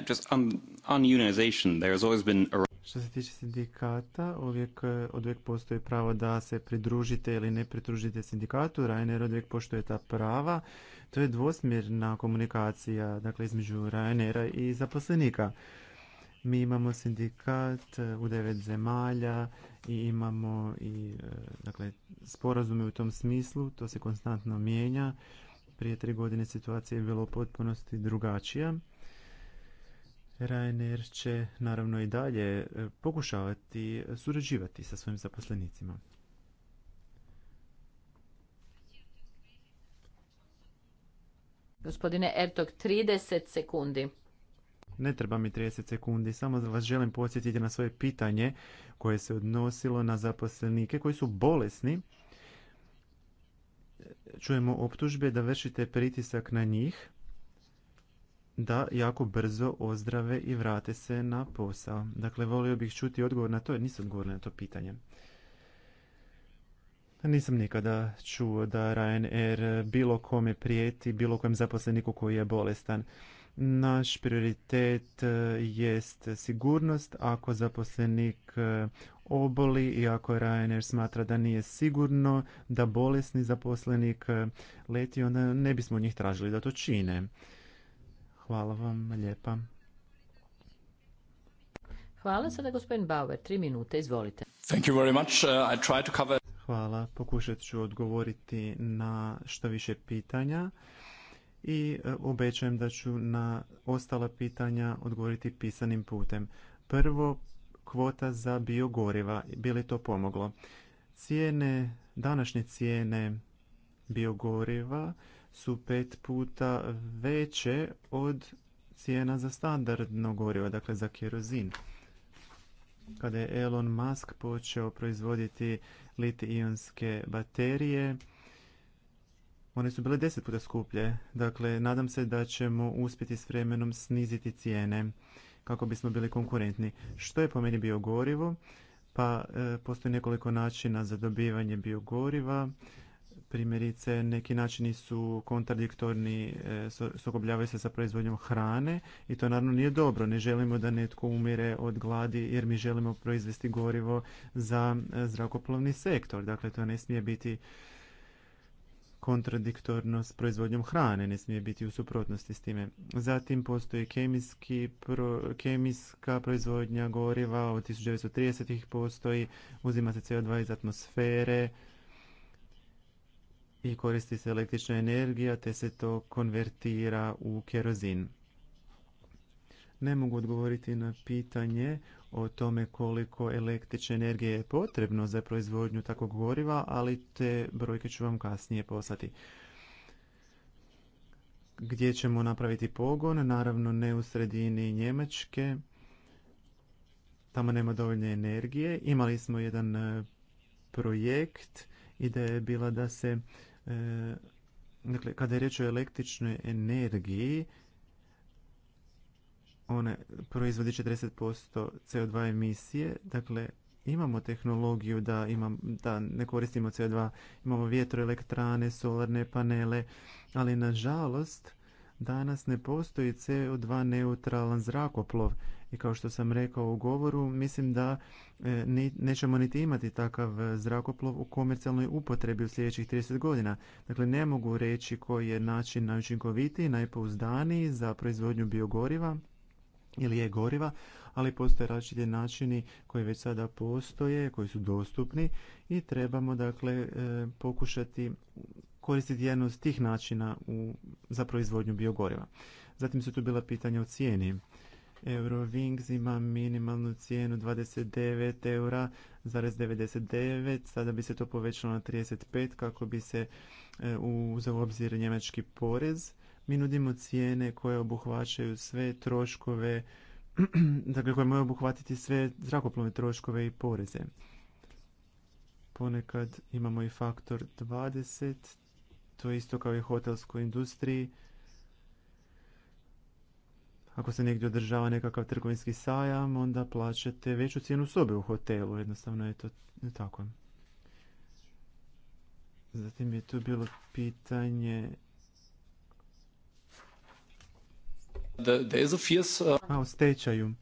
Što se tiče sindikata, uvijek, e, uvijek postoji pravo da se pridružite ili ne pridružite sindikatu. Rainer uvijek poštuje ta prava to je dvosmjerna komunikacija dakle, između Ryanaira i zaposlenika. Mi imamo sindikat e, u devet zemalja i imamo i e, dakle, sporazume u tom smislu, to se konstantno mijenja. Prije tri godine situacija je bila u potpunosti drugačija. Ryanair će naravno i dalje e, pokušavati surađivati sa svojim zaposlenicima. Gospodine Ertog, 30 sekundi. Ne treba mi 30 sekundi, samo vas želim podsjetiti na svoje pitanje koje se odnosilo na zaposlenike koji su bolesni. Čujemo optužbe da vršite pritisak na njih da jako brzo ozdrave i vrate se na posao. Dakle, volio bih čuti odgovor na to jer niste odgovorili na to pitanje. Nisam nikada čuo da Ryanair bilo kome prijeti, bilo kojem zaposleniku koji je bolestan. Naš prioritet e, jest sigurnost. Ako zaposlenik e, oboli i ako Ryanair smatra da nije sigurno da bolesni zaposlenik e, leti, onda ne bismo njih tražili da to čine. Hvala vam lijepa. Hvala sada gospodin Bauer, tri minute, izvolite. Thank you very much. Uh, I Hvala. Pokušat ću odgovoriti na što više pitanja i e, obećajem da ću na ostala pitanja odgovoriti pisanim putem. Prvo, kvota za biogoriva. Bi li to pomoglo? Cijene, današnje cijene biogoriva su pet puta veće od cijena za standardno gorivo, dakle za kerozin. Kada je Elon Musk počeo proizvoditi litijonske baterije. One su bile deset puta skuplje, dakle nadam se da ćemo uspjeti s vremenom sniziti cijene kako bismo bili konkurentni. Što je po meni biogorivo? Pa e, postoji nekoliko načina za dobivanje biogoriva primjerice neki načini su kontradiktorni, e, sukobljavaju se sa proizvodnjom hrane i to naravno nije dobro. Ne želimo da netko umire od gladi jer mi želimo proizvesti gorivo za e, zrakoplovni sektor. Dakle, to ne smije biti kontradiktorno s proizvodnjom hrane, ne smije biti u suprotnosti s time. Zatim postoji kemijska proizvodnja goriva od 1930-ih postoji, uzima se CO2 iz atmosfere, i koristi se električna energija te se to konvertira u kerozin. Ne mogu odgovoriti na pitanje o tome koliko električne energije je potrebno za proizvodnju takvog goriva, ali te brojke ću vam kasnije poslati. Gdje ćemo napraviti pogon? Naravno ne u sredini Njemačke. Tamo nema dovoljne energije. Imali smo jedan eh, projekt ideja je bila da se E, dakle, kada je riječ o električnoj energiji, ona proizvodi 40% CO2 emisije, dakle, imamo tehnologiju da, imam, da ne koristimo CO2, imamo vjetroelektrane, solarne panele, ali nažalost danas ne postoji CO2 neutralan zrakoplov i kao što sam rekao u govoru, mislim da e, nećemo niti imati takav e, zrakoplov u komercijalnoj upotrebi u sljedećih 30 godina. Dakle, ne mogu reći koji je način najučinkovitiji, najpouzdaniji za proizvodnju biogoriva ili je goriva, ali postoje različiti načini koji već sada postoje, koji su dostupni i trebamo dakle e, pokušati koristiti jedan od tih načina u, za proizvodnju biogoriva. Zatim su tu bila pitanja o cijeni. Eurowings ima minimalnu cijenu 29 eura zarez 99, sada bi se to povećalo na 35 kako bi se e, uzeo u obzir njemački porez. Mi nudimo cijene koje obuhvaćaju sve troškove, dakle koje moraju obuhvatiti sve zrakoplovne troškove i poreze. Ponekad imamo i faktor 20, to je isto kao i hotelskoj industriji ako se negdje održava nekakav trgovinski sajam, onda plaćate veću cijenu sobe u hotelu. Jednostavno je to tako. Zatim je tu bilo pitanje... A, o stečaju.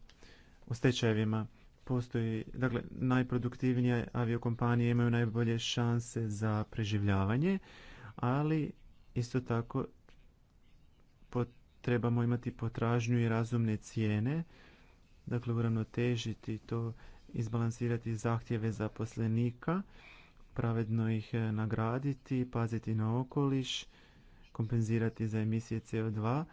O stečajevima. Postoji, dakle, najproduktivnije aviokompanije imaju najbolje šanse za preživljavanje, ali isto tako trebamo imati potražnju i razumne cijene, dakle uravnotežiti to, izbalansirati zahtjeve zaposlenika, pravedno ih e, nagraditi, paziti na okoliš, kompenzirati za emisije CO2.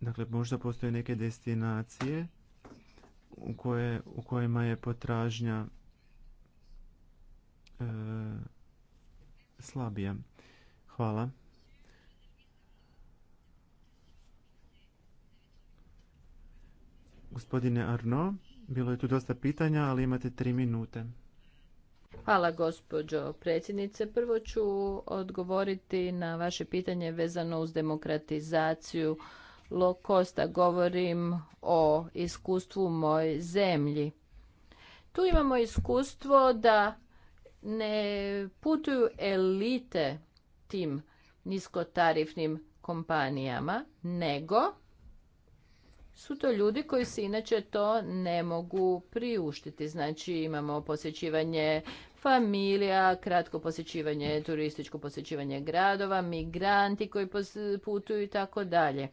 Dakle, možda postoje neke destinacije u, kojima je potražnja e, slabija. Hvala. Gospodine Arno, bilo je tu dosta pitanja, ali imate tri minute. Hvala gospođo predsjednice. Prvo ću odgovoriti na vaše pitanje vezano uz demokratizaciju Lokosta. Govorim o iskustvu moj zemlji. Tu imamo iskustvo da ne putuju elite tim niskotarifnim kompanijama, nego su to ljudi koji se inače to ne mogu priuštiti. Znači imamo posjećivanje familija, kratko posjećivanje, turističko posjećivanje gradova, migranti koji putuju i tako dalje.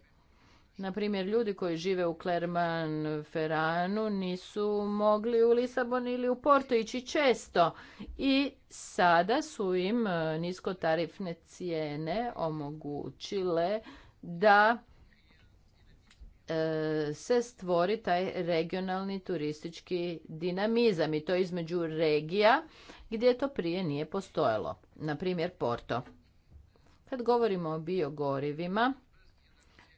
Na primjer, ljudi koji žive u Clermont Ferranu nisu mogli u Lisabon ili u Porto ići često i sada su im e, niskotarifne cijene omogućile da E, se stvori taj regionalni turistički dinamizam i to između regija gdje to prije nije postojalo, na primjer Porto. Kad govorimo o biogorivima,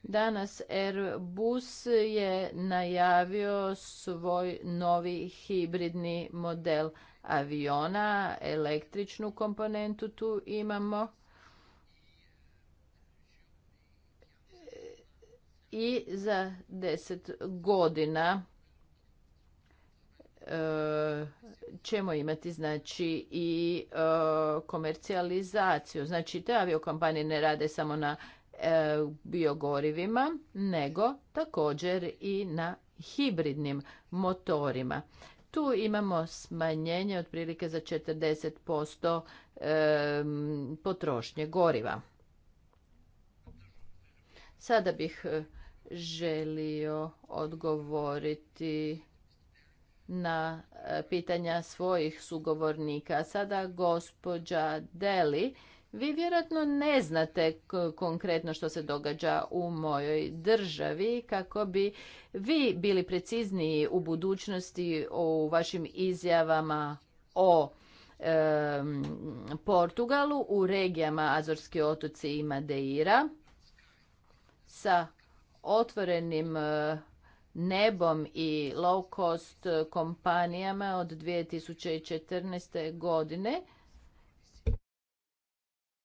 danas Airbus je najavio svoj novi hibridni model aviona, električnu komponentu tu imamo i za deset godina e, ćemo imati znači i e, komercijalizaciju. Znači te aviokompanije ne rade samo na e, biogorivima, nego također i na hibridnim motorima. Tu imamo smanjenje otprilike za 40% potrošnje goriva. Sada bih želio odgovoriti na e, pitanja svojih sugovornika. Sada gospođa Deli, vi vjerojatno ne znate konkretno što se događa u mojoj državi kako bi vi bili precizniji u budućnosti u vašim izjavama o Portugalu u regijama Azorski otoci i Madeira sa otvorenim e, nebom i low cost kompanijama od 2014. godine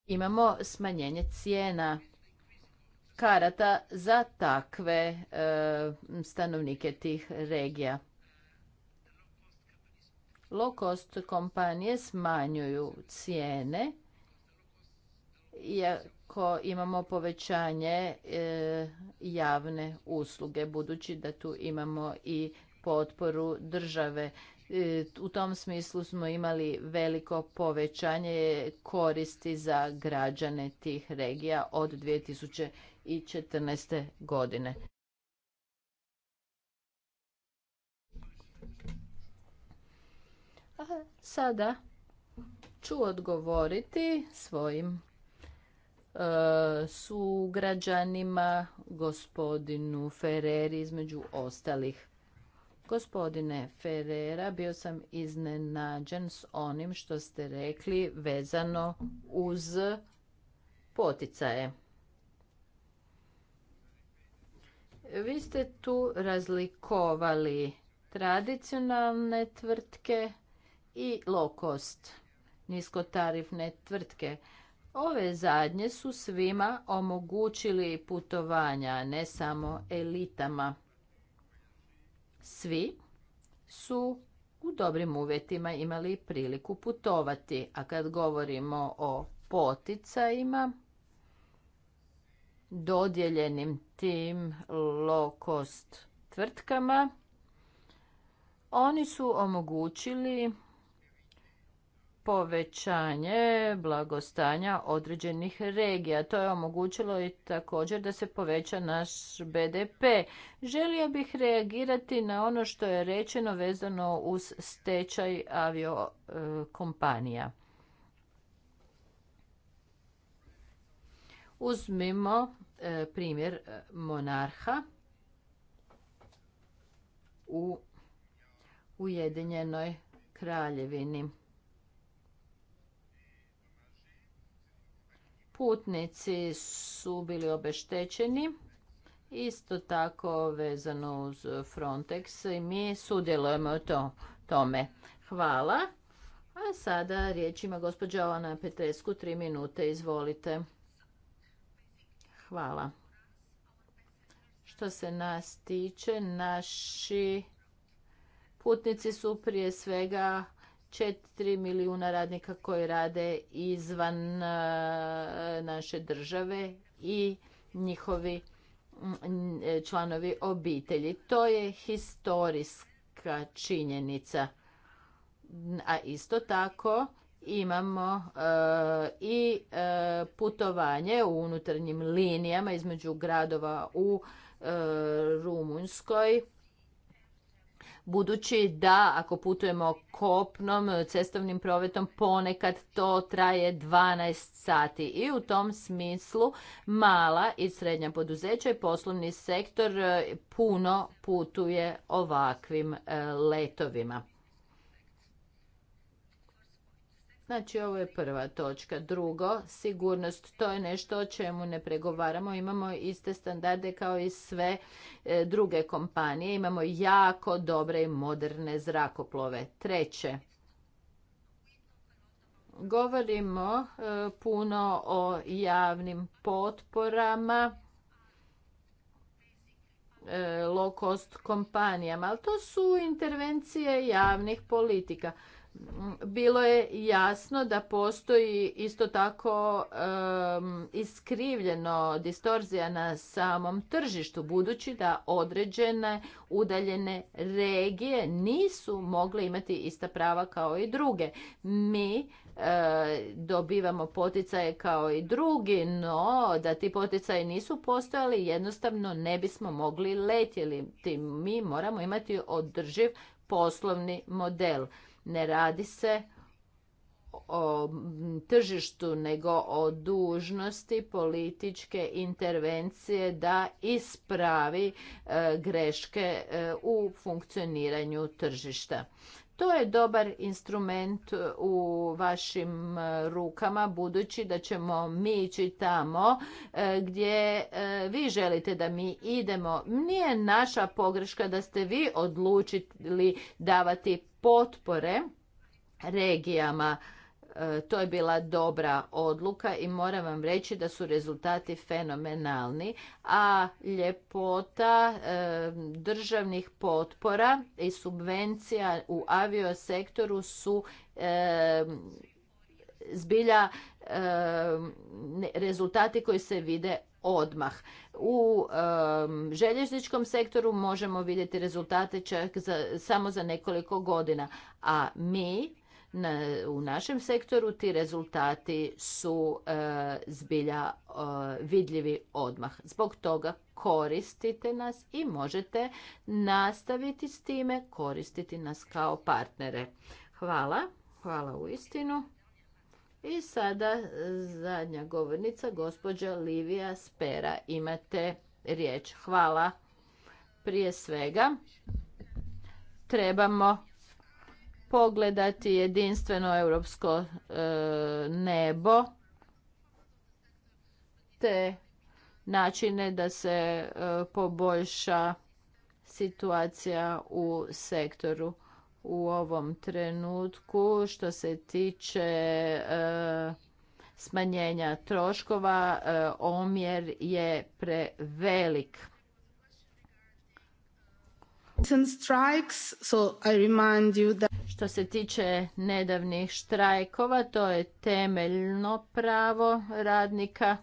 imamo smanjenje cijena karata za takve e, stanovnike tih regija. Low cost kompanije smanjuju cijene imamo povećanje e, javne usluge, budući da tu imamo i potporu države. E, u tom smislu smo imali veliko povećanje koristi za građane tih regija od 2014. godine. sada ću odgovoriti svojim su građanima, gospodinu Ferreri između ostalih. Gospodine Ferrera, bio sam iznenađen s onim što ste rekli vezano uz poticaje. Vi ste tu razlikovali tradicionalne tvrtke i low cost, niskotarifne tvrtke. Ove zadnje su svima omogućili putovanja, ne samo elitama. Svi su u dobrim uvjetima imali priliku putovati, a kad govorimo o poticajima, dodjeljenim tim low-cost tvrtkama, oni su omogućili povećanje blagostanja određenih regija. To je omogućilo i također da se poveća naš BDP. Želio bih reagirati na ono što je rečeno vezano uz stečaj aviokompanija. E, Uzmimo e, primjer e, monarha u Ujedinjenoj kraljevini. Putnici su bili obeštećeni. Isto tako vezano uz Frontex i mi sudjelujemo u to, tome. Hvala. A sada riječ ima gospođa Ovana Petresku, tri minute, izvolite. Hvala. Što se nas tiče, naši putnici su prije svega 4 milijuna radnika koji rade izvan e, naše države i njihovi mm, e, članovi obitelji. To je historijska činjenica. A isto tako imamo e, i putovanje u unutarnjim linijama između gradova u Rumunjskoj budući da ako putujemo kopnom, cestovnim prometom, ponekad to traje 12 sati. I u tom smislu mala i srednja poduzeća i poslovni sektor e, puno putuje ovakvim e, letovima. Znači, ovo je prva točka. Drugo, sigurnost. To je nešto o čemu ne pregovaramo. Imamo iste standarde kao i sve e, druge kompanije. Imamo jako dobre i moderne zrakoplove. Treće, govorimo e, puno o javnim potporama e, low cost kompanijama, ali to su intervencije javnih politika bilo je jasno da postoji isto tako iskrivljeno distorzija na samom tržištu budući da određene udaljene regije nisu mogle imati ista prava kao i druge mi e, dobivamo poticaje kao i drugi, no da ti poticaji nisu postojali, jednostavno ne bismo mogli letjeli. Mi moramo imati održiv poslovni model. Ne radi se o tržištu nego o dužnosti političke intervencije da ispravi e, greške e, u funkcioniranju tržišta. To je dobar instrument u vašim e, rukama budući da ćemo mi ići tamo e, gdje e, vi želite da mi idemo. Nije naša pogreška da ste vi odlučili davati potpore regijama E, to je bila dobra odluka i moram vam reći da su rezultati fenomenalni, a ljepota e, državnih potpora i subvencija u aviosektoru su e, zbilja rezultati koji se vide odmah. U željezničkom sektoru možemo vidjeti rezultate čak samo za nekoliko godina, a mi na, u našem sektoru ti rezultati su e, zbilja e, vidljivi odmah. Zbog toga koristite nas i možete nastaviti s time, koristiti nas kao partnere. Hvala, hvala u istinu. I sada e, zadnja govornica, gospođa Livija Spera. Imate riječ. Hvala. Prije svega trebamo pogledati jedinstveno europsko e, nebo te načine da se e, poboljša situacija u sektoru u ovom trenutku što se tiče e, smanjenja troškova omjer je prevelik što se tiče nedavnih štrajkova, to je temeljno pravo radnika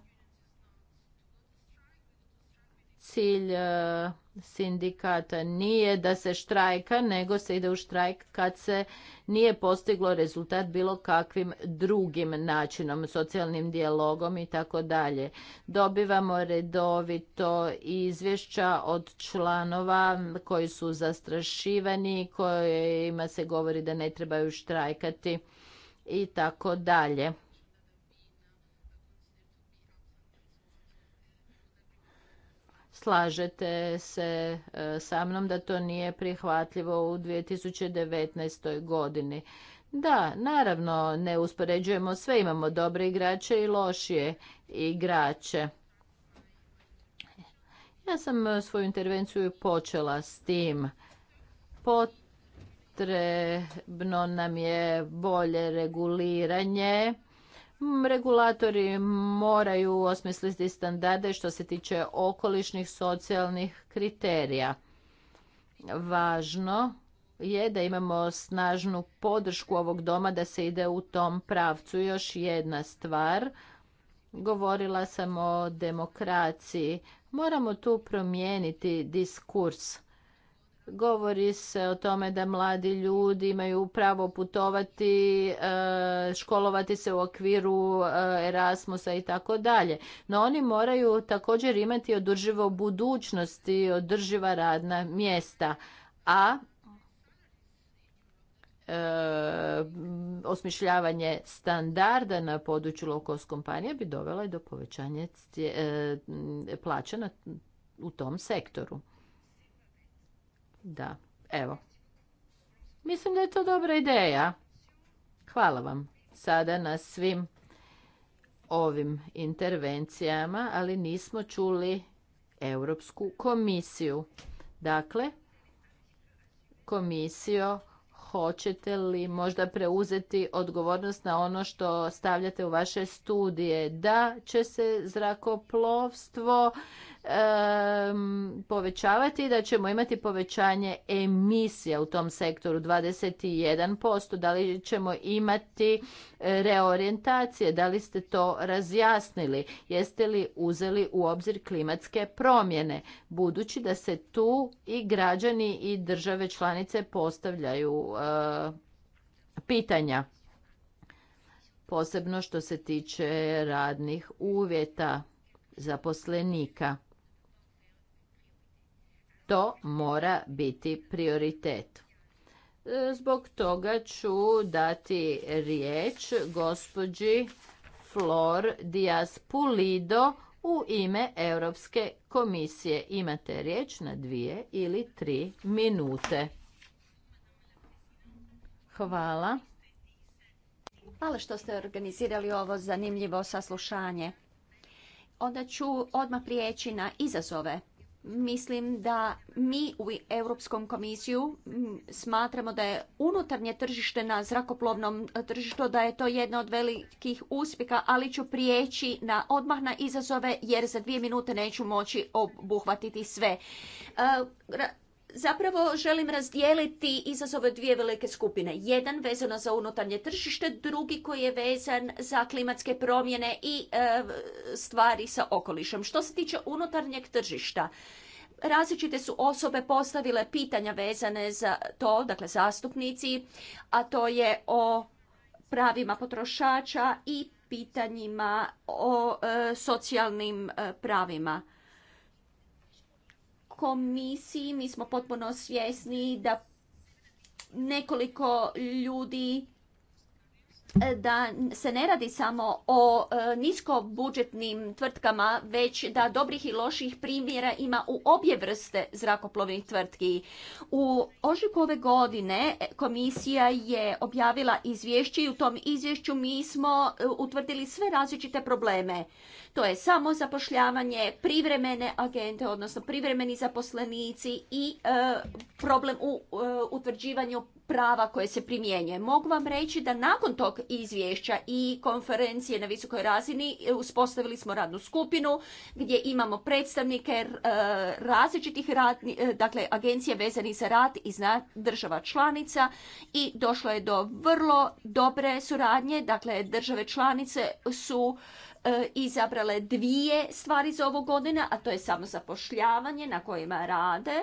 cilj e, sindikata nije da se štrajka, nego se ide u štrajk kad se nije postiglo rezultat bilo kakvim drugim načinom, socijalnim dijalogom i tako dalje. Dobivamo redovito izvješća od članova koji su zastrašivani, kojima se govori da ne trebaju štrajkati i tako dalje. slažete se e, sa mnom da to nije prihvatljivo u 2019. godini. Da, naravno, ne uspoređujemo sve, imamo dobre igrače i lošije igrače. Ja sam e, svoju intervenciju počela s tim. Potrebno nam je bolje reguliranje Mm, regulatori moraju osmisliti standarde što se tiče okolišnih socijalnih kriterija. Važno je da imamo snažnu podršku ovog doma da se ide u tom pravcu. Još jedna stvar, govorila sam o demokraciji. Moramo tu promijeniti diskurs. Govori se o tome da mladi ljudi imaju pravo putovati, e, školovati se u okviru e, Erasmusa i tako dalje. No oni moraju također imati održivo budućnosti, održiva radna mjesta. A e, osmišljavanje standarda na području lokos kompanija bi dovela i do povećanja plaća u tom sektoru. Da, evo. Mislim da je to dobra ideja. Hvala vam sada na svim ovim intervencijama, ali nismo čuli Europsku komisiju. Dakle, komisijo, hoćete li možda preuzeti odgovornost na ono što stavljate u vaše studije da će se zrakoplovstvo povećavati, da ćemo imati povećanje emisija u tom sektoru 21%, da li ćemo imati e, reorientacije, da li ste to razjasnili, jeste li uzeli u obzir klimatske promjene, budući da se tu i građani i države članice postavljaju e, pitanja posebno što se tiče radnih uvjeta zaposlenika. To mora biti prioritet. E, zbog toga ću dati riječ gospođi Flor Dias Pulido u ime Europske komisije. Imate riječ na dvije ili tri minute. Hvala. Hvala što ste organizirali ovo zanimljivo saslušanje. Onda ću odmah prijeći na izazove Mislim da mi u Europskom komisiju smatramo da je unutarnje tržište na zrakoplovnom e, tržištu, da je to jedna od velikih uspjeha, ali ću prijeći na odmah na izazove jer za dvije minute neću moći obuhvatiti sve. E, zapravo želim razdijeliti izazove dvije velike skupine. Jedan vezano za unutarnje tržište, drugi koji je vezan za klimatske promjene i e, stvari sa okolišem. Što se tiče unutarnjeg tržišta, različite su osobe postavile pitanja vezane za to, dakle zastupnici, a to je o pravima potrošača i pitanjima o e, socijalnim e, pravima komisiji mi smo potpuno svjesni da nekoliko ljudi E, da se ne radi samo o e, niskobudžetnim tvrtkama, već da dobrih i loših primjera ima u obje vrste zrakoplovnih tvrtki. U ožujku ove godine komisija je objavila izvješće i u tom izvješću mi smo e, utvrdili sve različite probleme. To je samo zapošljavanje, privremene agente, odnosno privremeni zaposlenici i problem u utvrđivanju prava koje se primjenjuje. Mogu vam reći da nakon tog izvješća i konferencije na visokoj razini e, uspostavili smo radnu skupinu gdje imamo predstavnike e, različitih radni, e, dakle agencije vezanih za rad iz država članica i došlo je do vrlo dobre suradnje, dakle države članice su izabrale dvije stvari za ovu godinu a to je samo zapošljavanje na kojima rade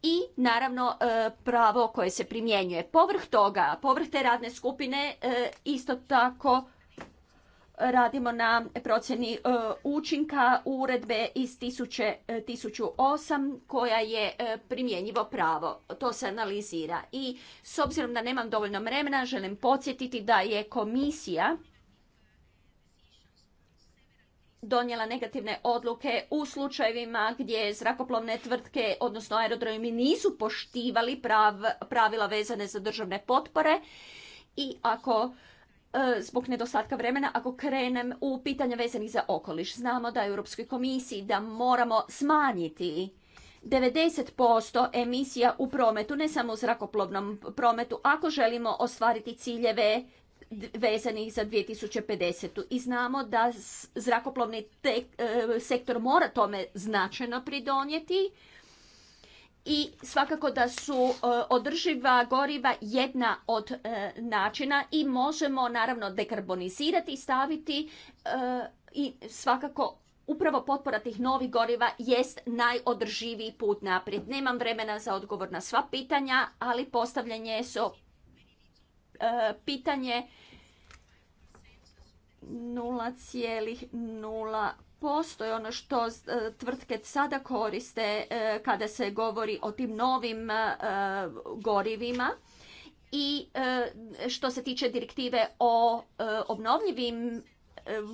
i naravno e, pravo koje se primjenjuje. Povrh toga, povrh te radne skupine e, isto tako radimo na procjeni e, učinka uredbe iz 1008 koja je primjenjivo pravo. To se analizira i s obzirom da nemam dovoljno vremena želim podsjetiti da je komisija donijela negativne odluke u slučajevima gdje zrakoplovne tvrtke, odnosno aerodromi, nisu poštivali pravila vezane za državne potpore i ako e, zbog nedostatka vremena, ako krenem u pitanja vezanih za okoliš. Znamo da je Europskoj komisiji da moramo smanjiti 90% emisija u prometu, ne samo u zrakoplovnom prometu, ako želimo ostvariti ciljeve vezani za 2050. I znamo da zrakoplovni e, sektor mora tome značajno pridonijeti i svakako da su e, održiva goriva jedna od e, načina i možemo naravno dekarbonizirati i staviti i svakako upravo potpora tih novih goriva jest najodrživiji put naprijed. Nemam vremena za odgovor na sva pitanja, ali postavljanje su pitanje 0,0 je ono što e, tvrtke sada koriste e, kada se govori o tim novim e, gorivima i što se tiče direktive o obnovljivim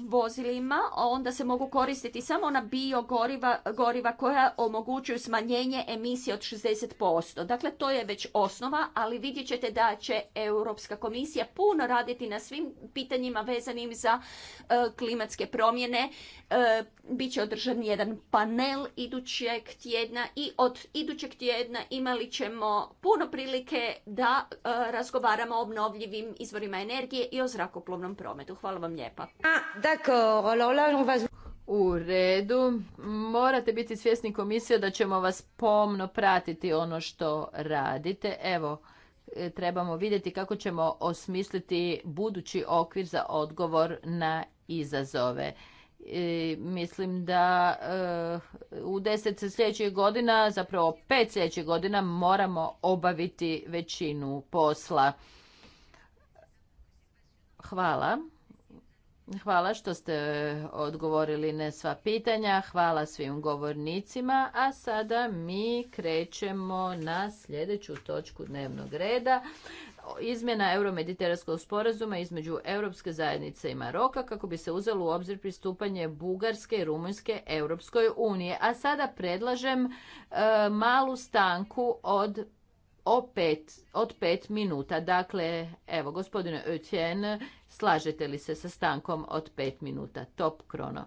vozilima, onda se mogu koristiti samo ona biogoriva goriva koja omogućuju smanjenje emisije od 60%. Dakle, to je već osnova, ali vidjet ćete da će Europska komisija puno raditi na svim pitanjima vezanim za e, klimatske promjene. E, Biće održan jedan panel idućeg tjedna i od idućeg tjedna imali ćemo puno prilike da e, razgovaramo o obnovljivim izvorima energije i o zrakoplovnom prometu. Hvala vam lijepa d'accord. Alors là, on va... U redu. Morate biti svjesni komisije da ćemo vas pomno pratiti ono što radite. Evo, e, trebamo vidjeti kako ćemo osmisliti budući okvir za odgovor na izazove. E, mislim da e, u deset sljedećih godina, zapravo pet sljedećih godina moramo obaviti većinu posla. Hvala. Hvala što ste odgovorili na sva pitanja. Hvala svim govornicima. A sada mi krećemo na sljedeću točku dnevnog reda. Izmjena euromediteranskog sporazuma između Europske zajednice i Maroka kako bi se uzelo u obzir pristupanje Bugarske i Rumunjske Europskoj unije. A sada predlažem e, malu stanku od pet, od minuta. Dakle, evo, gospodine Ötjen, Slažete li se sa stankom od 5 minuta? Top krono.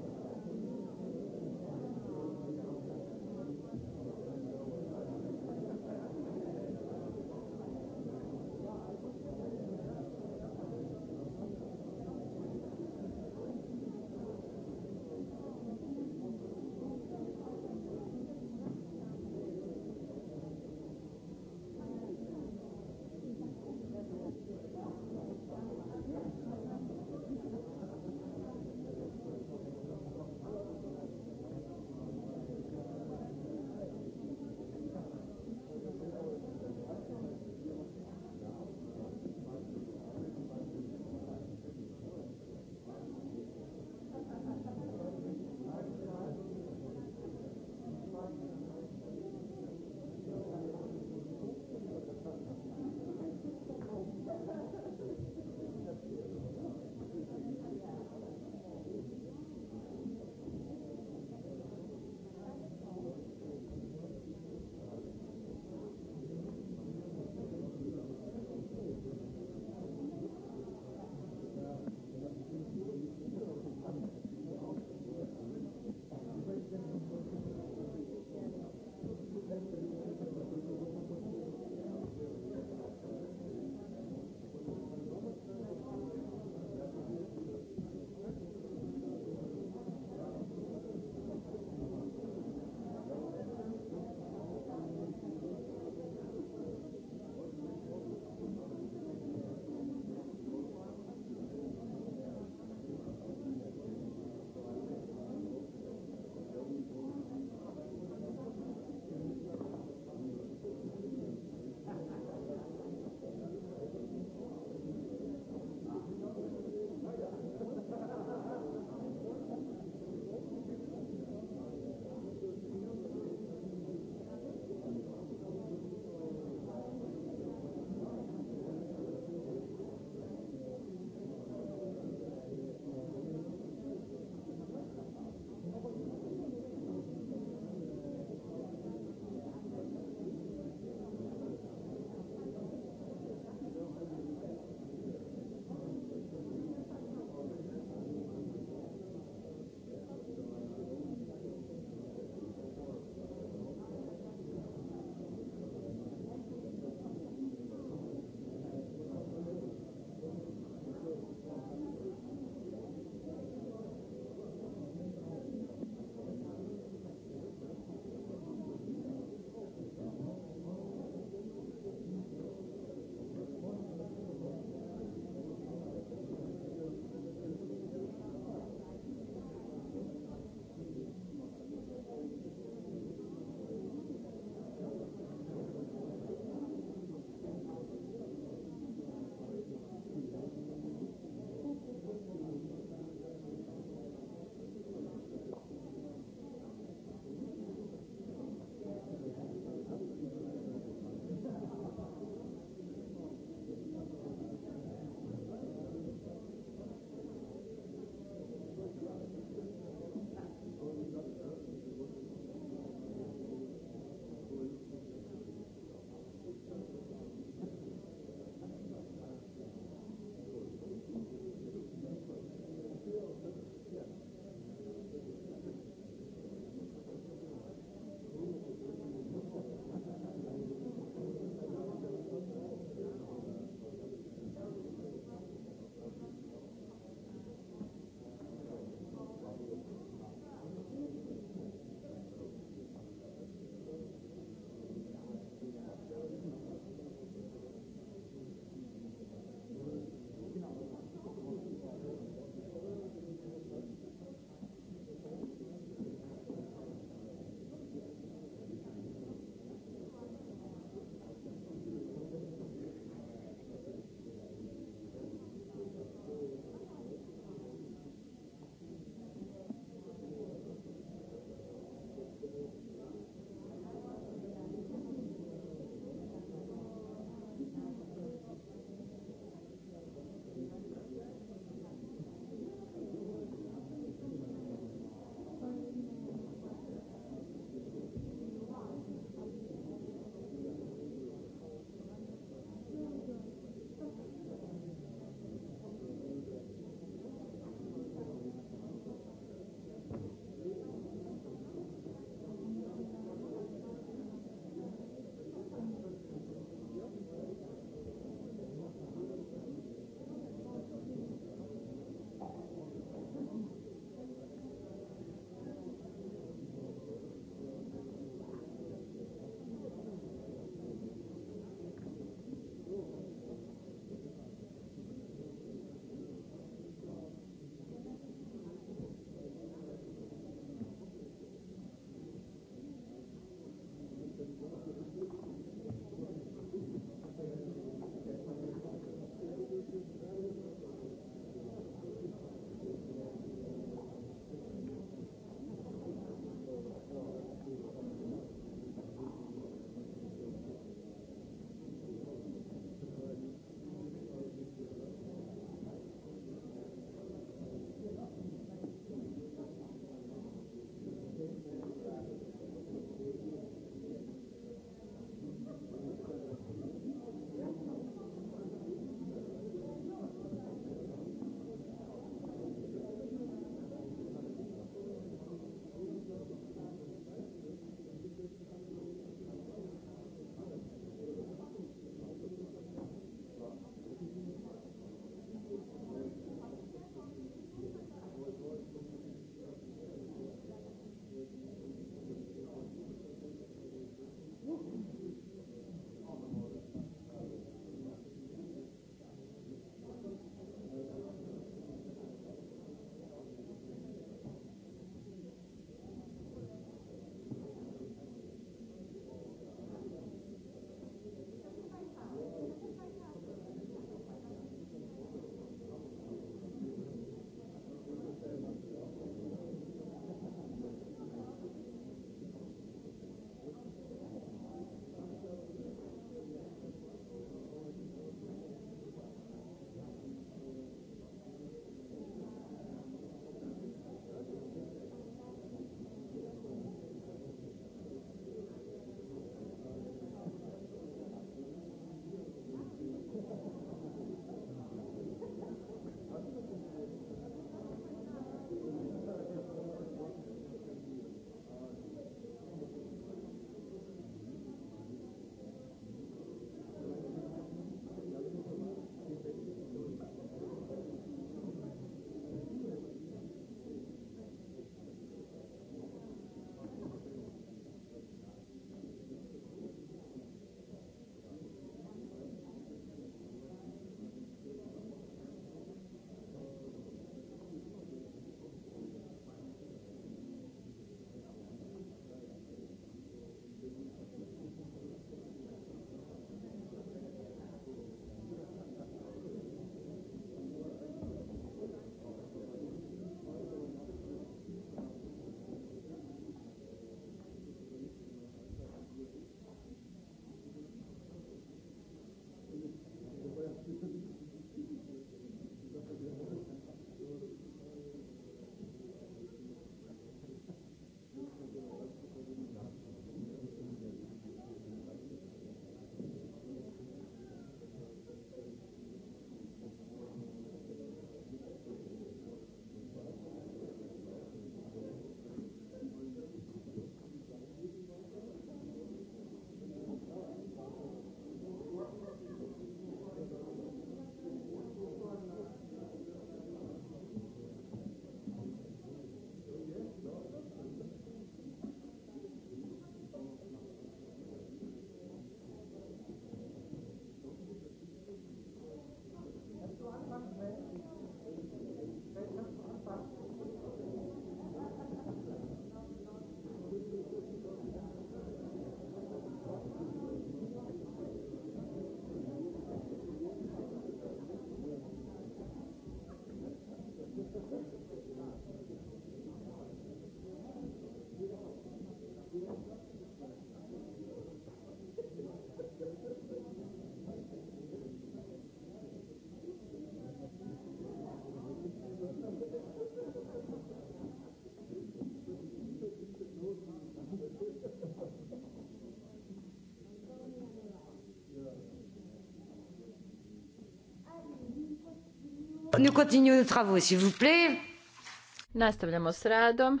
Nastavljamo s radom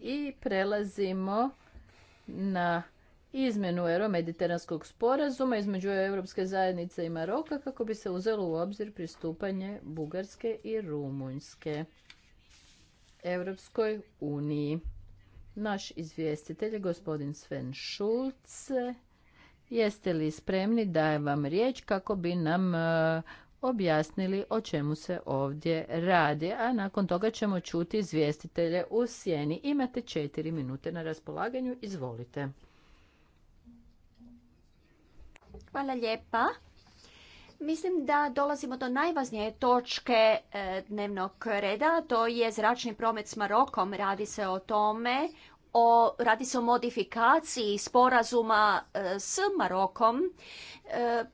i prelazimo na izmjenu euromediteranskog sporazuma između Europske zajednice i Maroka kako bi se uzelo u obzir pristupanje Bugarske i Rumunjske Europskoj uniji. Naš izvjestitelj je gospodin Sven Šulc. Jeste li spremni da vam riječ kako bi nam objasnili o čemu se ovdje radi, a nakon toga ćemo čuti izvjestitelje u sjeni. Imate četiri minute na raspolaganju, izvolite. Hvala lijepa. Mislim da dolazimo do najvažnije točke e, dnevnog reda, to je zračni promet s Marokom. Radi se o tome, o, radi se o modifikaciji sporazuma e, s Marokom. E,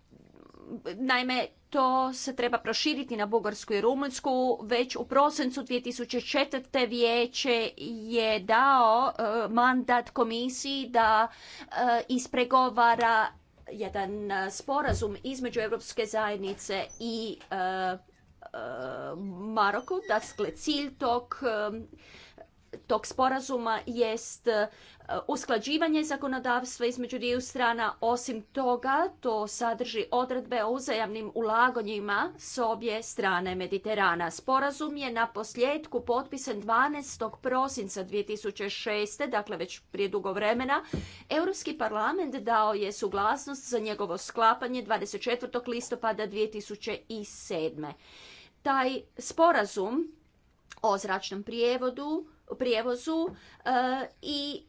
naime, to se treba proširiti na Bugarsku i Rumunjsku. Već u prosincu 2004. vijeće je dao e, mandat komisiji da e, ispregovara jedan e, sporazum između Europske zajednice i Maroku. Dakle, cilj tog tog sporazuma jest e, usklađivanje zakonodavstva između dviju strana. Osim toga, to sadrži odredbe o uzajamnim ulaganjima s obje strane Mediterana. Sporazum je na posljedku potpisan 12. prosinca 2006. dakle već prije dugo vremena. Europski parlament dao je suglasnost za njegovo sklapanje 24. listopada 2007. Taj sporazum o zračnom prijevodu prijevozu e, i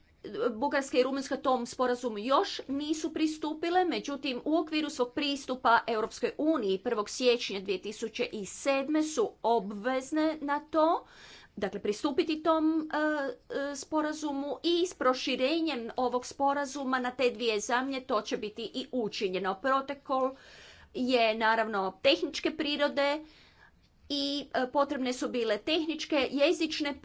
Bugarska i Rumunjska tom sporazumu još nisu pristupile, međutim u okviru svog pristupa Europskoj uniji 1. siječnja 2007. su obvezne na to, dakle pristupiti tom e, e, sporazumu i s proširenjem ovog sporazuma na te dvije zemlje to će biti i učinjeno. Protokol je naravno tehničke prirode, i e, potrebne su bile tehničke jezične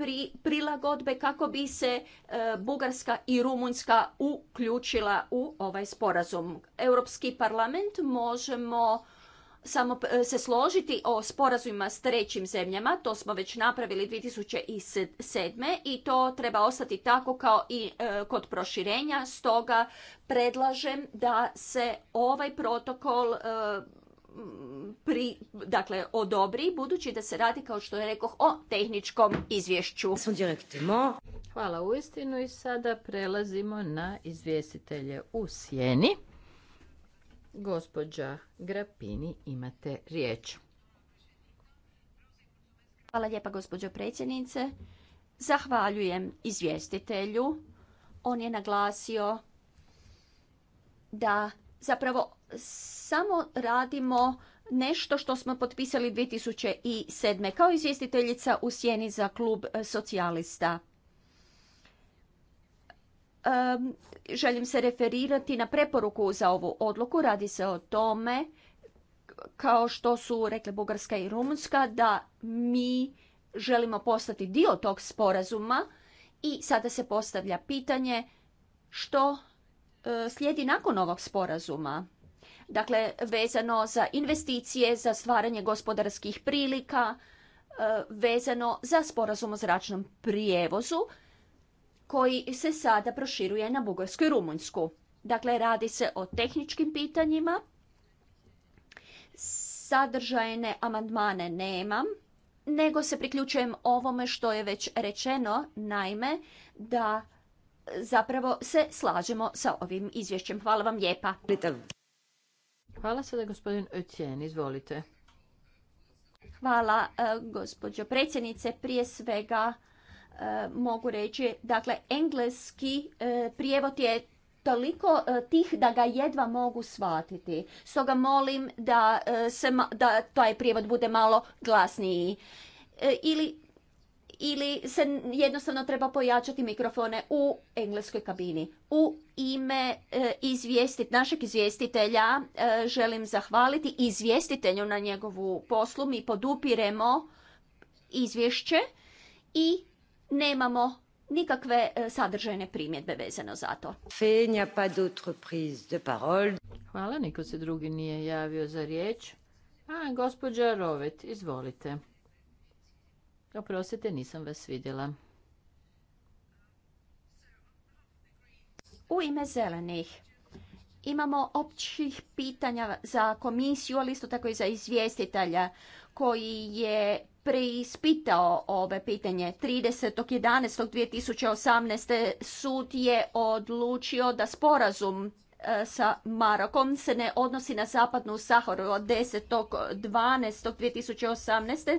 prilagodbe kako bi se e, Bugarska i Rumunjska uključila u ovaj sporazum. Europski parlament možemo samo e, se složiti o sporazumima s trećim zemljama, to smo već napravili 2007. i to treba ostati tako kao i kod proširenja, stoga predlažem da se ovaj protokol pri, dakle, odobri, budući da se radi, kao što je rekao o tehničkom izvješću. Hvala u istinu i sada prelazimo na izvjestitelje u sjeni. Gospođa Grapini, imate riječ. Hvala lijepa, gospođo predsjednice. Zahvaljujem izvjestitelju. On je naglasio da zapravo samo radimo nešto što smo potpisali 2007. kao izvjestiteljica u sjeni za klub e, socijalista. želim se referirati na preporuku za ovu odluku. Radi se o tome, kao što su rekle Bugarska i Rumunska, da mi želimo postati dio tog sporazuma i sada se postavlja pitanje što E, slijedi nakon ovog sporazuma. Dakle, vezano za investicije, za stvaranje gospodarskih prilika, e, vezano za sporazum o zračnom prijevozu koji se sada proširuje na Bugarsku i Rumunjsku. Dakle, radi se o tehničkim pitanjima. Sadržajne amandmane nemam, nego se priključujem ovome što je već rečeno, naime da zapravo se slažemo sa ovim izvješćem. Hvala vam lijepa. Hvala sada gospodin Ötjen, izvolite. Hvala e, gospođo predsjednice. Prije svega e, mogu reći, dakle, engleski e, prijevod je toliko tih da ga jedva mogu shvatiti. Stoga molim da, se, da taj prijevod bude malo glasniji. Ili ili se jednostavno treba pojačati mikrofone u engleskoj kabini. U ime eh, izvijestit, našeg izvjestitelja eh, želim zahvaliti izvjestitelju na njegovu poslu. Mi podupiremo izvješće i nemamo nikakve eh, sadržajne primjedbe vezano za to. Pa Hvala, niko se drugi nije javio za riječ. A, gospođa Rovet, izvolite. Oprostite, nisam vas vidjela. U ime zelenih imamo općih pitanja za komisiju, ali isto tako i za izvjestitelja koji je preispitao ove pitanje. 30.11.2018. sud je odlučio da sporazum E, sa Marokom se ne odnosi na zapadnu Saharu od 10.12.2018. E,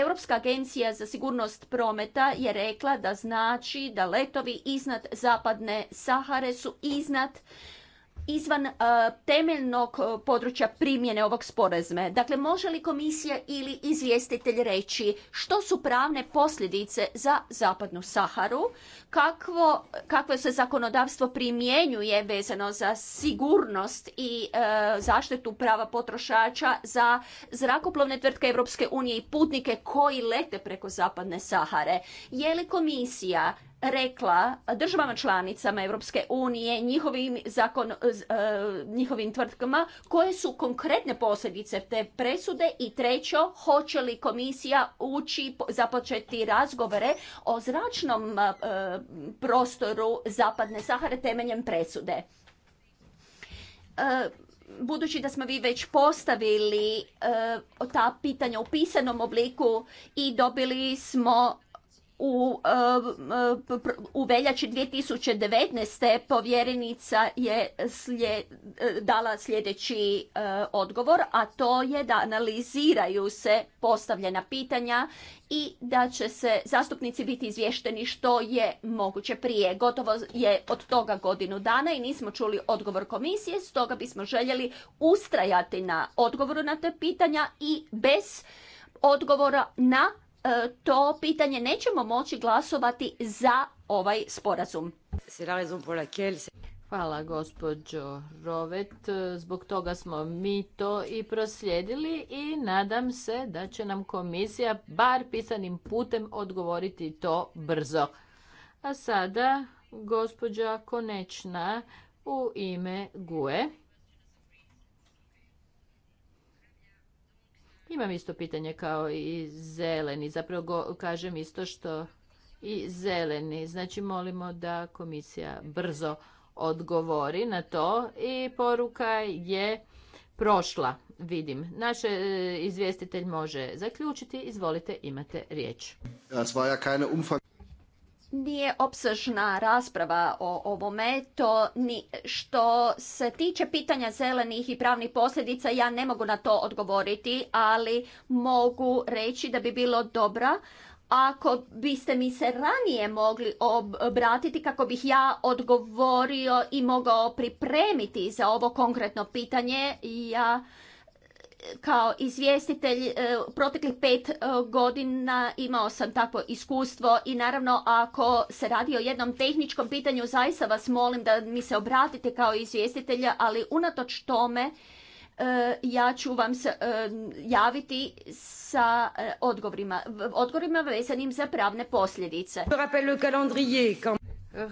Europska agencija za sigurnost prometa je rekla da znači da letovi iznad zapadne Sahare su iznad izvan e, temeljnog e, područja primjene ovog sporazume. Dakle, može li komisija ili izvjestitelj reći što su pravne posljedice za zapadnu Saharu, kakvo, se zakonodavstvo primjenjuje vezano za sigurnost i e, zaštitu prava potrošača za zrakoplovne tvrtke Europske unije i putnike koji lete preko zapadne Sahare. Je li komisija rekla državama članicama Europske unije, njihovim, zakon, e, njihovim tvrtkama, koje su konkretne posljedice te presude i trećo, hoće li komisija ući započeti razgovore o zračnom e, prostoru Zapadne Sahare temeljem presude e, budući da smo vi već postavili ta pitanja u pisanom obliku i dobili smo u, eh, u veljači 2019. povjerenica je eh, dala sljedeći eh, odgovor, a to je da analiziraju se postavljena pitanja i da će se zastupnici biti izvješteni što je moguće prije. Gotovo je od toga godinu dana i nismo čuli odgovor komisije, stoga bismo željeli ustrajati na odgovoru na te pitanja i bez odgovora na E, to pitanje nećemo moći glasovati za ovaj sporazum. Hvala gospođo Rovet, zbog toga smo mi to i proslijedili i nadam se da će nam komisija bar pisanim putem odgovoriti to brzo. A sada gospođa Konečna u ime GUE. Imam isto pitanje kao i zeleni, zapravo kažem isto što i zeleni. Znači molimo da komisija brzo odgovori na to i poruka je prošla, vidim. Naš e, izvjestitelj može zaključiti, izvolite, imate riječ. Das war ja nije opsežna rasprava o ovome, to ni što se tiče pitanja zelenih i pravnih posljedica, ja ne mogu na to odgovoriti, ali mogu reći da bi bilo dobra ako biste mi se ranije mogli obratiti kako bih ja odgovorio i mogao pripremiti za ovo konkretno pitanje, ja kao izvjestitelj e, proteklih pet e, godina imao sam takvo iskustvo i naravno ako se radi o jednom tehničkom pitanju zaista vas molim da mi se obratite kao izvjestitelja, ali unatoč tome e, ja ću vam se javiti sa odgovorima, odgovorima vezanim za pravne posljedice.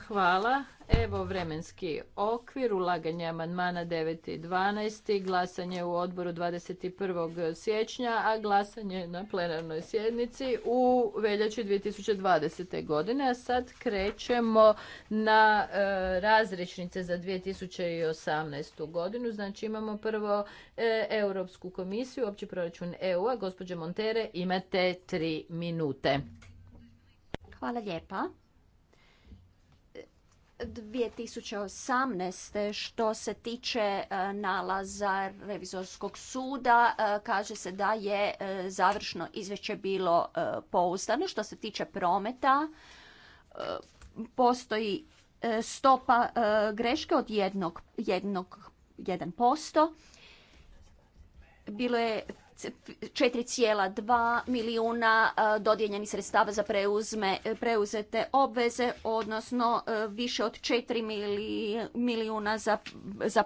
Hvala. Evo vremenski okvir, ulaganje amandmana 9. i 12. Glasanje u odboru 21. siječnja, a glasanje na plenarnoj sjednici u veljači 2020. godine. A sad krećemo na e, razrečnice za 2018. godinu. Znači imamo prvo e, Europsku komisiju, opći proračun EU-a. Gospođe Montere, imate tri minute. Hvala lijepa. 2018. što se tiče e, nalaza revizorskog suda e, kaže se da je e, završno izvješće bilo pouzdano. Što se tiče prometa postoji stopa greške od 1%. 1%. Bilo je 4,2 milijuna e, dodijeljenih sredstava za preuzme, e, preuzete obveze, odnosno e, više od 4 milijuna za,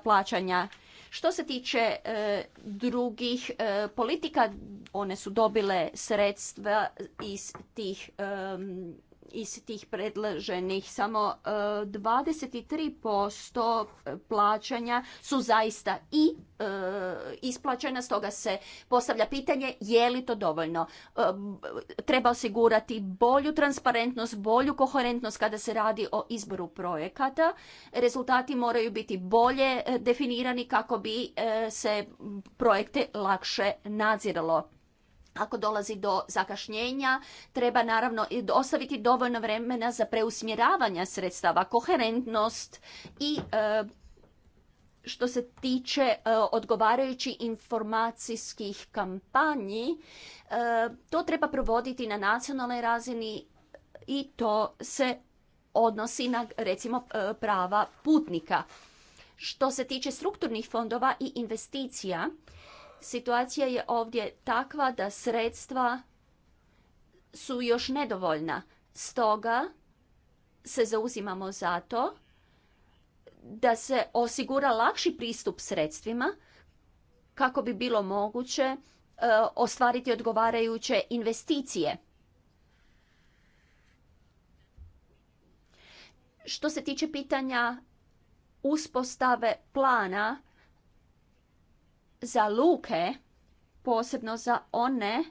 plaćanja. Što se tiče drugih politika, one su dobile sredstva iz tih iz tih predloženih samo 23% e, plaćanja su zaista i e, isplaćena, stoga se postavlja pitanje je li to dovoljno. E, treba osigurati bolju transparentnost, bolju koherentnost kada se radi o izboru projekata. Rezultati moraju biti bolje definirani kako bi se projekte lakše nadziralo. Ako dolazi do zakašnjenja, treba naravno ostaviti dovoljno vremena za preusmjeravanja sredstava, koherentnost i e, što se tiče e, odgovarajućih informacijskih kampanji, e, to treba provoditi na nacionalnoj razini i to se odnosi na recimo prava putnika. Što se tiče strukturnih fondova i investicija, situacija je ovdje takva da sredstva su još nedovoljna. Stoga se zauzimamo za to da se osigura lakši pristup sredstvima kako bi bilo moguće e, ostvariti odgovarajuće investicije. Što se tiče pitanja uspostave plana za luke, posebno za one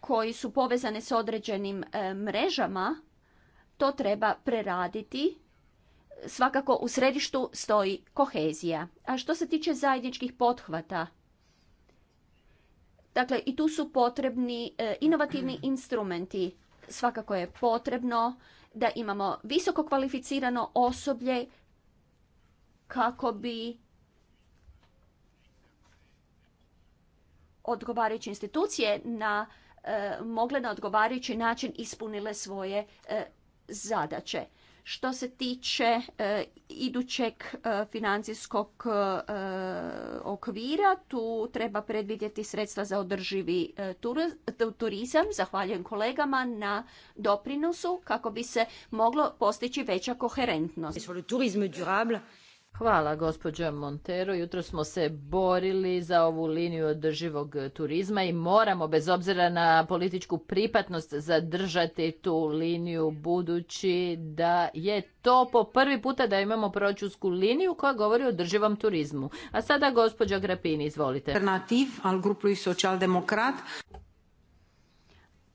koji su povezane s određenim e, mrežama, to treba preraditi. Svakako u središtu stoji kohezija. A što se tiče zajedničkih pothvata, dakle i tu su potrebni e, inovativni instrumenti. Svakako je potrebno da imamo visoko kvalificirano osoblje kako bi odgovarajuće institucije na e, mogle na odgovarajući način ispunile svoje e, zadaće. Što se tiče e, idućeg financijskog okvira, tu treba predvidjeti sredstva za održivi turizam. Zahvaljujem kolegama na doprinosu kako bi se moglo postići veća koherentnost. Hvala gospođo Montero. Jutro smo se borili za ovu liniju održivog turizma i moramo bez obzira na političku pripatnost zadržati tu liniju budući da je to po prvi puta da imamo proračunsku liniju koja govori o održivom turizmu. A sada gospođa Grapini, izvolite. Alternativ al grupu i socijaldemokrat.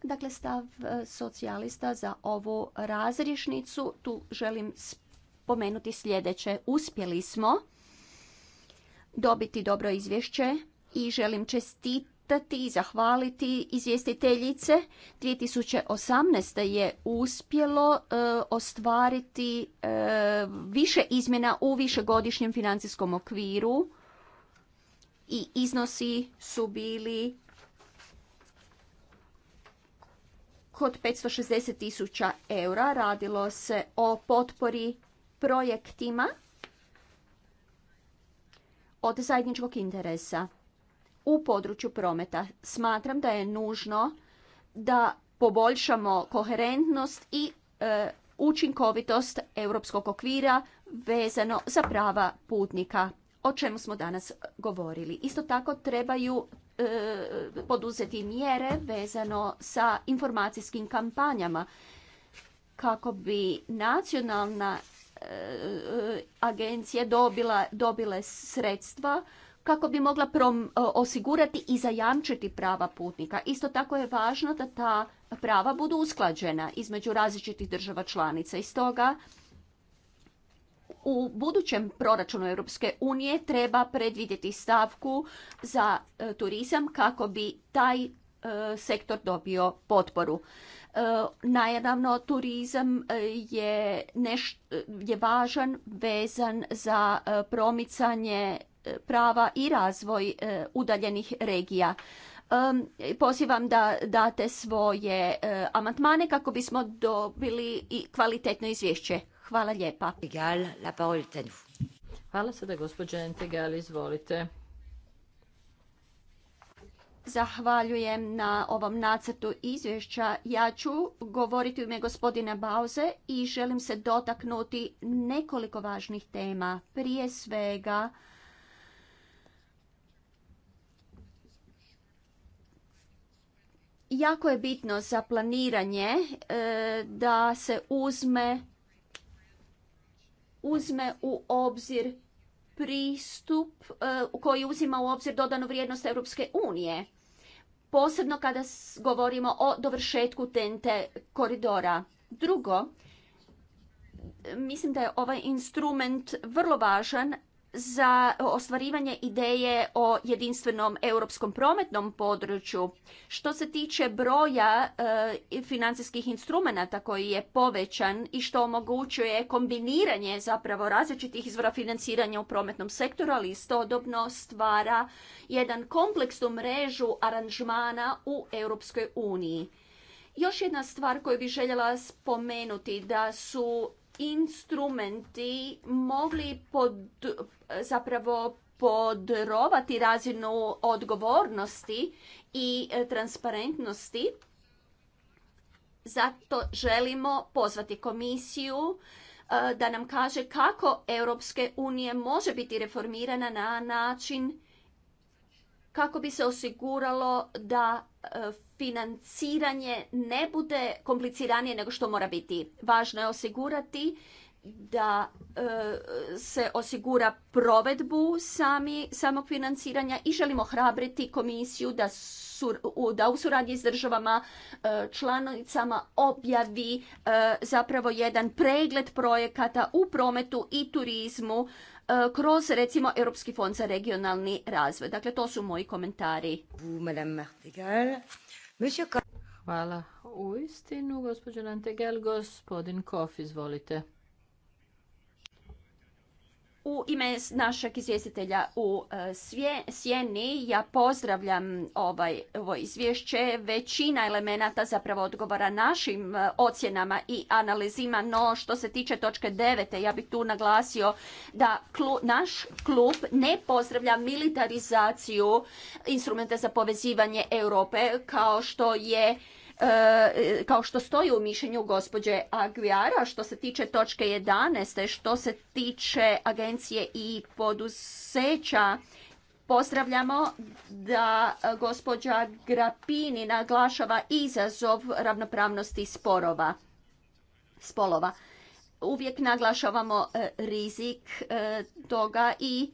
Dakle, stav eh, socijalista za ovu razrišnicu. Tu želim pomenuti sljedeće. Uspjeli smo dobiti dobro izvješće i želim čestitati i zahvaliti izvjestiteljice. 2018. je uspjelo e, ostvariti e, više izmjena u višegodišnjem financijskom okviru i iznosi su bili kod 560 tisuća eura. Radilo se o potpori projektima od zajedničkog interesa u području prometa. Smatram da je nužno da poboljšamo koherentnost i e, učinkovitost europskog okvira vezano za prava putnika, o čemu smo danas govorili. Isto tako trebaju e, poduzeti mjere vezano sa informacijskim kampanjama kako bi nacionalna agencije dobila, dobile sredstva kako bi mogla e, osigurati i zajamčiti prava putnika. Isto tako je važno da ta prava budu usklađena između različitih država članica. I stoga u budućem proračunu Europske unije treba predvidjeti stavku za e, turizam kako bi taj e, sektor dobio potporu. E, Najedavno turizam e, je, neš, je važan, vezan za e, promicanje prava i razvoj udaljenih regija. Pozivam da date svoje amatmane kako bismo dobili i kvalitetno izvješće. Hvala lijepa. Hvala sada gospođa Entegal, izvolite. Zahvaljujem na ovom nacrtu izvješća. Ja ću govoriti u ime gospodina Bauze i želim se dotaknuti nekoliko važnih tema. Prije svega, jako je bitno za planiranje e, da se uzme uzme u obzir pristup e, koji uzima u obzir dodanu vrijednost Europske unije posebno kada govorimo o dovršetku tente koridora. Drugo, mislim da je ovaj instrument vrlo važan za ostvarivanje ideje o jedinstvenom europskom prometnom području. Što se tiče broja e, financijskih instrumenata koji je povećan i što omogućuje kombiniranje zapravo različitih izvora financiranja u prometnom sektoru, ali istodobno stvara jedan kompleksnu mrežu aranžmana u Europskoj uniji. Još jedna stvar koju bih željela spomenuti da su instrumenti mogli pod, zapravo podrovati razinu odgovornosti i e, transparentnosti. Zato želimo pozvati komisiju e, da nam kaže kako Europske unije može biti reformirana na način kako bi se osiguralo da e, financiranje ne bude kompliciranije nego što mora biti. Važno je osigurati da e, se osigura provedbu sami, samog financiranja i želimo hrabriti komisiju da, u, da suradnji s državama e, članicama objavi zapravo jedan pregled projekata u prometu i turizmu E, kroz recimo Europski fond za regionalni razvoj. Dakle, to su moji komentari. Hvala. U istinu, gospođo gospodin Kof, izvolite. U ime našeg izvjestitelja u e, Sjeni ja pozdravljam ovaj, ovo izvješće. Većina elemenata zapravo odgovara našim e, ocjenama i analizima, no što se tiče točke 9. ja bih tu naglasio da naš klub ne pozdravlja militarizaciju instrumenta za povezivanje Europe kao što je E, kao što stoji u mišljenju gospođe Aguiara što se tiče točke 11. što se tiče agencije i poduseća, Pozdravljamo da gospođa Grapini naglašava izazov ravnopravnosti sporova, spolova. Uvijek naglašavamo e, rizik e, toga i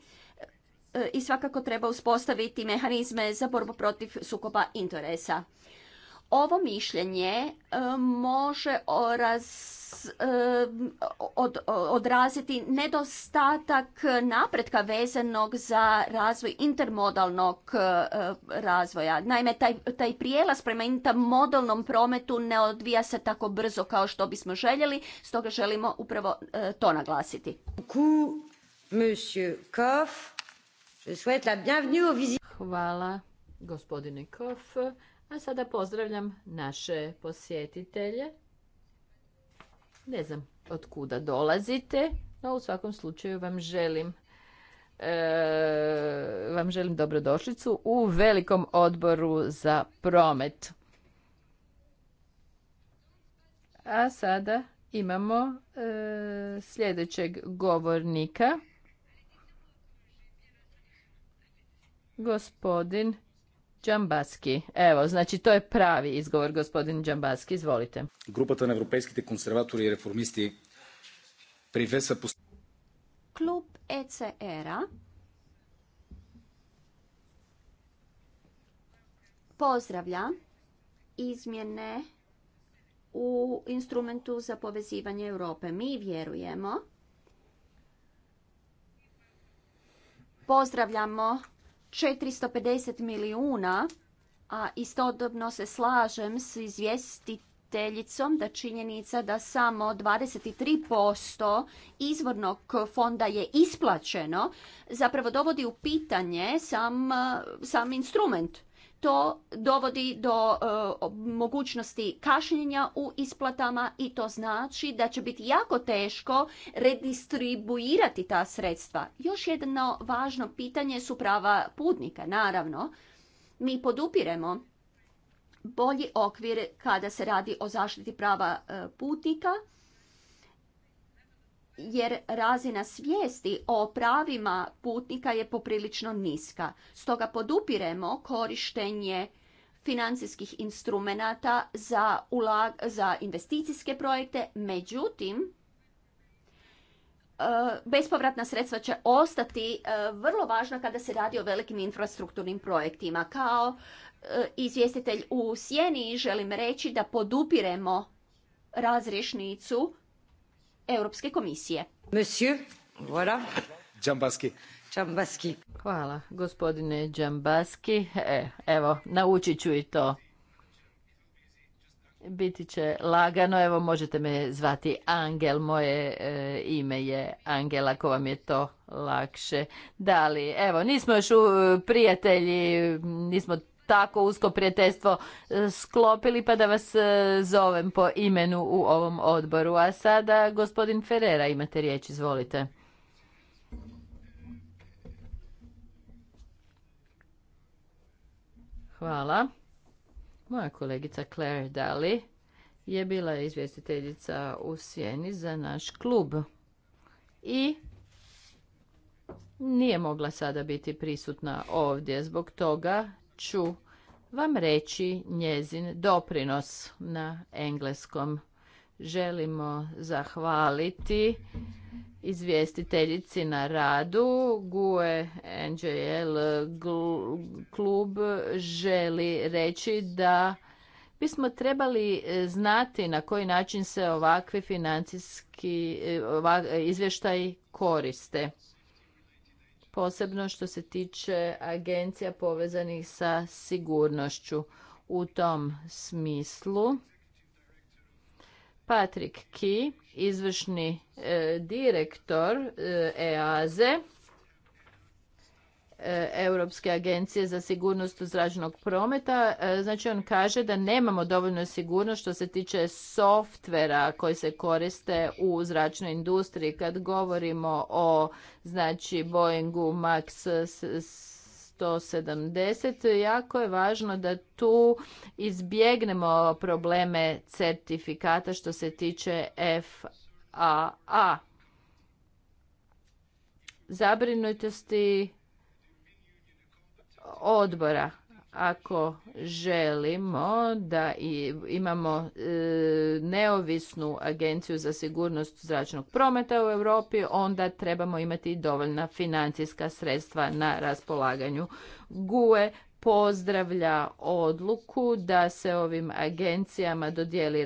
i svakako treba uspostaviti mehanizme za borbu protiv sukoba interesa. Ovo mišljenje e, može e, odraziti nedostatak napretka vezanog za razvoj intermodalnog e, razvoja. Naime, taj, taj prijelaz prema intermodalnom prometu ne odvija se tako brzo kao što bismo željeli, stoga želimo upravo to naglasiti. Hvala gospodine Kof. A sada pozdravljam naše posjetitelje. Ne znam od kuda dolazite, no u svakom slučaju vam želim e, vam želim dobrodošlicu u velikom odboru za promet. A sada imamo e, sljedećeg govornika. Gospodin Džambaski. Evo, znači to je pravi izgovor, gospodin Džambaski. Izvolite. Групата na европейските консерватори i reformisti Klub ecr pozdravlja izmjene u instrumentu za povezivanje Europe. Mi vjerujemo, pozdravljamo 450 milijuna, a istodobno se slažem s izvjestiteljicom da činjenica da samo 23% izvornog fonda je isplaćeno, zapravo dovodi u pitanje sam, sam instrument to dovodi do e, mogućnosti kašnjenja u isplatama i to znači da će biti jako teško redistribuirati ta sredstva. Još jedno važno pitanje su prava putnika, naravno. Mi podupiremo bolji okvir kada se radi o zaštiti prava e, putnika – jer razina svijesti o pravima putnika je poprilično niska. Stoga podupiremo korištenje financijskih instrumenata za, za investicijske projekte, međutim, e, bespovratna sredstva će ostati e, vrlo važna kada se radi o velikim infrastrukturnim projektima. Kao e, izvjestitelj u Sjeni želim reći da podupiremo razrješnicu Europske komisije. Monsieur, voilà. Džambaski. Džambaski. Hvala, gospodine Džambaski. E, evo, naučit ću i to. Biti će lagano, evo možete me zvati Angel, moje e, ime je Angel, ako vam je to lakše. Da evo, nismo još e, prijatelji, nismo tako usko prijateljstvo e, sklopili pa da vas e, zovem po imenu u ovom odboru. A sada gospodin Ferrera imate riječ, izvolite. Hvala. Moja kolegica Claire Daly je bila izvjestiteljica u Sjeni za naš klub i nije mogla sada biti prisutna ovdje. Zbog toga ću vam reći njezin doprinos na engleskom. Želimo zahvaliti izvjestiteljici na radu. GUE NJL, klub želi reći da bismo trebali znati na koji način se ovakvi financijski izvještaji koriste posebno što se tiče agencija povezanih sa sigurnošću. U tom smislu Patrick Ki, izvršni e, direktor e, EAZE, E, Europske agencije za sigurnost zračnog prometa. E, znači on kaže da nemamo dovoljno sigurnost što se tiče softvera koji se koriste u zračnoj industriji. Kad govorimo o znači Boeingu Max 170, jako je važno da tu izbjegnemo probleme certifikata što se tiče FAA. Zabrinutosti odbora ako želimo da imamo e, neovisnu agenciju za sigurnost zračnog prometa u Europi, onda trebamo imati dovoljna financijska sredstva na raspolaganju. GUE pozdravlja odluku da se ovim agencijama dodijeli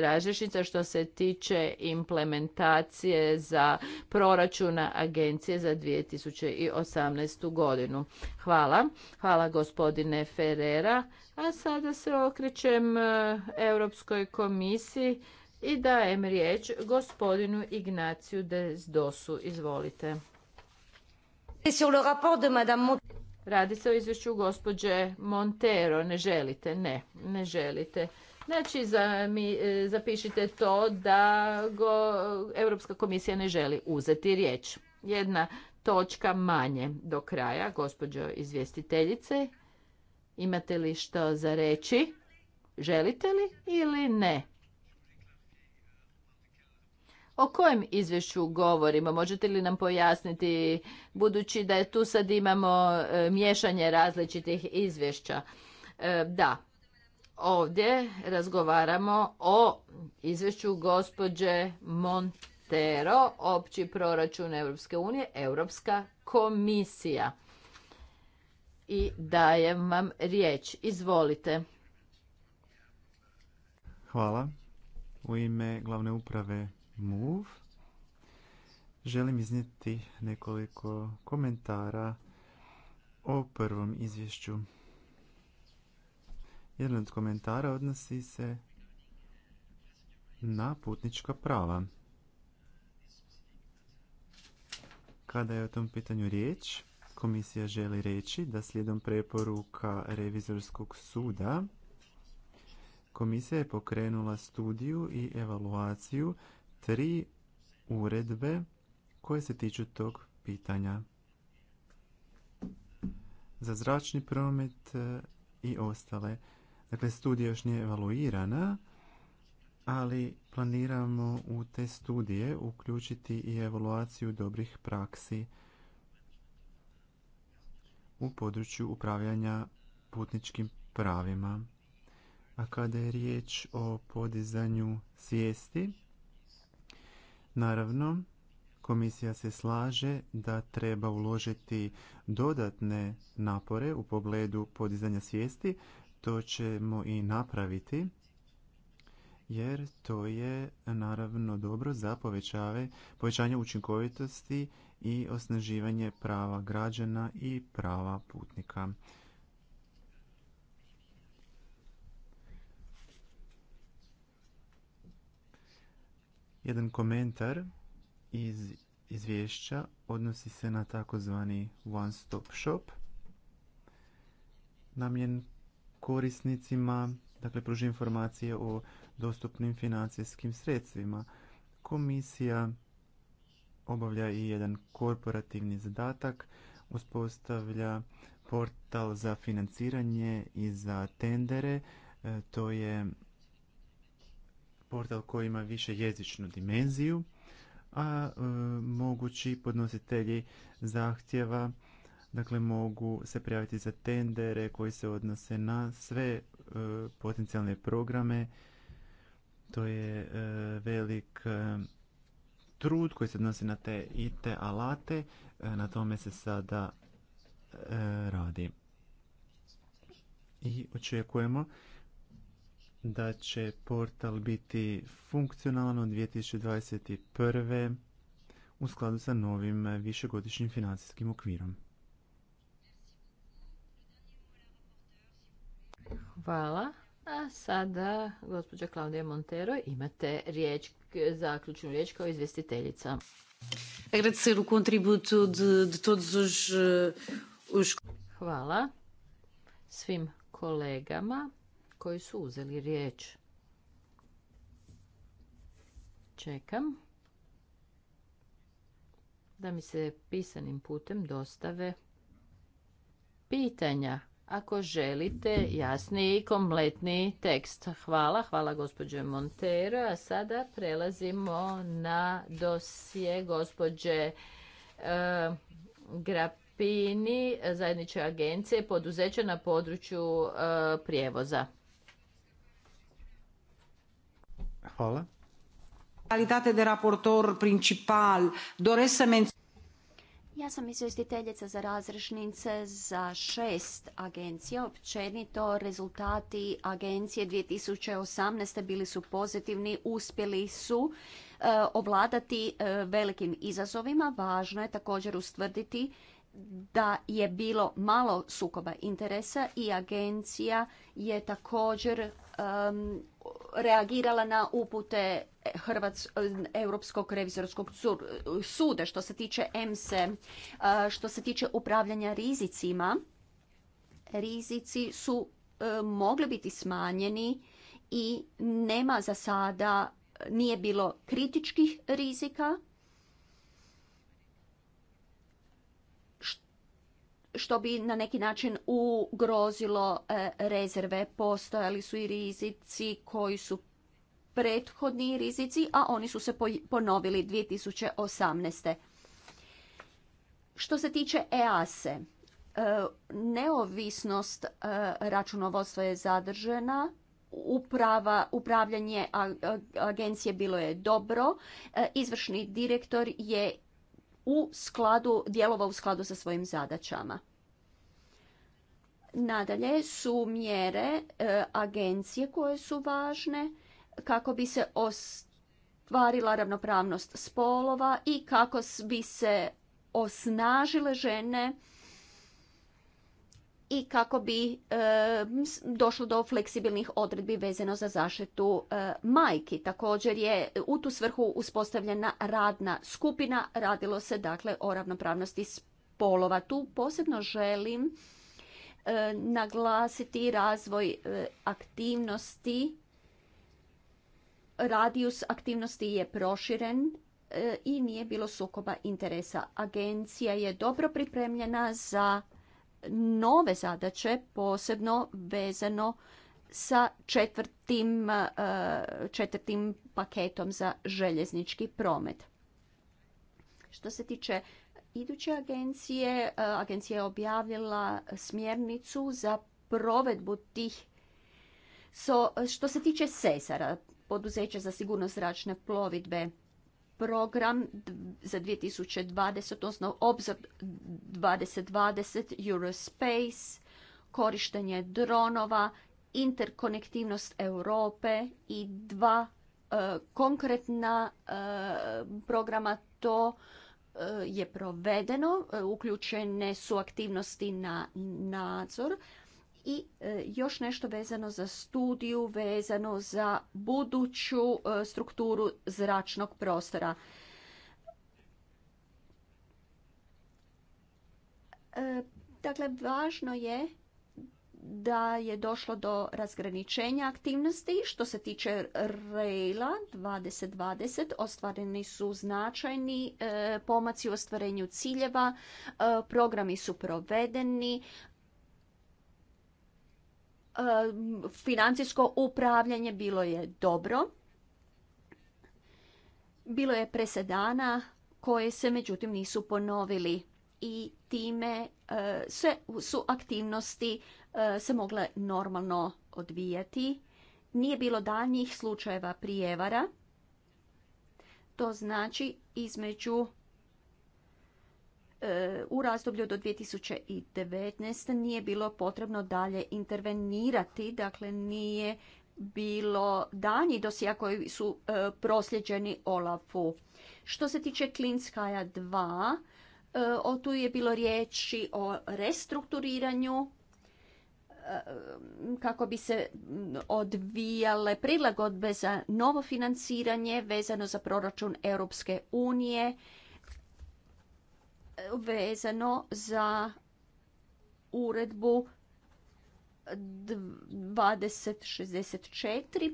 razrešnica što se tiče implementacije za proračuna agencije za 2018. godinu. Hvala. Hvala gospodine Ferrera. A sada se okrećem e, Europskoj komisiji i dajem riječ gospodinu Ignaciju Dezdosu. Izvolite. Sur Radi se o izvješću gospođe Montero. Ne želite? Ne, ne želite. Znači, mi, e, zapišite to da go, Europska komisija ne želi uzeti riječ. Jedna točka manje do kraja, gospođo izvjestiteljice. Imate li što za reći? Želite li ili ne? O kojem izvješću govorimo? Možete li nam pojasniti, budući da je tu sad imamo e, miješanje različitih izvješća? E, da, ovdje razgovaramo o izvješću gospođe Montero, opći proračun Europske unije, Europska komisija. I dajem vam riječ. Izvolite. Hvala. U ime glavne uprave Move, želim iznijeti nekoliko komentara o prvom izvješću. Jedan od komentara odnosi se na putnička prava. Kada je o tom pitanju riječ, komisija želi reći da slijedom preporuka revizorskog suda komisija je pokrenula studiju i evaluaciju tri uredbe koje se tiču tog pitanja. Za zračni promet e, i ostale. Dakle, studija još nije evaluirana, ali planiramo u te studije uključiti i evaluaciju dobrih praksi u području upravljanja putničkim pravima. A kada je riječ o podizanju svijesti, Naravno, komisija se slaže da treba uložiti dodatne napore u pogledu podizanja svijesti. To ćemo i napraviti jer to je naravno dobro za povećanje učinkovitosti i osnaživanje prava građana i prava putnika. Jedan komentar iz izvješća odnosi se na takozvani one stop shop namjen korisnicima, dakle pruži informacije o dostupnim financijskim sredstvima. Komisija obavlja i jedan korporativni zadatak, uspostavlja portal za financiranje i za tendere, e, to je portal koji ima više jezičnu dimenziju, a e, mogući podnositelji zahtjeva dakle mogu se prijaviti za tendere koji se odnose na sve e, potencijalne programe. To je e, velik trud koji se odnosi na te IT alate, na tome se sada radi. I očekujemo da će portal biti funkcionalan od 2021. u skladu sa novim višegodišnjim financijskim okvirom. Hvala. A sada, gospođa Klaudija Montero, imate riječ, zaključnu riječ kao izvjestiteljica. Hvala svim kolegama koji su uzeli riječ. Čekam da mi se pisanim putem dostave pitanja. Ako želite jasniji i kompletniji tekst. Hvala, hvala gospođe Montero. A sada prelazimo na dosije gospođe e, Grapini, zajedniče agencije poduzeća na području e, prijevoza. Hvala. Kvalitate de raportor principal, doresc să ja sam izvjestiteljica za razrešnice za šest agencija. Općenito rezultati agencije 2018. bili su pozitivni, uspjeli su eh, ovladati eh, velikim izazovima. Važno je također ustvrditi da je bilo malo sukoba interesa i agencija je također um, reagirala na upute Hrvats, Europskog revizorskog suda što se tiče EMSE, uh, što se tiče upravljanja rizicima. Rizici su uh, mogli biti smanjeni i nema za sada, nije bilo kritičkih rizika što bi na neki način ugrozilo e, rezerve. Postojali su i rizici koji su prethodni rizici, a oni su se ponovili 2018. Što se tiče EASE, e, neovisnost e, računovodstva je zadržena, Uprava, upravljanje agencije bilo je dobro, izvršni direktor je u skladu, djelova u skladu sa svojim zadaćama. Nadalje su mjere e, agencije koje su važne kako bi se ostvarila ravnopravnost spolova i kako bi se osnažile žene i kako bi e, došlo do fleksibilnih odredbi vezano za zaštitu e, majki. Također je u tu svrhu uspostavljena radna skupina, radilo se dakle o ravnopravnosti spolova. Tu posebno želim e, naglasiti razvoj e, aktivnosti. Radijus aktivnosti je proširen i nije bilo sukoba interesa. Agencija je dobro pripremljena za nove zadaće, posebno vezano sa četvrtim, eh, četvrtim paketom za željeznički promet. Što se tiče iduće agencije, eh, agencija je objavila smjernicu za provedbu tih so, što se tiče CESAR-a, poduzeća za sigurnost zračne plovidbe, program za 2020, odnosno obzor 2020, Eurospace, korištenje dronova, interkonektivnost Europe i dva e, konkretna e, programa to e, je provedeno. Uključene su aktivnosti na nadzor i e, još nešto vezano za studiju, vezano za buduću e, strukturu zračnog prostora. E, dakle, važno je da je došlo do razgraničenja aktivnosti. Što se tiče Rejla 2020, ostvareni su značajni pomaci u ostvarenju ciljeva, programi su provedeni, financijsko upravljanje bilo je dobro. Bilo je presedana koje se međutim nisu ponovili i time e, sve su aktivnosti e, se mogle normalno odvijati. Nije bilo daljnjih slučajeva prijevara. To znači između E, u razdoblju do 2019. nije bilo potrebno dalje intervenirati, dakle nije bilo danji dosija koji su e, prosljeđeni Olafu. Što se tiče Klinskaja 2, e, o tu je bilo riječi o restrukturiranju e, kako bi se odvijale prilagodbe za novo financiranje vezano za proračun Europske unije vezano za uredbu 2064.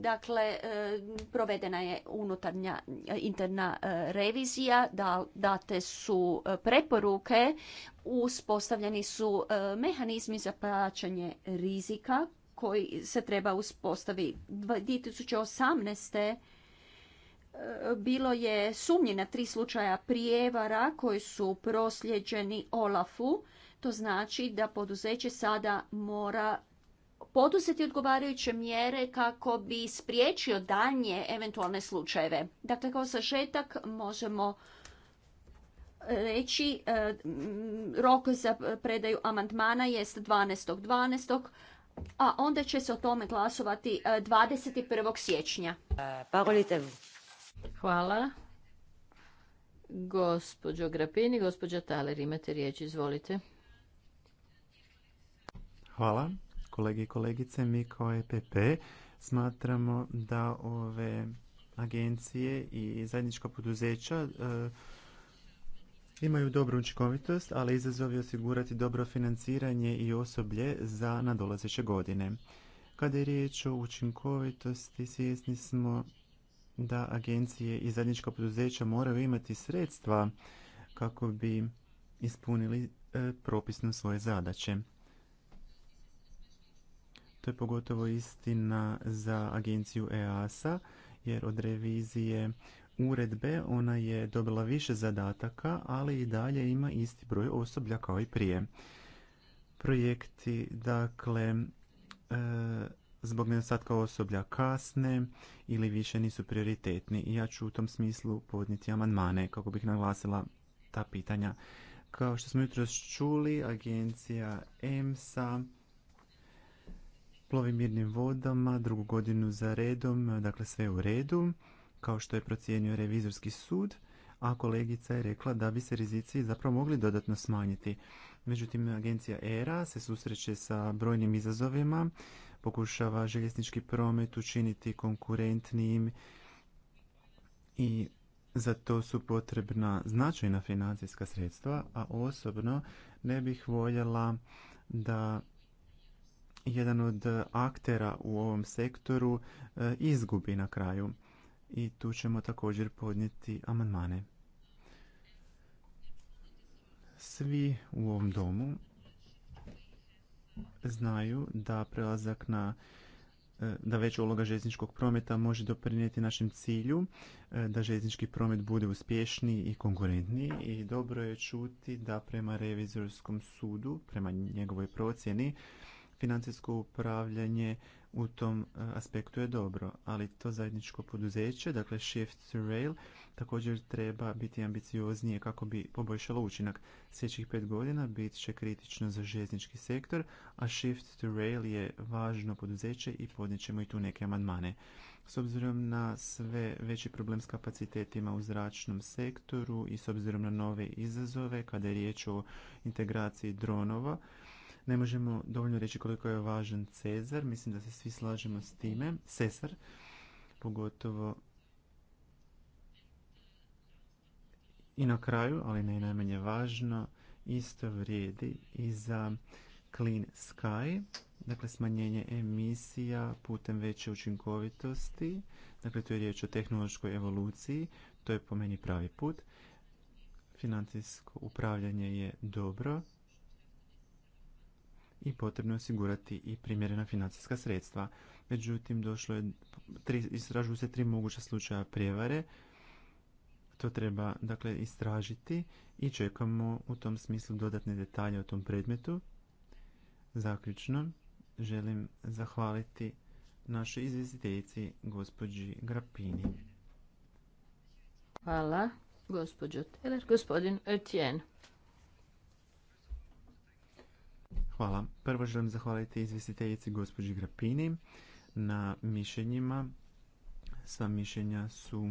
Dakle, e, provedena je unutarnja interna e, revizija, date su e, preporuke, uspostavljeni su mehanizmi za plaćanje rizika koji se treba uspostaviti. 2018 bilo je sumnje na tri slučaja prijevara koji su prosljeđeni Olafu. To znači da poduzeće sada mora poduzeti odgovarajuće mjere kako bi spriječio danje eventualne slučajeve. Dakle, kao sažetak možemo reći e, rok za predaju amandmana jest 12.12. a onda će se o tome glasovati 21. E, siječnja. E, parolite vous. Hvala. Gospođo Grapini, gospođa Taler, imate riječ, izvolite. Hvala, kolege i kolegice, mi kao EPP smatramo da ove agencije i zajednička poduzeća e, imaju dobru učinkovitost, ali izazovi osigurati dobro financiranje i osoblje za nadolazeće godine. Kada je riječ o učinkovitosti, svjesni smo da agencije i zajednička poduzeća moraju imati sredstva kako bi ispunili e, propisno svoje zadaće. To je pogotovo istina za agenciju EASA jer od revizije uredbe ona je dobila više zadataka, ali i dalje ima isti broj osoblja kao i prije. Projekti, dakle, e, zbog nedostatka osoblja kasne ili više nisu prioritetni i ja ću u tom smislu podnijeti amandmane kako bih naglasila ta pitanja. Kao što smo jutros čuli, agencija EMSA plovi mirnim vodama drugu godinu za redom, dakle sve u redu, kao što je procijenio revizorski sud, a kolegica je rekla da bi se rizici zapravo mogli dodatno smanjiti. Međutim, agencija ERA se susreće sa brojnim izazovima pokušava željeznički promet učiniti konkurentnijim i za to su potrebna značajna financijska sredstva, a osobno ne bih voljela da jedan od aktera u ovom sektoru e, izgubi na kraju. I tu ćemo također podnijeti amandmane. Svi u ovom domu znaju da prelazak na e, da veća uloga željezničkog prometa može doprinijeti našem cilju e, da željeznički promet bude uspješni i konkurentniji i dobro je čuti da prema revizorskom sudu, prema njegovoj procjeni, financijsko upravljanje u tom e, aspektu je dobro, ali to zajedničko poduzeće, dakle Shift to Rail, također treba biti ambicioznije kako bi poboljšalo učinak. Sljedećih pet godina bit će kritično za željeznički sektor, a Shift to Rail je važno poduzeće i podnijet ćemo i tu neke amandmane. S obzirom na sve veći problem s kapacitetima u zračnom sektoru i s obzirom na nove izazove kada je riječ o integraciji dronova, ne možemo dovoljno reći koliko je važan Cezar, mislim da se svi slažemo s time, Cesar, pogotovo i na kraju, ali ne najmanje važno, isto vrijedi i za Clean Sky, dakle smanjenje emisija putem veće učinkovitosti, dakle tu je riječ o tehnološkoj evoluciji, to je po meni pravi put. Financijsko upravljanje je dobro, i potrebno je osigurati i primjerena financijska sredstva. Međutim, došlo je, tri, istražuju se tri moguća slučaja prijevare. To treba dakle istražiti i čekamo u tom smislu dodatne detalje o tom predmetu. Zaključno, želim zahvaliti našoj izvjestiteljici gospođi Grapini. Hvala, gospođo Teler. Gospodin Etienne. Hvala. Prvo želim zahvaliti izvjestiteljici gospođi Grapini na mišljenjima. Sva mišljenja su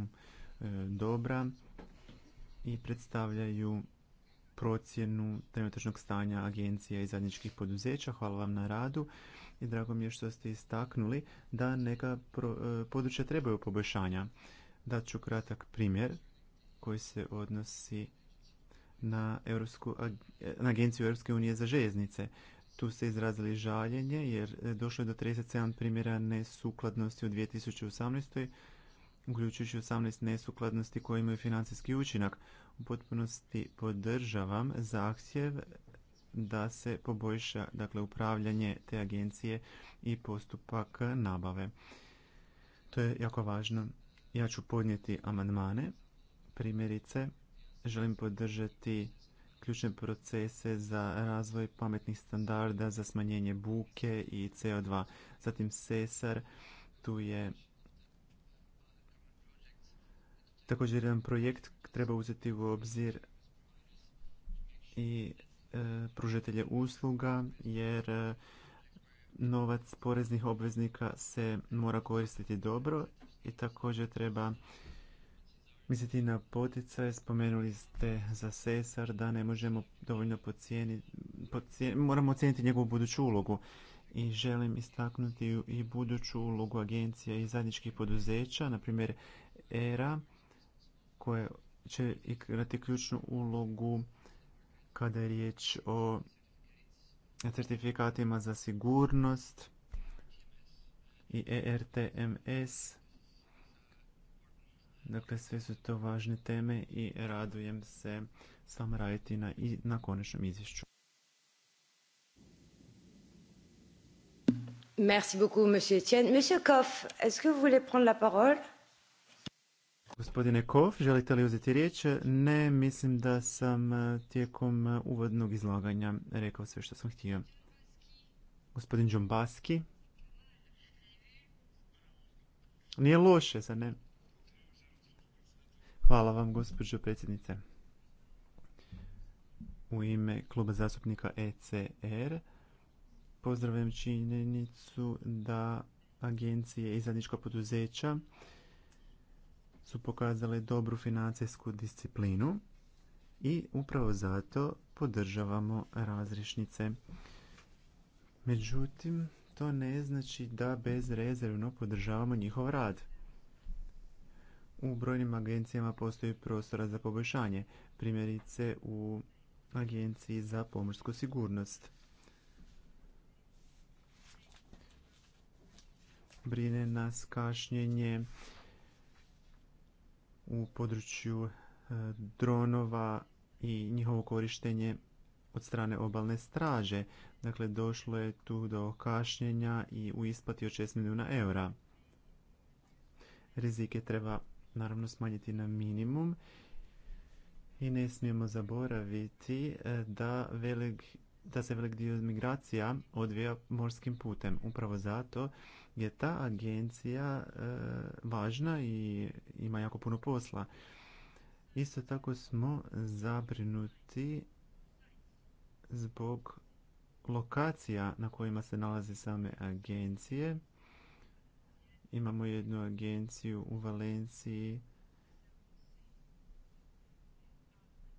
e, dobra i predstavljaju procjenu trenutačnog stanja agencija i zajedničkih poduzeća. Hvala vam na radu i drago mi je što ste istaknuli da neka pro, e, područja trebaju poboljšanja. Dat ću kratak primjer koji se odnosi na, na Agenciju Europske unije za željeznice. Tu se izrazili žaljenje jer došlo je do 37 primjera nesukladnosti u 2018. uključujući 18 nesukladnosti koje imaju financijski učinak. U potpunosti podržavam zahtjev da se poboljša dakle, upravljanje te agencije i postupak nabave. To je jako važno. Ja ću podnijeti amandmane, primjerice Želim podržati ključne procese za razvoj pametnih standarda za smanjenje buke i CO2. Zatim Cesar, tu je također jedan projekt treba uzeti u obzir i e, pružatelje usluga jer e, novac poreznih obveznika se mora koristiti dobro i također treba misliti na poticaj, spomenuli ste za Sesar da ne možemo dovoljno moramo ocijeniti njegovu buduću ulogu i želim istaknuti i buduću ulogu agencija i zajedničkih poduzeća, na primjer ERA, koja će igrati ključnu ulogu kada je riječ o certifikatima za sigurnost i ERTMS Dakle, sve su to važne teme i radujem se s vama raditi na, i na konačnom izvješću. Merci beaucoup, monsieur Etienne. Monsieur Koff, est-ce que vous voulez prendre la parole? Gospodine Koff, želite li uzeti riječ? Ne, mislim da sam eh, tijekom eh, uvodnog izlaganja rekao sve što sam htio. Gospodin Džombaski. Nije loše, sad ne? Hvala vam, gospođo predsjednice. U ime kluba zastupnika ECR pozdravljam činjenicu da agencije i zadnjička poduzeća su pokazale dobru financijsku disciplinu i upravo zato podržavamo razrješnice. Međutim, to ne znači da bezrezervno podržavamo njihov rad u brojnim agencijama postoji prostora za poboljšanje, primjerice u Agenciji za pomorsku sigurnost. Brine nas kašnjenje u području e, dronova i njihovo korištenje od strane obalne straže. Dakle, došlo je tu do kašnjenja i u isplati od 6 milijuna eura. Rizike treba naravno smanjiti na minimum i ne smijemo zaboraviti e, da da se velik dio migracija odvija morskim putem. Upravo zato je ta agencija e, važna i ima jako puno posla. Isto tako smo zabrinuti zbog lokacija na kojima se nalaze same agencije Imamo jednu agenciju u Valenciji.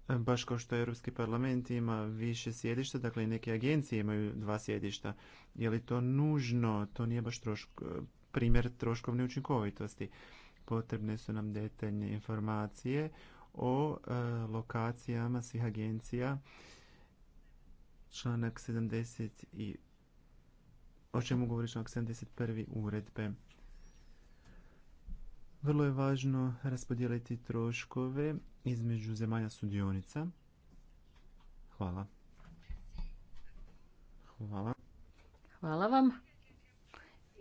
E, baš kao što Europski parlament ima više sjedišta, dakle i neke agencije imaju dva sjedišta. Je li to nužno? To nije baš troško, e, primjer troškovne učinkovitosti. Potrebne su nam detaljne informacije o e, lokacijama svih agencija. Članak 70 i o čemu govori članak 71. uredbe. Vrlo je važno raspodijeliti troškove između zemalja sudionica. Hvala. Hvala. Hvala vam.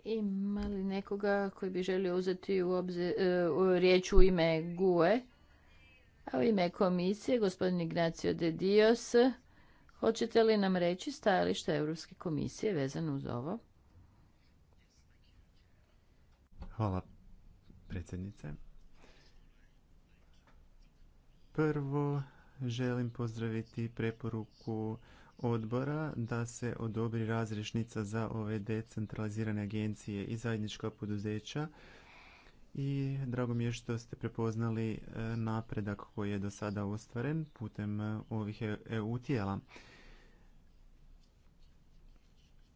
Ima li nekoga koji bi želio uzeti u, obzir, e, riječ u ime GUE? A u ime komisije, gospodin Ignacio de Dios, hoćete li nam reći stajalište Europske komisije vezano uz ovo? Hvala predsjednice. Prvo želim pozdraviti preporuku odbora da se odobri razrešnica za ove decentralizirane agencije i zajednička poduzeća i drago mi je što ste prepoznali e, napredak koji je do sada ostvaren putem e, ovih e, EU tijela.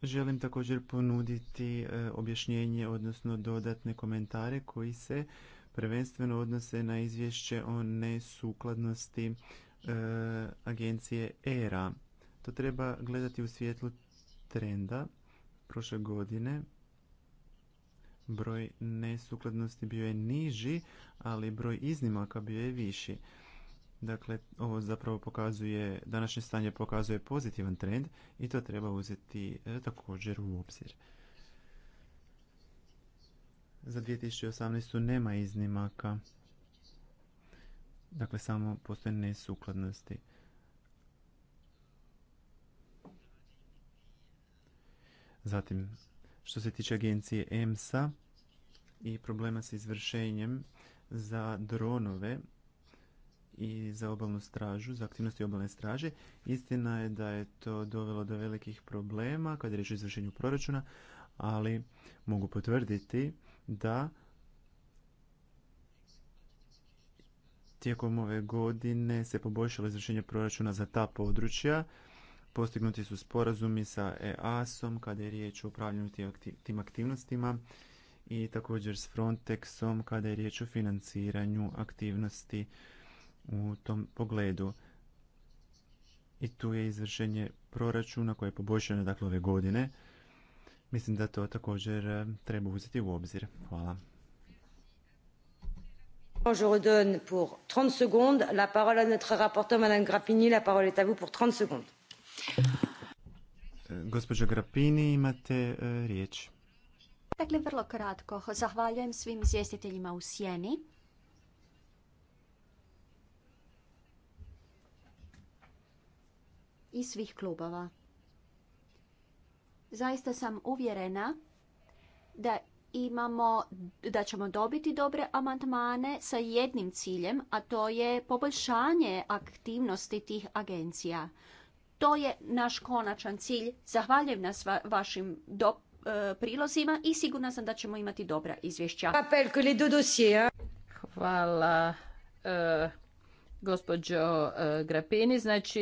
Želim također ponuditi e, objašnjenje, odnosno dodatne komentare koji se prvenstveno odnose na izvješće o nesukladnosti e, agencije ERA. To treba gledati u svjetlu trenda prošle godine. Broj nesukladnosti bio je niži, ali broj iznimaka bio je viši. Dakle, ovo zapravo pokazuje, današnje stanje pokazuje pozitivan trend i to treba uzeti e, također u obzir. Za 2018. nema iznimaka, dakle samo postoje nesukladnosti. Zatim, što se tiče agencije EMSA i problema s izvršenjem za dronove, i za obalnu stražu, za aktivnosti obalne straže. Istina je da je to dovelo do velikih problema kada je riječ o izvršenju proračuna, ali mogu potvrditi da tijekom ove godine se poboljšalo izvršenje proračuna za ta područja. Postignuti su sporazumi sa EAS-om kada je riječ o upravljanju tim aktivnostima i također s Frontexom kada je riječ o financiranju aktivnosti u tom pogledu. I tu je izvršenje proračuna koje je poboljšeno dakle ove godine. Mislim da to također e, treba uzeti u obzir. Hvala. Je redonne pour 30 secondes la parole à notre rapporteur, Madame Grappini. La parole est à vous pour 30 secondes. E, gospođo Grappini, imate e, riječ. Dakle, vrlo kratko. Zahvaljujem svim izvjestiteljima u Sjeni. i svih klubova. Zaista sam uvjerena da imamo, da ćemo dobiti dobre amandmane sa jednim ciljem, a to je poboljšanje aktivnosti tih agencija. To je naš konačan cilj. Zahvaljujem na vašim e, prilozima i sigurna sam da ćemo imati dobra izvješća. Hvala. E, Gospođo e, Grapini, znači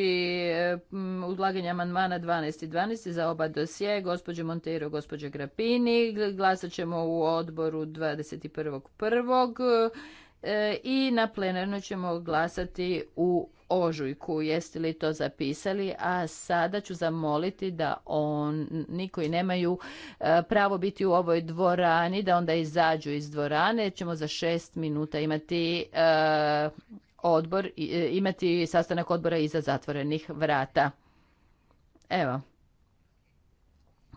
ulaganje e, amandmana 12 i 12 za oba dosije, gospođo Monteiro, gospođo Grapini, glasat ćemo u odboru 21.1. E, I na plenarno ćemo glasati u ožujku. Jeste li to zapisali? A sada ću zamoliti da oni koji nemaju pravo biti u ovoj dvorani, da onda izađu iz dvorane. Ćemo za šest minuta imati odbor, e, imati sastanak odbora iza zatvorenih vrata. Evo,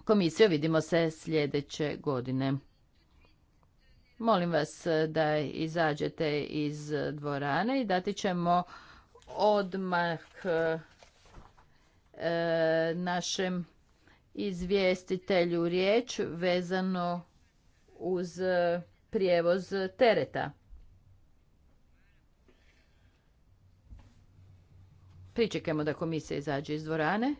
Komisijo vidimo se sljedeće godine. Molim vas e, da izađete iz dvorane i dati ćemo odmah e, našem izvjestitelju riječ vezano uz prijevoz tereta. Pričekajmo da komisija izađe iz dvorane.